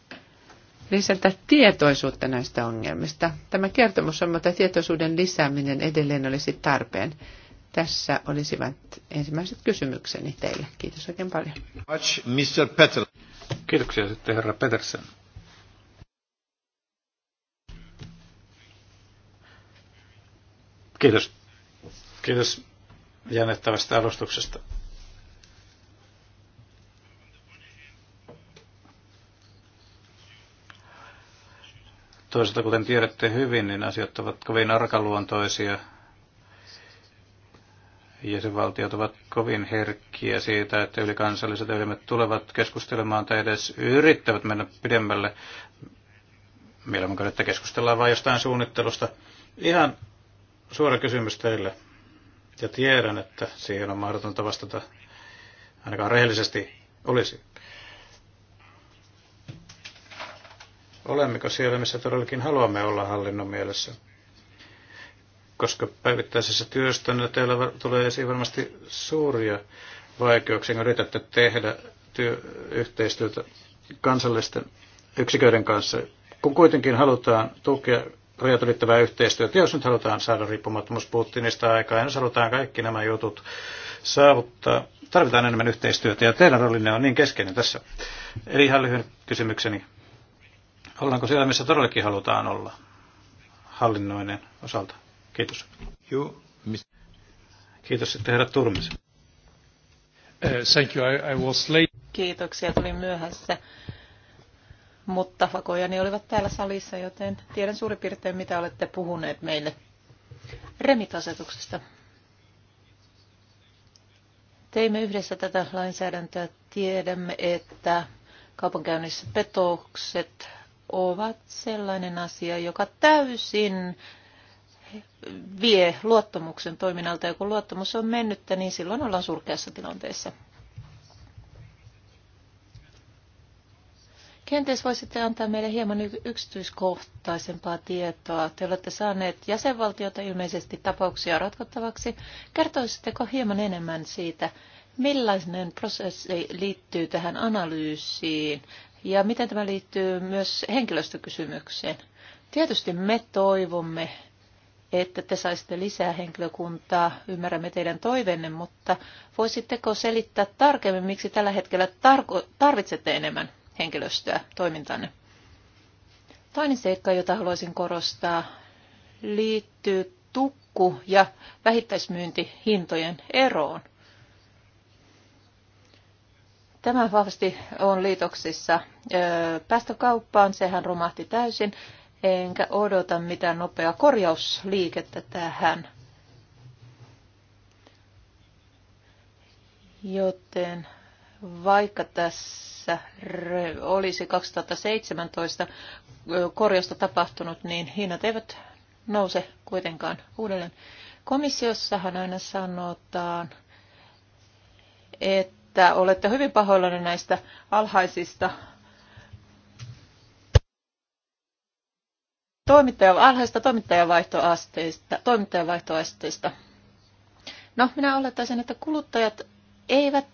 Speaker 2: lisätä tietoisuutta näistä ongelmista. Tämä kertomus on, mutta tietoisuuden lisääminen edelleen olisi tarpeen. Tässä olisivat ensimmäiset kysymykseni teille. Kiitos oikein paljon.
Speaker 1: Mr. Kiitoksia sitten herra Petersen. Kiitos. Kiitos jännittävästä alustuksesta. Toisaalta, kuten tiedätte hyvin, niin asiat ovat kovin arkaluontoisia. Jäsenvaltiot ovat kovin herkkiä siitä, että ylikansalliset elimet tulevat keskustelemaan tai edes yrittävät mennä pidemmälle. Mieluummin, että keskustellaan vain jostain suunnittelusta. Ihan suora kysymys teille. Ja tiedän, että siihen on mahdotonta vastata ainakaan rehellisesti olisi olemmeko siellä, missä todellakin haluamme olla hallinnon mielessä. Koska päivittäisessä työstä teillä tulee esiin varmasti suuria vaikeuksia, kun yritätte tehdä työ, yhteistyötä kansallisten yksiköiden kanssa, kun kuitenkin halutaan tukea rajat ylittävää yhteistyötä, jos nyt halutaan saada riippumattomuus Putinista aikaa, jos halutaan kaikki nämä jutut saavuttaa, tarvitaan enemmän yhteistyötä, ja teidän roolinne on niin keskeinen tässä. Eli ihan lyhyen kysymykseni Ollaanko siellä, missä todellakin halutaan olla hallinnoinen osalta? Kiitos. Joo. Kiitos sitten herra Turmes. Uh,
Speaker 3: thank you, I, I was late. Kiitoksia, tulin myöhässä. Mutta vakojani olivat täällä salissa, joten tiedän suurin piirtein, mitä olette puhuneet meille remitasetuksesta. Teimme yhdessä tätä lainsäädäntöä. Tiedämme, että kaupankäynnissä petokset ovat sellainen asia, joka täysin vie luottamuksen toiminnalta. Ja kun luottamus on mennyttä, niin silloin ollaan surkeassa tilanteessa. Kenties voisitte antaa meille hieman yksityiskohtaisempaa tietoa. Te olette saaneet jäsenvaltiota ilmeisesti tapauksia ratkottavaksi. Kertoisitteko hieman enemmän siitä, millainen prosessi liittyy tähän analyysiin? ja miten tämä liittyy myös henkilöstökysymykseen. Tietysti me toivomme, että te saisitte lisää henkilökuntaa, ymmärrämme teidän toiveenne, mutta voisitteko selittää tarkemmin, miksi tällä hetkellä tarvitsette enemmän henkilöstöä toimintanne? Toinen seikka, jota haluaisin korostaa, liittyy tukku- ja vähittäismyyntihintojen eroon. Tämä vahvasti on liitoksissa päästökauppaan, sehän romahti täysin, enkä odota mitään nopeaa korjausliikettä tähän. Joten vaikka tässä olisi 2017 korjausta tapahtunut, niin hinnat eivät nouse kuitenkaan uudelleen. Komissiossahan aina sanotaan, että että olette hyvin pahoillani näistä alhaisista toimittaja, alhaista toimittajavaihtoasteista, toimittajavaihtoasteista. No, minä olettaisin, että kuluttajat eivät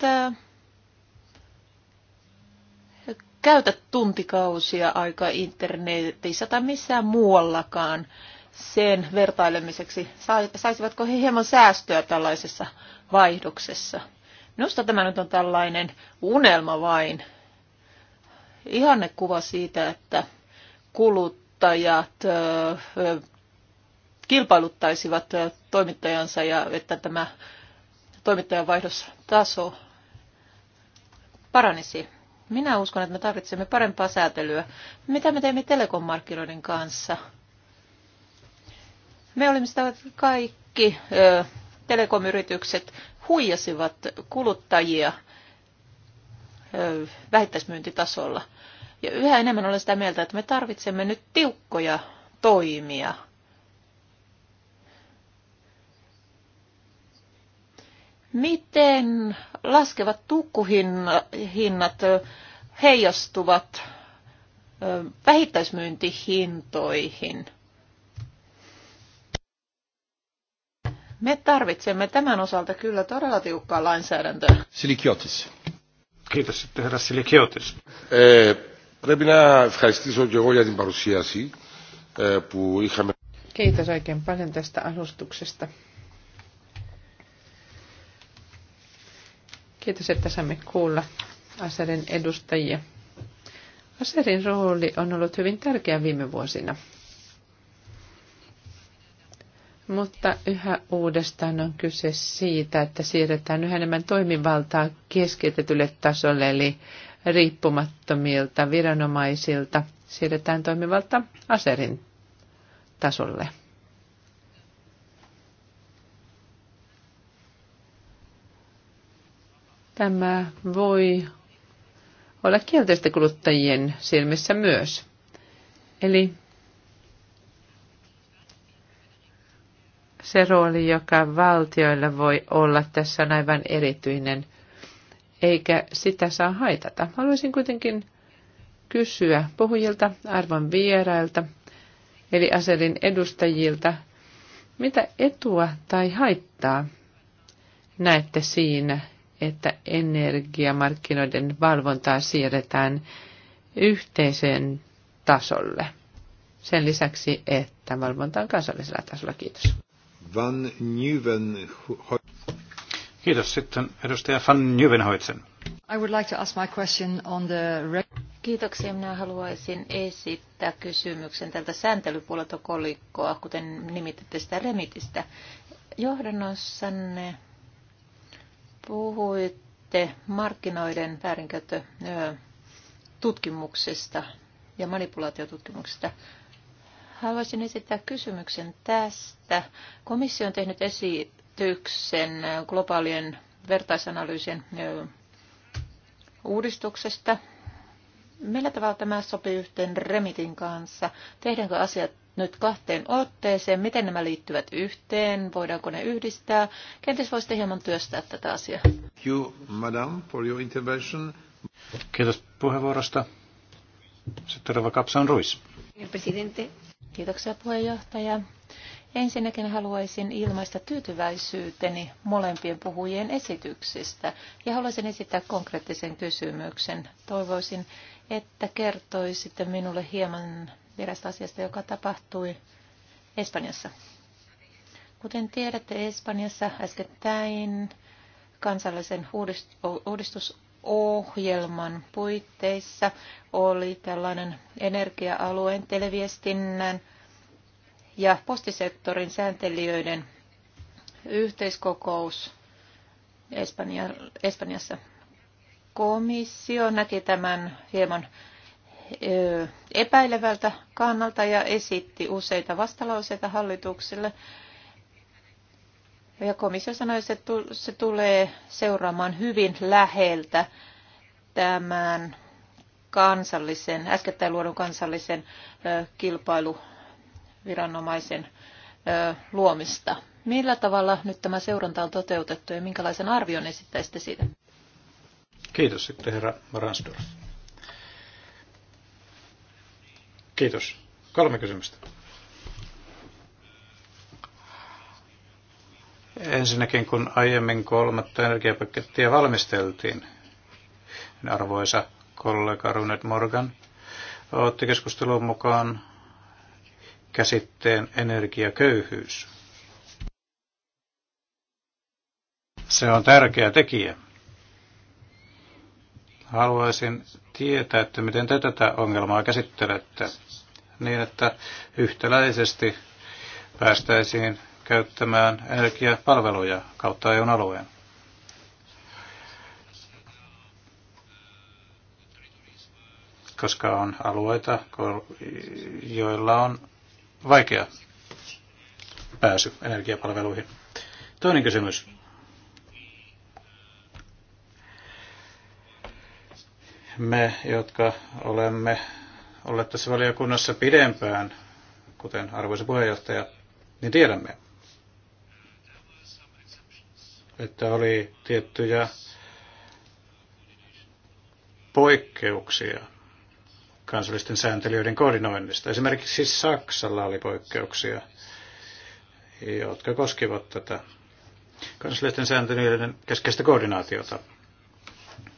Speaker 3: käytä tuntikausia aika internetissä tai missään muuallakaan sen vertailemiseksi. Saisivatko he hieman säästöä tällaisessa vaihdoksessa? Minusta tämä nyt on tällainen unelma vain. Ihannekuva siitä, että kuluttajat kilpailuttaisivat toimittajansa ja että tämä toimittajan vaihdostaso paranisi. Minä uskon, että me tarvitsemme parempaa säätelyä. Mitä me teemme telekommarkkinoiden kanssa? Me olimme sitä kaikki telekomyritykset huijasivat kuluttajia vähittäismyyntitasolla. Ja yhä enemmän olen sitä mieltä, että me tarvitsemme nyt tiukkoja toimia. Miten laskevat tukkuhinnat heijastuvat vähittäismyyntihintoihin? Me tarvitsemme tämän osalta kyllä todella tiukkaa lainsäädäntöä.
Speaker 1: Silikiotis. Kiitos sitten herra Silikiotis. πρέπει να ευχαριστήσω και εγώ για την παρουσίαση που είχαμε.
Speaker 2: Kiitos oikein paljon tästä alustuksesta. Kiitos, että saimme kuulla Aserin edustajia. Aserin rooli on ollut hyvin tärkeä viime vuosina – mutta yhä uudestaan on kyse siitä, että siirretään yhä enemmän toimivaltaa keskitetylle tasolle, eli riippumattomilta viranomaisilta siirretään toimivalta aserin tasolle. Tämä voi olla kielteistä kuluttajien silmissä myös. Eli se rooli, joka valtioilla voi olla tässä on aivan erityinen, eikä sitä saa haitata. Haluaisin kuitenkin kysyä puhujilta, arvon vierailta, eli aselin edustajilta, mitä etua tai haittaa näette siinä, että energiamarkkinoiden valvontaa siirretään yhteiseen tasolle? Sen lisäksi, että valvonta on kansallisella tasolla. Kiitos.
Speaker 1: Van Kiitos. Sitten edustaja Van Nieuwenhoitsen.
Speaker 3: I would like to ask my question on the... Kiitoksia. Minä haluaisin esittää kysymyksen tältä sääntelypuolelta kolikkoa, kuten nimititte sitä remitistä. Johdannossanne puhuitte markkinoiden väärinkäyttö tutkimuksesta ja manipulaatiotutkimuksesta. Haluaisin esittää kysymyksen tästä. Komissio on tehnyt esityksen globaalien vertaisanalyysien uudistuksesta. Millä tavalla tämä sopii yhteen Remitin kanssa? Tehdäänkö asiat nyt kahteen otteeseen? Miten nämä liittyvät yhteen? Voidaanko ne yhdistää? Kenties voisitte hieman työstää tätä asiaa. Thank
Speaker 1: you, madam, for your intervention. Kiitos puheenvuorosta. Sitten Rova Kapsan Ruiz.
Speaker 3: Presidente. Kiitoksia puheenjohtaja. Ensinnäkin haluaisin ilmaista tyytyväisyyteni molempien puhujien esityksistä ja haluaisin esittää konkreettisen kysymyksen. Toivoisin, että kertoisitte minulle hieman erästä asiasta, joka tapahtui Espanjassa. Kuten tiedätte, Espanjassa äskettäin kansallisen uudistus, ohjelman puitteissa oli tällainen energia-alueen televiestinnän ja postisektorin sääntelijöiden yhteiskokous Espanja, Espanjassa. Komissio näki tämän hieman epäilevältä kannalta ja esitti useita vastalauseita hallitukselle ja komissio sanoi, että se tulee seuraamaan hyvin läheltä tämän kansallisen, äskettäin luodun kansallisen kilpailuviranomaisen luomista. Millä tavalla nyt tämä seuranta on toteutettu ja minkälaisen arvion esittäisitte siitä?
Speaker 1: Kiitos sitten herra Ransdorf. Kiitos. Kolme kysymystä. Ensinnäkin kun aiemmin kolmatta energiapakettia valmisteltiin, niin arvoisa kollega Runet Morgan otti keskusteluun mukaan käsitteen energiaköyhyys. Se on tärkeä tekijä. Haluaisin tietää, että miten te tätä ongelmaa käsittelette niin, että yhtäläisesti päästäisiin käyttämään energiapalveluja kautta eu alueen. Koska on alueita, joilla on vaikea pääsy energiapalveluihin. Toinen kysymys. Me, jotka olemme olleet tässä valiokunnassa pidempään, kuten arvoisa puheenjohtaja, niin tiedämme, että oli tiettyjä poikkeuksia kansallisten sääntelijöiden koordinoinnista. Esimerkiksi Saksalla oli poikkeuksia, jotka koskivat tätä kansallisten sääntelijöiden keskeistä koordinaatiota.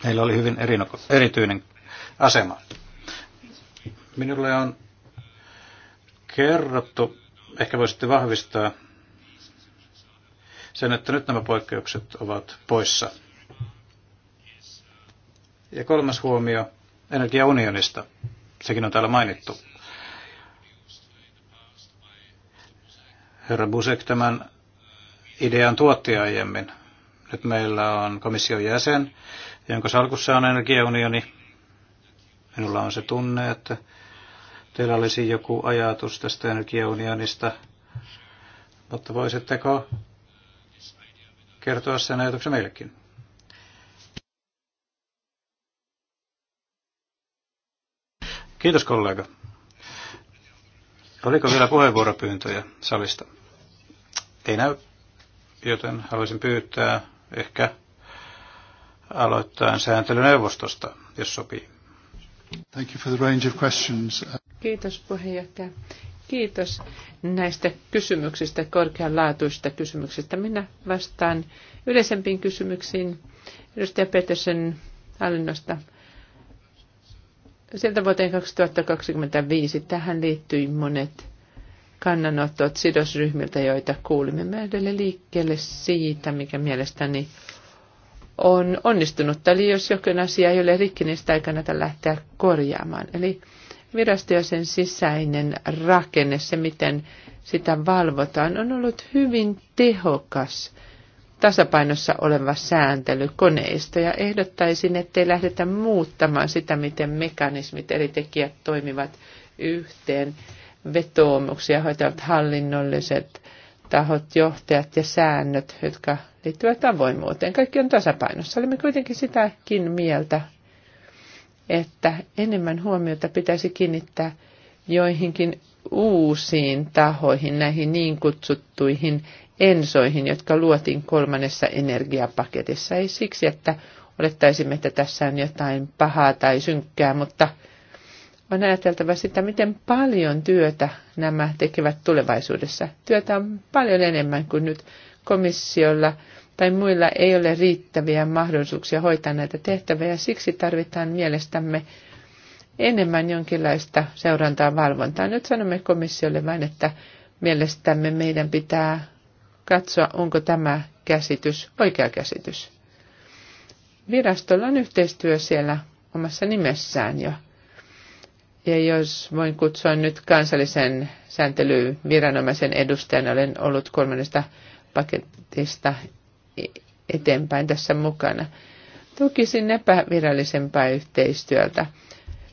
Speaker 1: Heillä oli hyvin erityinen asema. Minulle on kerrottu, ehkä voisitte vahvistaa, sen, että nyt nämä poikkeukset ovat poissa. Ja kolmas huomio energiaunionista. Sekin on täällä mainittu. Herra Busek tämän idean tuotti aiemmin. Nyt meillä on komission jäsen, jonka salkussa on energiaunioni. Minulla on se tunne, että teillä olisi joku ajatus tästä energiaunionista, mutta voisitteko kertoa sen ajatuksen meillekin. Kiitos kollega. Oliko vielä puheenvuoropyyntöjä salista? Ei näy, joten haluaisin pyytää ehkä aloittaa sääntelyneuvostosta, jos sopii. Thank you for the range of questions.
Speaker 2: Kiitos puheenjohtaja. Kiitos näistä kysymyksistä, korkeanlaatuista kysymyksistä. Minä vastaan yleisempiin kysymyksiin edustaja Petersen hallinnosta. Sieltä vuoteen 2025 tähän liittyi monet kannanottot sidosryhmiltä, joita kuulimme. Mä liikkeelle siitä, mikä mielestäni on onnistunut. Eli jos jokin asia ei ole rikki, niin sitä ei kannata lähteä korjaamaan. Eli virasto ja sen sisäinen rakenne, se miten sitä valvotaan, on ollut hyvin tehokas tasapainossa oleva sääntelykoneisto ja ehdottaisin, ettei lähdetä muuttamaan sitä, miten mekanismit eri tekijät toimivat yhteen, vetoomuksia hoitavat hallinnolliset tahot, johtajat ja säännöt, jotka liittyvät avoimuuteen. Kaikki on tasapainossa. Olemme kuitenkin sitäkin mieltä, että enemmän huomiota pitäisi kiinnittää joihinkin uusiin tahoihin, näihin niin kutsuttuihin ensoihin, jotka luotiin kolmannessa energiapaketissa. Ei siksi, että olettaisimme, että tässä on jotain pahaa tai synkkää, mutta on ajateltava sitä, miten paljon työtä nämä tekevät tulevaisuudessa. Työtä on paljon enemmän kuin nyt komissiolla tai muilla ei ole riittäviä mahdollisuuksia hoitaa näitä tehtäviä ja siksi tarvitaan mielestämme enemmän jonkinlaista seurantaa valvontaa. Nyt sanomme komissiolle vain, että mielestämme meidän pitää katsoa, onko tämä käsitys oikea käsitys. Virastolla on yhteistyö siellä omassa nimessään jo. Ja jos voin kutsua nyt kansallisen sääntelyviranomaisen edustajan, olen ollut kolmannesta paketista eteenpäin tässä mukana. Tukisin epävirallisempaa yhteistyötä.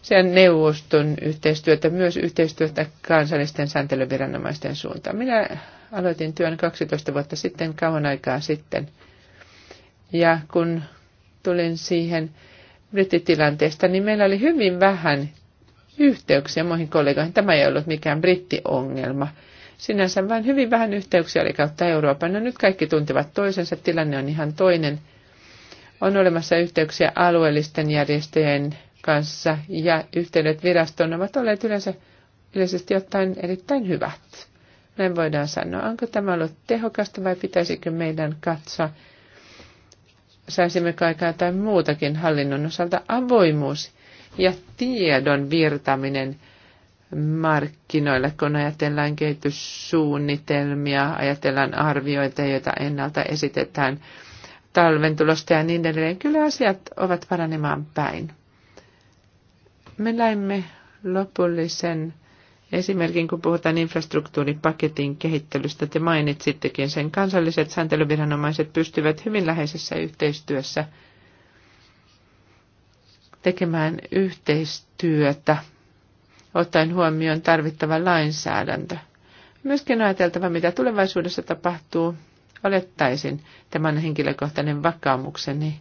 Speaker 2: sen neuvoston yhteistyötä, myös yhteistyötä kansallisten sääntelyviranomaisten suuntaan. Minä aloitin työn 12 vuotta sitten, kauan aikaa sitten. Ja kun tulin siihen brittitilanteesta, niin meillä oli hyvin vähän yhteyksiä muihin kollegoihin. Tämä ei ollut mikään brittiongelma sinänsä vain hyvin vähän yhteyksiä oli kautta Euroopan. No nyt kaikki tuntevat toisensa, tilanne on ihan toinen. On olemassa yhteyksiä alueellisten järjestöjen kanssa ja yhteydet virastoon ovat olleet yleensä, yleisesti ottaen erittäin hyvät. Näin voidaan sanoa, onko tämä ollut tehokasta vai pitäisikö meidän katsoa, saisimmeko aikaa tai muutakin hallinnon osalta avoimuus ja tiedon virtaminen – markkinoille, kun ajatellaan kehityssuunnitelmia, ajatellaan arvioita, joita ennalta esitetään talven tulosta ja niin edelleen. Kyllä asiat ovat paranemaan päin. Me näimme lopullisen esimerkin, kun puhutaan infrastruktuuripaketin kehittelystä. Te mainitsittekin sen. Kansalliset sääntelyviranomaiset pystyvät hyvin läheisessä yhteistyössä tekemään yhteistyötä – ottaen huomioon tarvittava lainsäädäntö. Myöskin ajateltava, mitä tulevaisuudessa tapahtuu, olettaisin tämän henkilökohtainen vakaumukseni,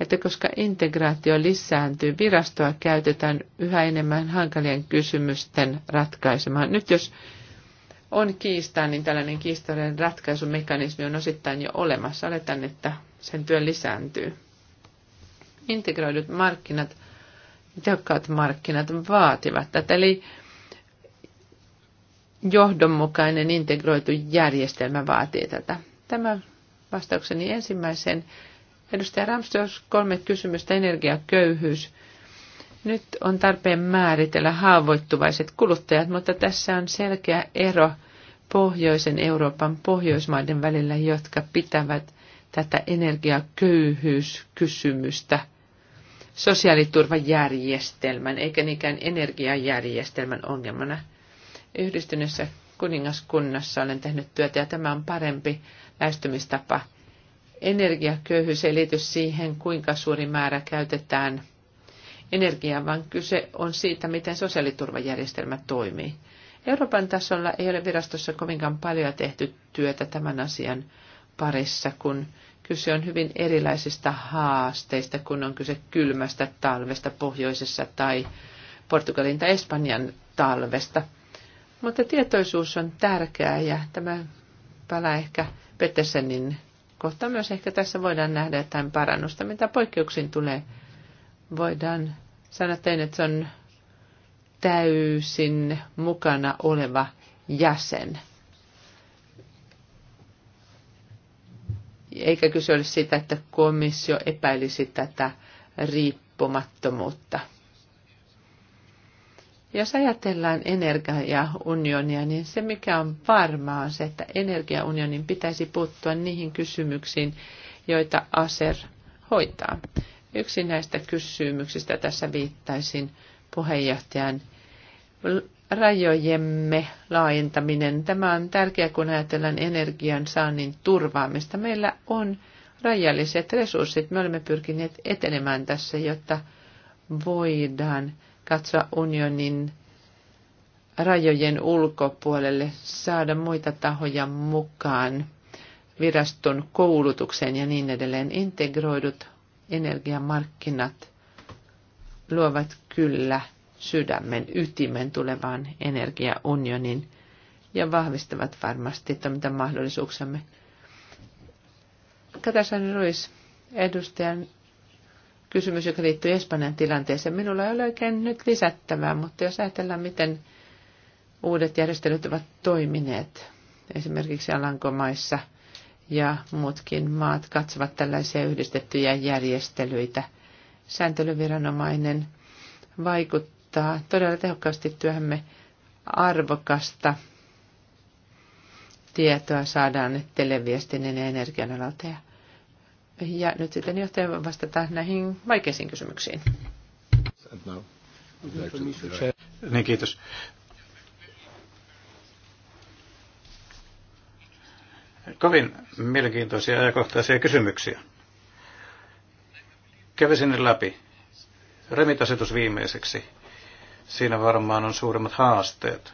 Speaker 2: että koska integraatio lisääntyy, virastoa käytetään yhä enemmän hankalien kysymysten ratkaisemaan. Nyt jos on kiistaa, niin tällainen kiistojen ratkaisumekanismi on osittain jo olemassa. Oletan, että sen työ lisääntyy. Integroidut markkinat – tehokkaat markkinat vaativat tätä. Eli johdonmukainen integroitu järjestelmä vaatii tätä. Tämä vastaukseni ensimmäiseen. Edustaja Ramstos, kolme kysymystä. Energiaköyhyys. Nyt on tarpeen määritellä haavoittuvaiset kuluttajat, mutta tässä on selkeä ero pohjoisen Euroopan pohjoismaiden välillä, jotka pitävät tätä energiaköyhyyskysymystä – sosiaaliturvajärjestelmän eikä niinkään energiajärjestelmän ongelmana. Yhdistyneessä kuningaskunnassa olen tehnyt työtä ja tämä on parempi lähestymistapa. Energiaköyhyys ei liity siihen, kuinka suuri määrä käytetään energiaa, vaan kyse on siitä, miten sosiaaliturvajärjestelmä toimii. Euroopan tasolla ei ole virastossa kovinkaan paljon tehty työtä tämän asian parissa, kun Kyse on hyvin erilaisista haasteista, kun on kyse kylmästä talvesta pohjoisessa tai Portugalin tai Espanjan talvesta. Mutta tietoisuus on tärkeää ja tämä pala ehkä Pettersenin kohta myös ehkä tässä voidaan nähdä jotain parannusta, mitä poikkeuksiin tulee. Voidaan sanoa tein, että se on täysin mukana oleva jäsen. eikä kyse ole siitä, että komissio epäilisi tätä riippumattomuutta. Jos ajatellaan energiaunionia, niin se mikä on varmaa on se, että energiaunionin pitäisi puuttua niihin kysymyksiin, joita ASER hoitaa. Yksi näistä kysymyksistä tässä viittaisin puheenjohtajan rajojemme laajentaminen. Tämä on tärkeää, kun ajatellaan energian saannin turvaamista. Meillä on rajalliset resurssit. Me olemme pyrkineet etenemään tässä, jotta voidaan katsoa unionin rajojen ulkopuolelle, saada muita tahoja mukaan viraston koulutukseen ja niin edelleen. Integroidut energiamarkkinat luovat kyllä – sydämen ytimen tulevaan energiaunionin ja vahvistavat varmasti mahdollisuuksemme. Katasan Ruiz, edustajan kysymys, joka liittyy Espanjan tilanteeseen. Minulla ei ole oikein nyt lisättävää, mutta jos ajatellaan, miten uudet järjestelyt ovat toimineet, esimerkiksi Alankomaissa ja muutkin maat katsovat tällaisia yhdistettyjä järjestelyitä. Sääntelyviranomainen vaikuttaa vaikuttaa todella tehokkaasti työhömme arvokasta tietoa saadaan nyt televiestinnän ja energian alalta. Ja, nyt sitten johtaja voi vastata näihin vaikeisiin kysymyksiin.
Speaker 1: Niin, kiitos. Kovin mielenkiintoisia ja ajankohtaisia kysymyksiä. Kävisin ne läpi. Remitasetus viimeiseksi siinä varmaan on suurimmat haasteet.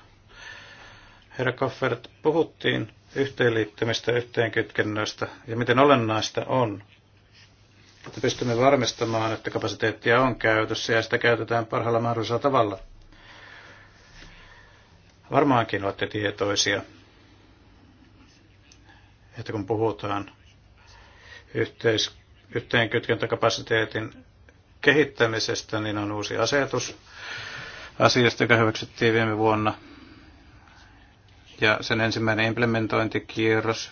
Speaker 1: Herra Koffert, puhuttiin yhteenliittymistä, yhteenkytkennöistä ja miten olennaista on, että pystymme varmistamaan, että kapasiteettia on käytössä ja sitä käytetään parhaalla mahdollisella tavalla. Varmaankin olette tietoisia, että kun puhutaan yhteis- yhteenkytkentäkapasiteetin kehittämisestä, niin on uusi asetus, asiasta, joka hyväksyttiin viime vuonna. Ja sen ensimmäinen implementointikierros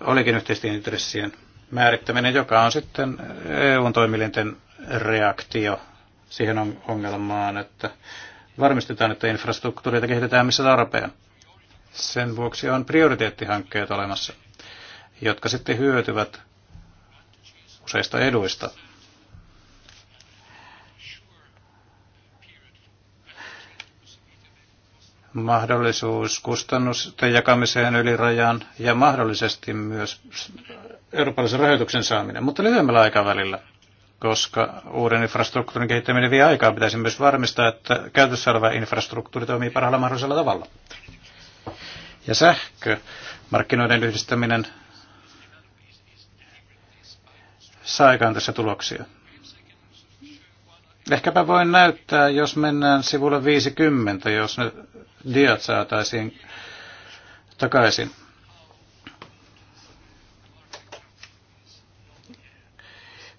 Speaker 1: olikin yhteisten intressien määrittäminen, joka on sitten EUn toimielinten reaktio siihen ongelmaan, että varmistetaan, että infrastruktuuria kehitetään missä tarpeen. Sen vuoksi on prioriteettihankkeet olemassa, jotka sitten hyötyvät useista eduista mahdollisuus kustannusten jakamiseen yli rajan ja mahdollisesti myös eurooppalaisen rahoituksen saaminen, mutta lyhyemmällä aikavälillä, koska uuden infrastruktuurin kehittäminen vie aikaa, pitäisi myös varmistaa, että käytössä oleva infrastruktuuri toimii parhaalla mahdollisella tavalla. Ja sähkö, markkinoiden yhdistäminen saa aikaan tässä tuloksia. Ehkäpä voin näyttää, jos mennään sivulle 50, jos nyt diat saataisiin takaisin.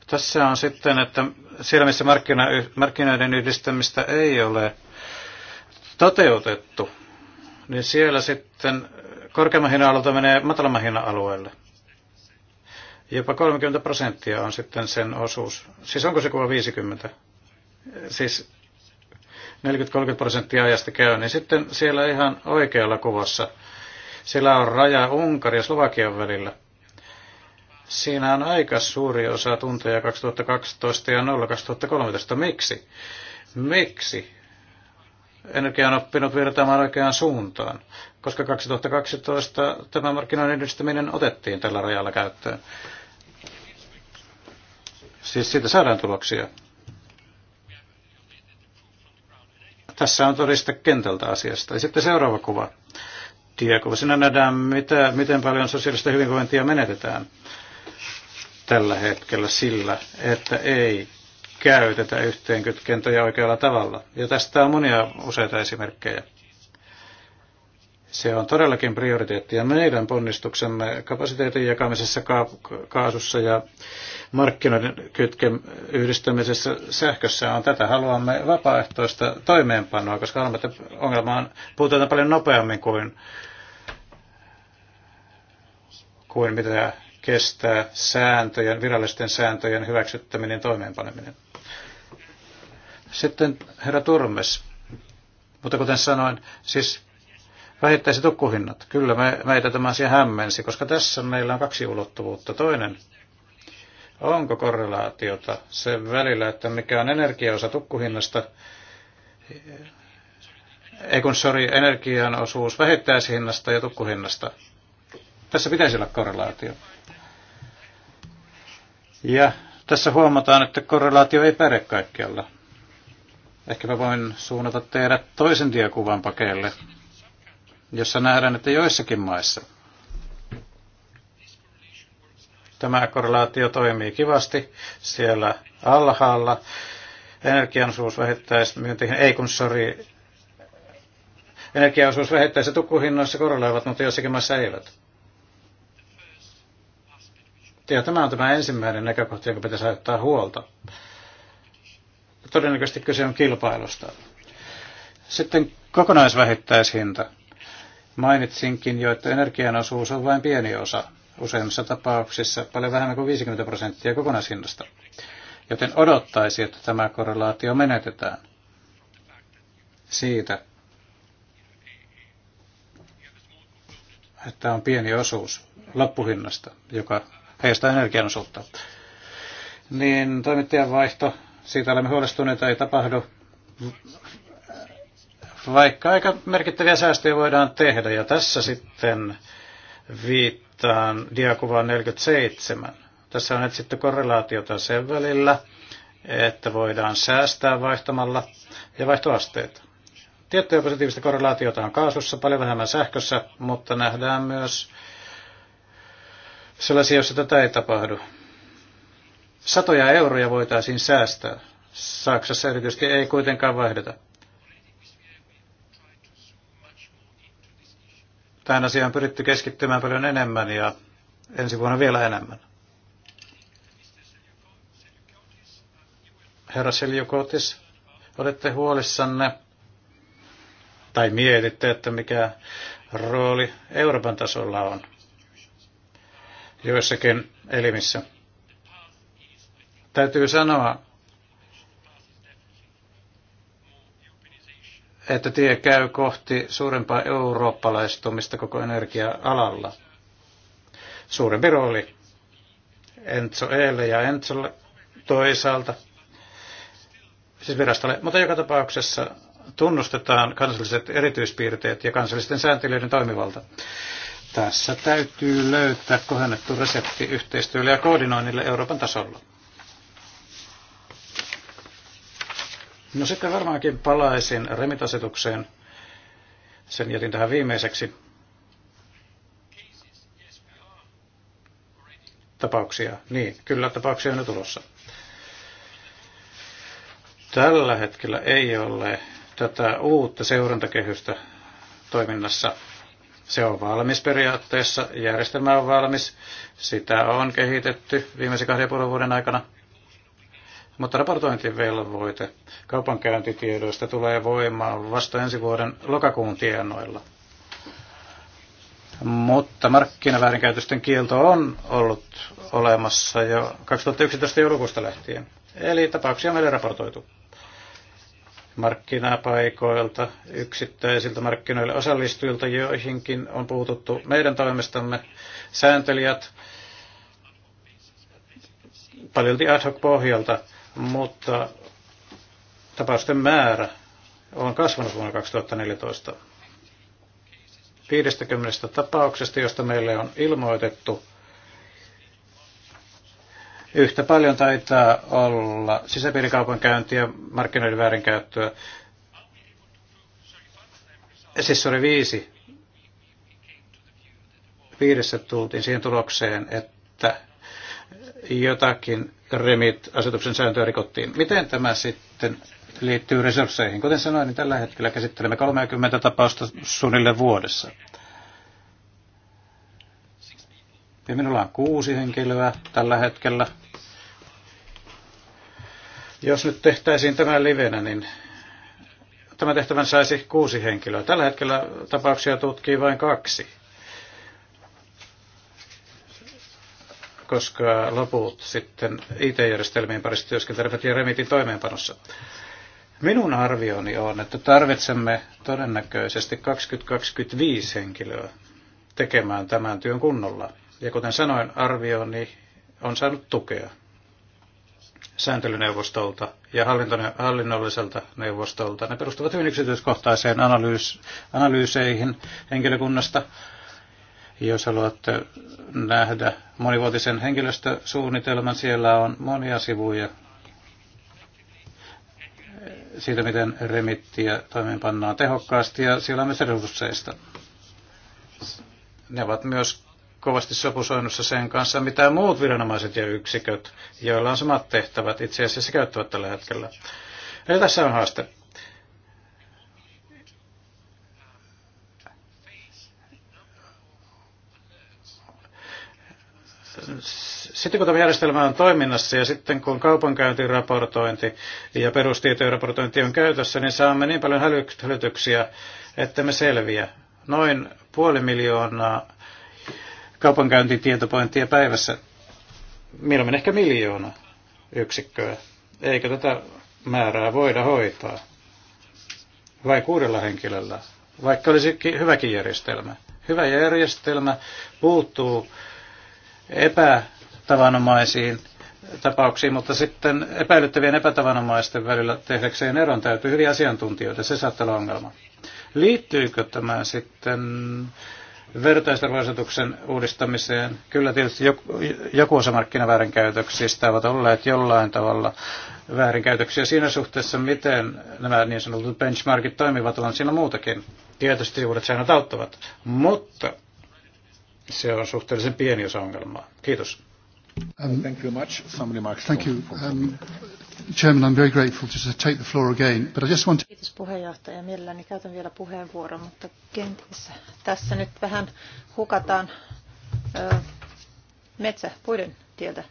Speaker 1: Tässä on sitten, että siellä missä markkinoiden yhdistämistä ei ole toteutettu, niin siellä sitten korkeamman hinnan alueelta menee matalamman hinnan alueelle. Jopa 30 prosenttia on sitten sen osuus. Siis onko se kuva 50? Siis 40-30 prosenttia ajasta käy, niin sitten siellä ihan oikealla kuvassa, siellä on raja Unkarin ja Slovakian välillä. Siinä on aika suuri osa tunteja 2012 ja 2013. Miksi? Miksi? Energia on oppinut virtaamaan oikeaan suuntaan, koska 2012 tämä markkinoiden edistäminen otettiin tällä rajalla käyttöön. Siis siitä saadaan tuloksia. Tässä on todista kentältä asiasta. Ja sitten seuraava kuva. Tiekurssina nähdään, mitä, miten paljon sosiaalista hyvinvointia menetetään tällä hetkellä sillä, että ei käytetä yhteenkytkentöjä oikealla tavalla. Ja tästä on monia useita esimerkkejä. Se on todellakin prioriteetti ja meidän ponnistuksemme kapasiteetin jakamisessa kaasussa ja markkinoiden kytken yhdistämisessä sähkössä on tätä. Haluamme vapaaehtoista toimeenpanoa, koska haluamme, että ongelmaan puututaan paljon nopeammin kuin, kuin mitä kestää sääntöjen, virallisten sääntöjen hyväksyttäminen ja toimeenpaneminen. Sitten herra Turmes. Mutta kuten sanoin, siis Vähittäiset tukkuhinnat. Kyllä me, meitä tämä asia hämmensi, koska tässä meillä on kaksi ulottuvuutta. Toinen, onko korrelaatiota sen välillä, että mikä on energiaosa tukkuhinnasta, ei kun sori, energian osuus vähittäishinnasta ja tukkuhinnasta. Tässä pitäisi olla korrelaatio. Ja tässä huomataan, että korrelaatio ei päde kaikkialla. Ehkä mä voin suunnata teidät toisen diakuvan pakeelle jossa nähdään, että joissakin maissa tämä korrelaatio toimii kivasti siellä alhaalla. Energiansuus vähittäismyyntiin, ei kun sori, energiaosuus vähittäis- ja tukkuhinnoissa korreloivat, mutta joissakin maissa eivät. Ja tämä on tämä ensimmäinen näkökohta, joka pitäisi ottaa huolta. Todennäköisesti kyse on kilpailusta. Sitten kokonaisvähittäishinta. Mainitsinkin jo, että energian osuus on vain pieni osa useimmissa tapauksissa, paljon vähemmän kuin 50 prosenttia kokonaishinnasta. Joten odottaisi, että tämä korrelaatio menetetään siitä, että on pieni osuus loppuhinnasta, joka heistä energian osuutta. Niin toimittajan vaihto, siitä olemme huolestuneita, ei tapahdu vaikka aika merkittäviä säästöjä voidaan tehdä. Ja tässä sitten viittaan diakuvaan 47. Tässä on etsitty korrelaatiota sen välillä, että voidaan säästää vaihtamalla ja vaihtoasteita. Tiettyä positiivista korrelaatiota on kaasussa, paljon vähemmän sähkössä, mutta nähdään myös sellaisia, joissa tätä ei tapahdu. Satoja euroja voitaisiin säästää. Saksassa erityisesti ei kuitenkaan vaihdeta. Tähän asiaan pyritty keskittymään paljon enemmän ja ensi vuonna vielä enemmän. Herra Seljukotis, olette huolissanne tai mietitte, että mikä rooli Euroopan tasolla on joissakin elimissä. Täytyy sanoa, että tie käy kohti suurempaa eurooppalaistumista koko energia-alalla. Suurempi rooli Enzo Eelle ja Enzolle toisaalta, siis virastolle, mutta joka tapauksessa tunnustetaan kansalliset erityispiirteet ja kansallisten sääntelyiden toimivalta. Tässä täytyy löytää kohennettu resepti yhteistyölle ja koordinoinnille Euroopan tasolla. No sitten varmaankin palaisin remitasetukseen. Sen jätin tähän viimeiseksi. Tapauksia. Niin, kyllä tapauksia on jo tulossa. Tällä hetkellä ei ole tätä uutta seurantakehystä toiminnassa. Se on valmis periaatteessa, järjestelmä on valmis, sitä on kehitetty viimeisen kahden ja puolen vuoden aikana. Mutta raportointivelvoite kaupankäyntitiedoista tulee voimaan vasta ensi vuoden lokakuun tienoilla. Mutta markkinaväärinkäytösten kielto on ollut olemassa jo 2011 joulukuusta lähtien. Eli tapauksia meille raportoitu markkinapaikoilta, yksittäisiltä markkinoille osallistujilta, joihinkin on puututtu meidän toimestamme sääntelijät paljolti ad hoc pohjalta mutta tapausten määrä on kasvanut vuonna 2014. 50 tapauksesta, josta meille on ilmoitettu, yhtä paljon taitaa olla sisäpiirikaupankäyntiä, markkinoiden väärinkäyttöä. Siis se oli viisi. Viidessä tultiin siihen tulokseen, että jotakin remit-asetuksen sääntöä rikottiin. Miten tämä sitten liittyy resursseihin? Kuten sanoin, niin tällä hetkellä käsittelemme 30 tapausta suunnilleen vuodessa. Ja minulla on kuusi henkilöä tällä hetkellä. Jos nyt tehtäisiin tämä livenä, niin tämä tehtävän saisi kuusi henkilöä. Tällä hetkellä tapauksia tutkii vain kaksi. koska loput sitten IT-järjestelmien parissa työskentelevät ja Remitin toimeenpanossa. Minun arvioni on, että tarvitsemme todennäköisesti 20-25 henkilöä tekemään tämän työn kunnolla. Ja kuten sanoin, arvioni on saanut tukea sääntelyneuvostolta ja hallinnolliselta neuvostolta. Ne perustuvat hyvin yksityiskohtaiseen analyys, analyyseihin henkilökunnasta, jos haluatte nähdä monivuotisen henkilöstösuunnitelman, siellä on monia sivuja siitä, miten remittiä toimeenpannaan tehokkaasti ja siellä on myös resursseista. Ne ovat myös kovasti sopusoinnussa sen kanssa, mitä muut viranomaiset ja yksiköt, joilla on samat tehtävät, itse asiassa käyttävät tällä hetkellä. Eli tässä on haaste. sitten kun tämä järjestelmä on toiminnassa ja sitten kun kaupankäyntiraportointi ja perustietojen raportointi on käytössä, niin saamme niin paljon hälytyksiä, että me selviä. Noin puoli miljoonaa kaupankäyntitietopointia päivässä, milloin ehkä miljoona yksikköä. Eikö tätä määrää voida hoitaa? Vai kuudella henkilöllä? Vaikka olisi hyväkin järjestelmä. Hyvä järjestelmä puuttuu epätavanomaisiin tapauksiin, mutta sitten epäilyttävien epätavanomaisten välillä tehdäkseen eron täytyy hyvin asiantuntijoita. Se saattaa olla ongelma. Liittyykö tämä sitten vertaisarvoisetuksen uudistamiseen? Kyllä tietysti joku, joku osa markkinaväärinkäytöksistä ovat olleet jollain tavalla väärinkäytöksiä siinä suhteessa, miten nämä niin sanotut benchmarkit toimivat, on siinä muutakin. Tietysti uudet säännöt auttavat, mutta se on suhteellisen pieni osa ongelmaa. Kiitos. Um, thank you much. Some remarks. Thank you. Um, Chairman, I'm very grateful to take the floor again, but I just want to...
Speaker 3: Kiitos puheenjohtaja. Mielelläni käytän vielä puheenvuoron, mutta kenties tässä nyt vähän hukataan ö, metsä puiden tieltä.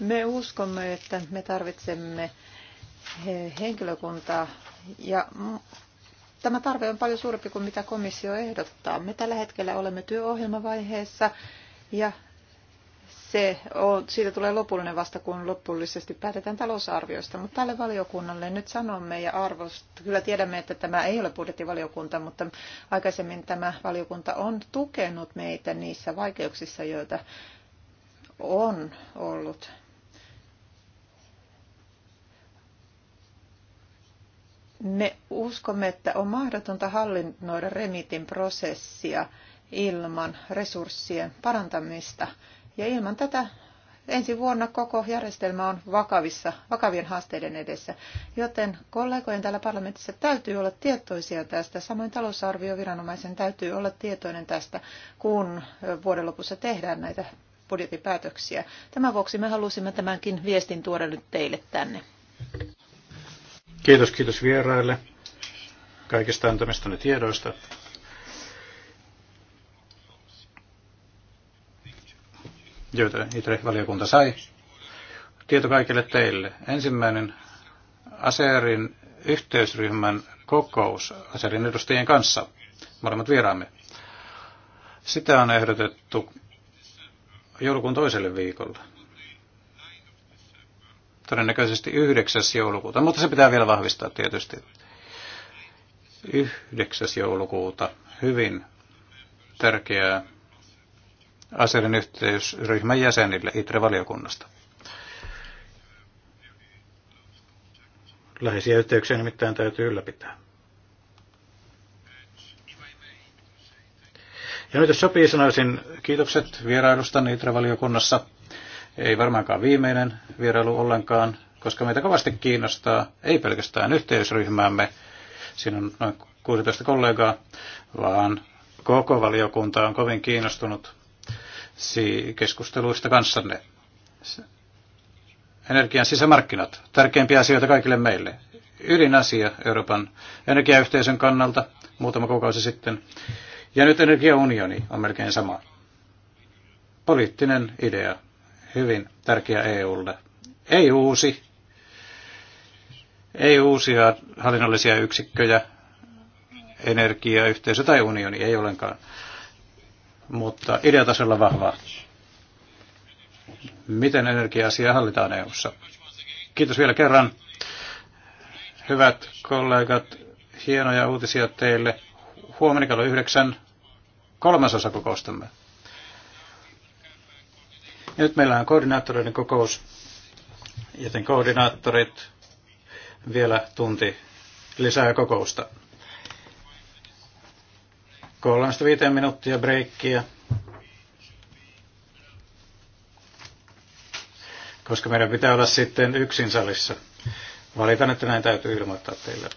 Speaker 3: Me uskomme, että me tarvitsemme henkilökuntaa ja Tämä tarve on paljon suurempi kuin mitä komissio ehdottaa. Me tällä hetkellä olemme työohjelmavaiheessa ja se on, siitä tulee lopullinen vasta, kun lopullisesti päätetään talousarviosta. Mutta tälle valiokunnalle nyt sanomme ja arvost, kyllä tiedämme, että tämä ei ole budjettivaliokunta, mutta aikaisemmin tämä valiokunta on tukenut meitä niissä vaikeuksissa, joita on ollut Me uskomme, että on mahdotonta hallinnoida remitin prosessia ilman resurssien parantamista. Ja ilman tätä ensi vuonna koko järjestelmä on vakavissa, vakavien haasteiden edessä, joten kollegojen täällä parlamentissa täytyy olla tietoisia tästä. Samoin talousarvioviranomaisen täytyy olla tietoinen tästä, kun vuoden lopussa tehdään näitä budjettipäätöksiä. Tämän vuoksi me halusimme tämänkin viestin tuoda nyt teille tänne.
Speaker 1: Kiitos, kiitos vieraille kaikista antamistanne tiedoista. joita ITRE-valiokunta sai. Tieto kaikille teille. Ensimmäinen ASEARin yhteysryhmän kokous ASEARin edustajien kanssa, molemmat vieraamme. Sitä on ehdotettu joulukuun toiselle viikolle todennäköisesti 9. joulukuuta, mutta se pitää vielä vahvistaa tietysti. 9. joulukuuta, hyvin tärkeää aseiden yhteysryhmän jäsenille ITRE-valiokunnasta. Läheisiä yhteyksiä nimittäin täytyy ylläpitää. Ja nyt jos sopii, sanoisin kiitokset vierailusta ITRE-valiokunnassa. Ei varmaankaan viimeinen vierailu ollenkaan, koska meitä kovasti kiinnostaa, ei pelkästään yhteisryhmäämme, siinä on noin 16 kollegaa, vaan koko valiokunta on kovin kiinnostunut keskusteluista kanssanne. Energian sisämarkkinat, tärkeimpiä asioita kaikille meille. Ydinasia Euroopan energiayhteisön kannalta muutama kuukausi sitten. Ja nyt energiaunioni on melkein sama. Poliittinen idea, hyvin tärkeä EUlle. Ei uusi, ei uusia hallinnollisia yksikköjä, energiayhteisö tai unioni, ei ollenkaan. Mutta ideatasolla vahvaa. Miten energia-asiaa hallitaan EUssa? Kiitos vielä kerran. Hyvät kollegat, hienoja uutisia teille. Huomenna kello yhdeksän kolmasosa kokoustamme. Nyt meillä on koordinaattoreiden kokous, joten koordinaattorit vielä tunti lisää kokousta. Kolmesta viiteen minuuttia breikkiä, koska meidän pitää olla sitten yksin salissa. Valitan, että näin täytyy ilmoittaa teille.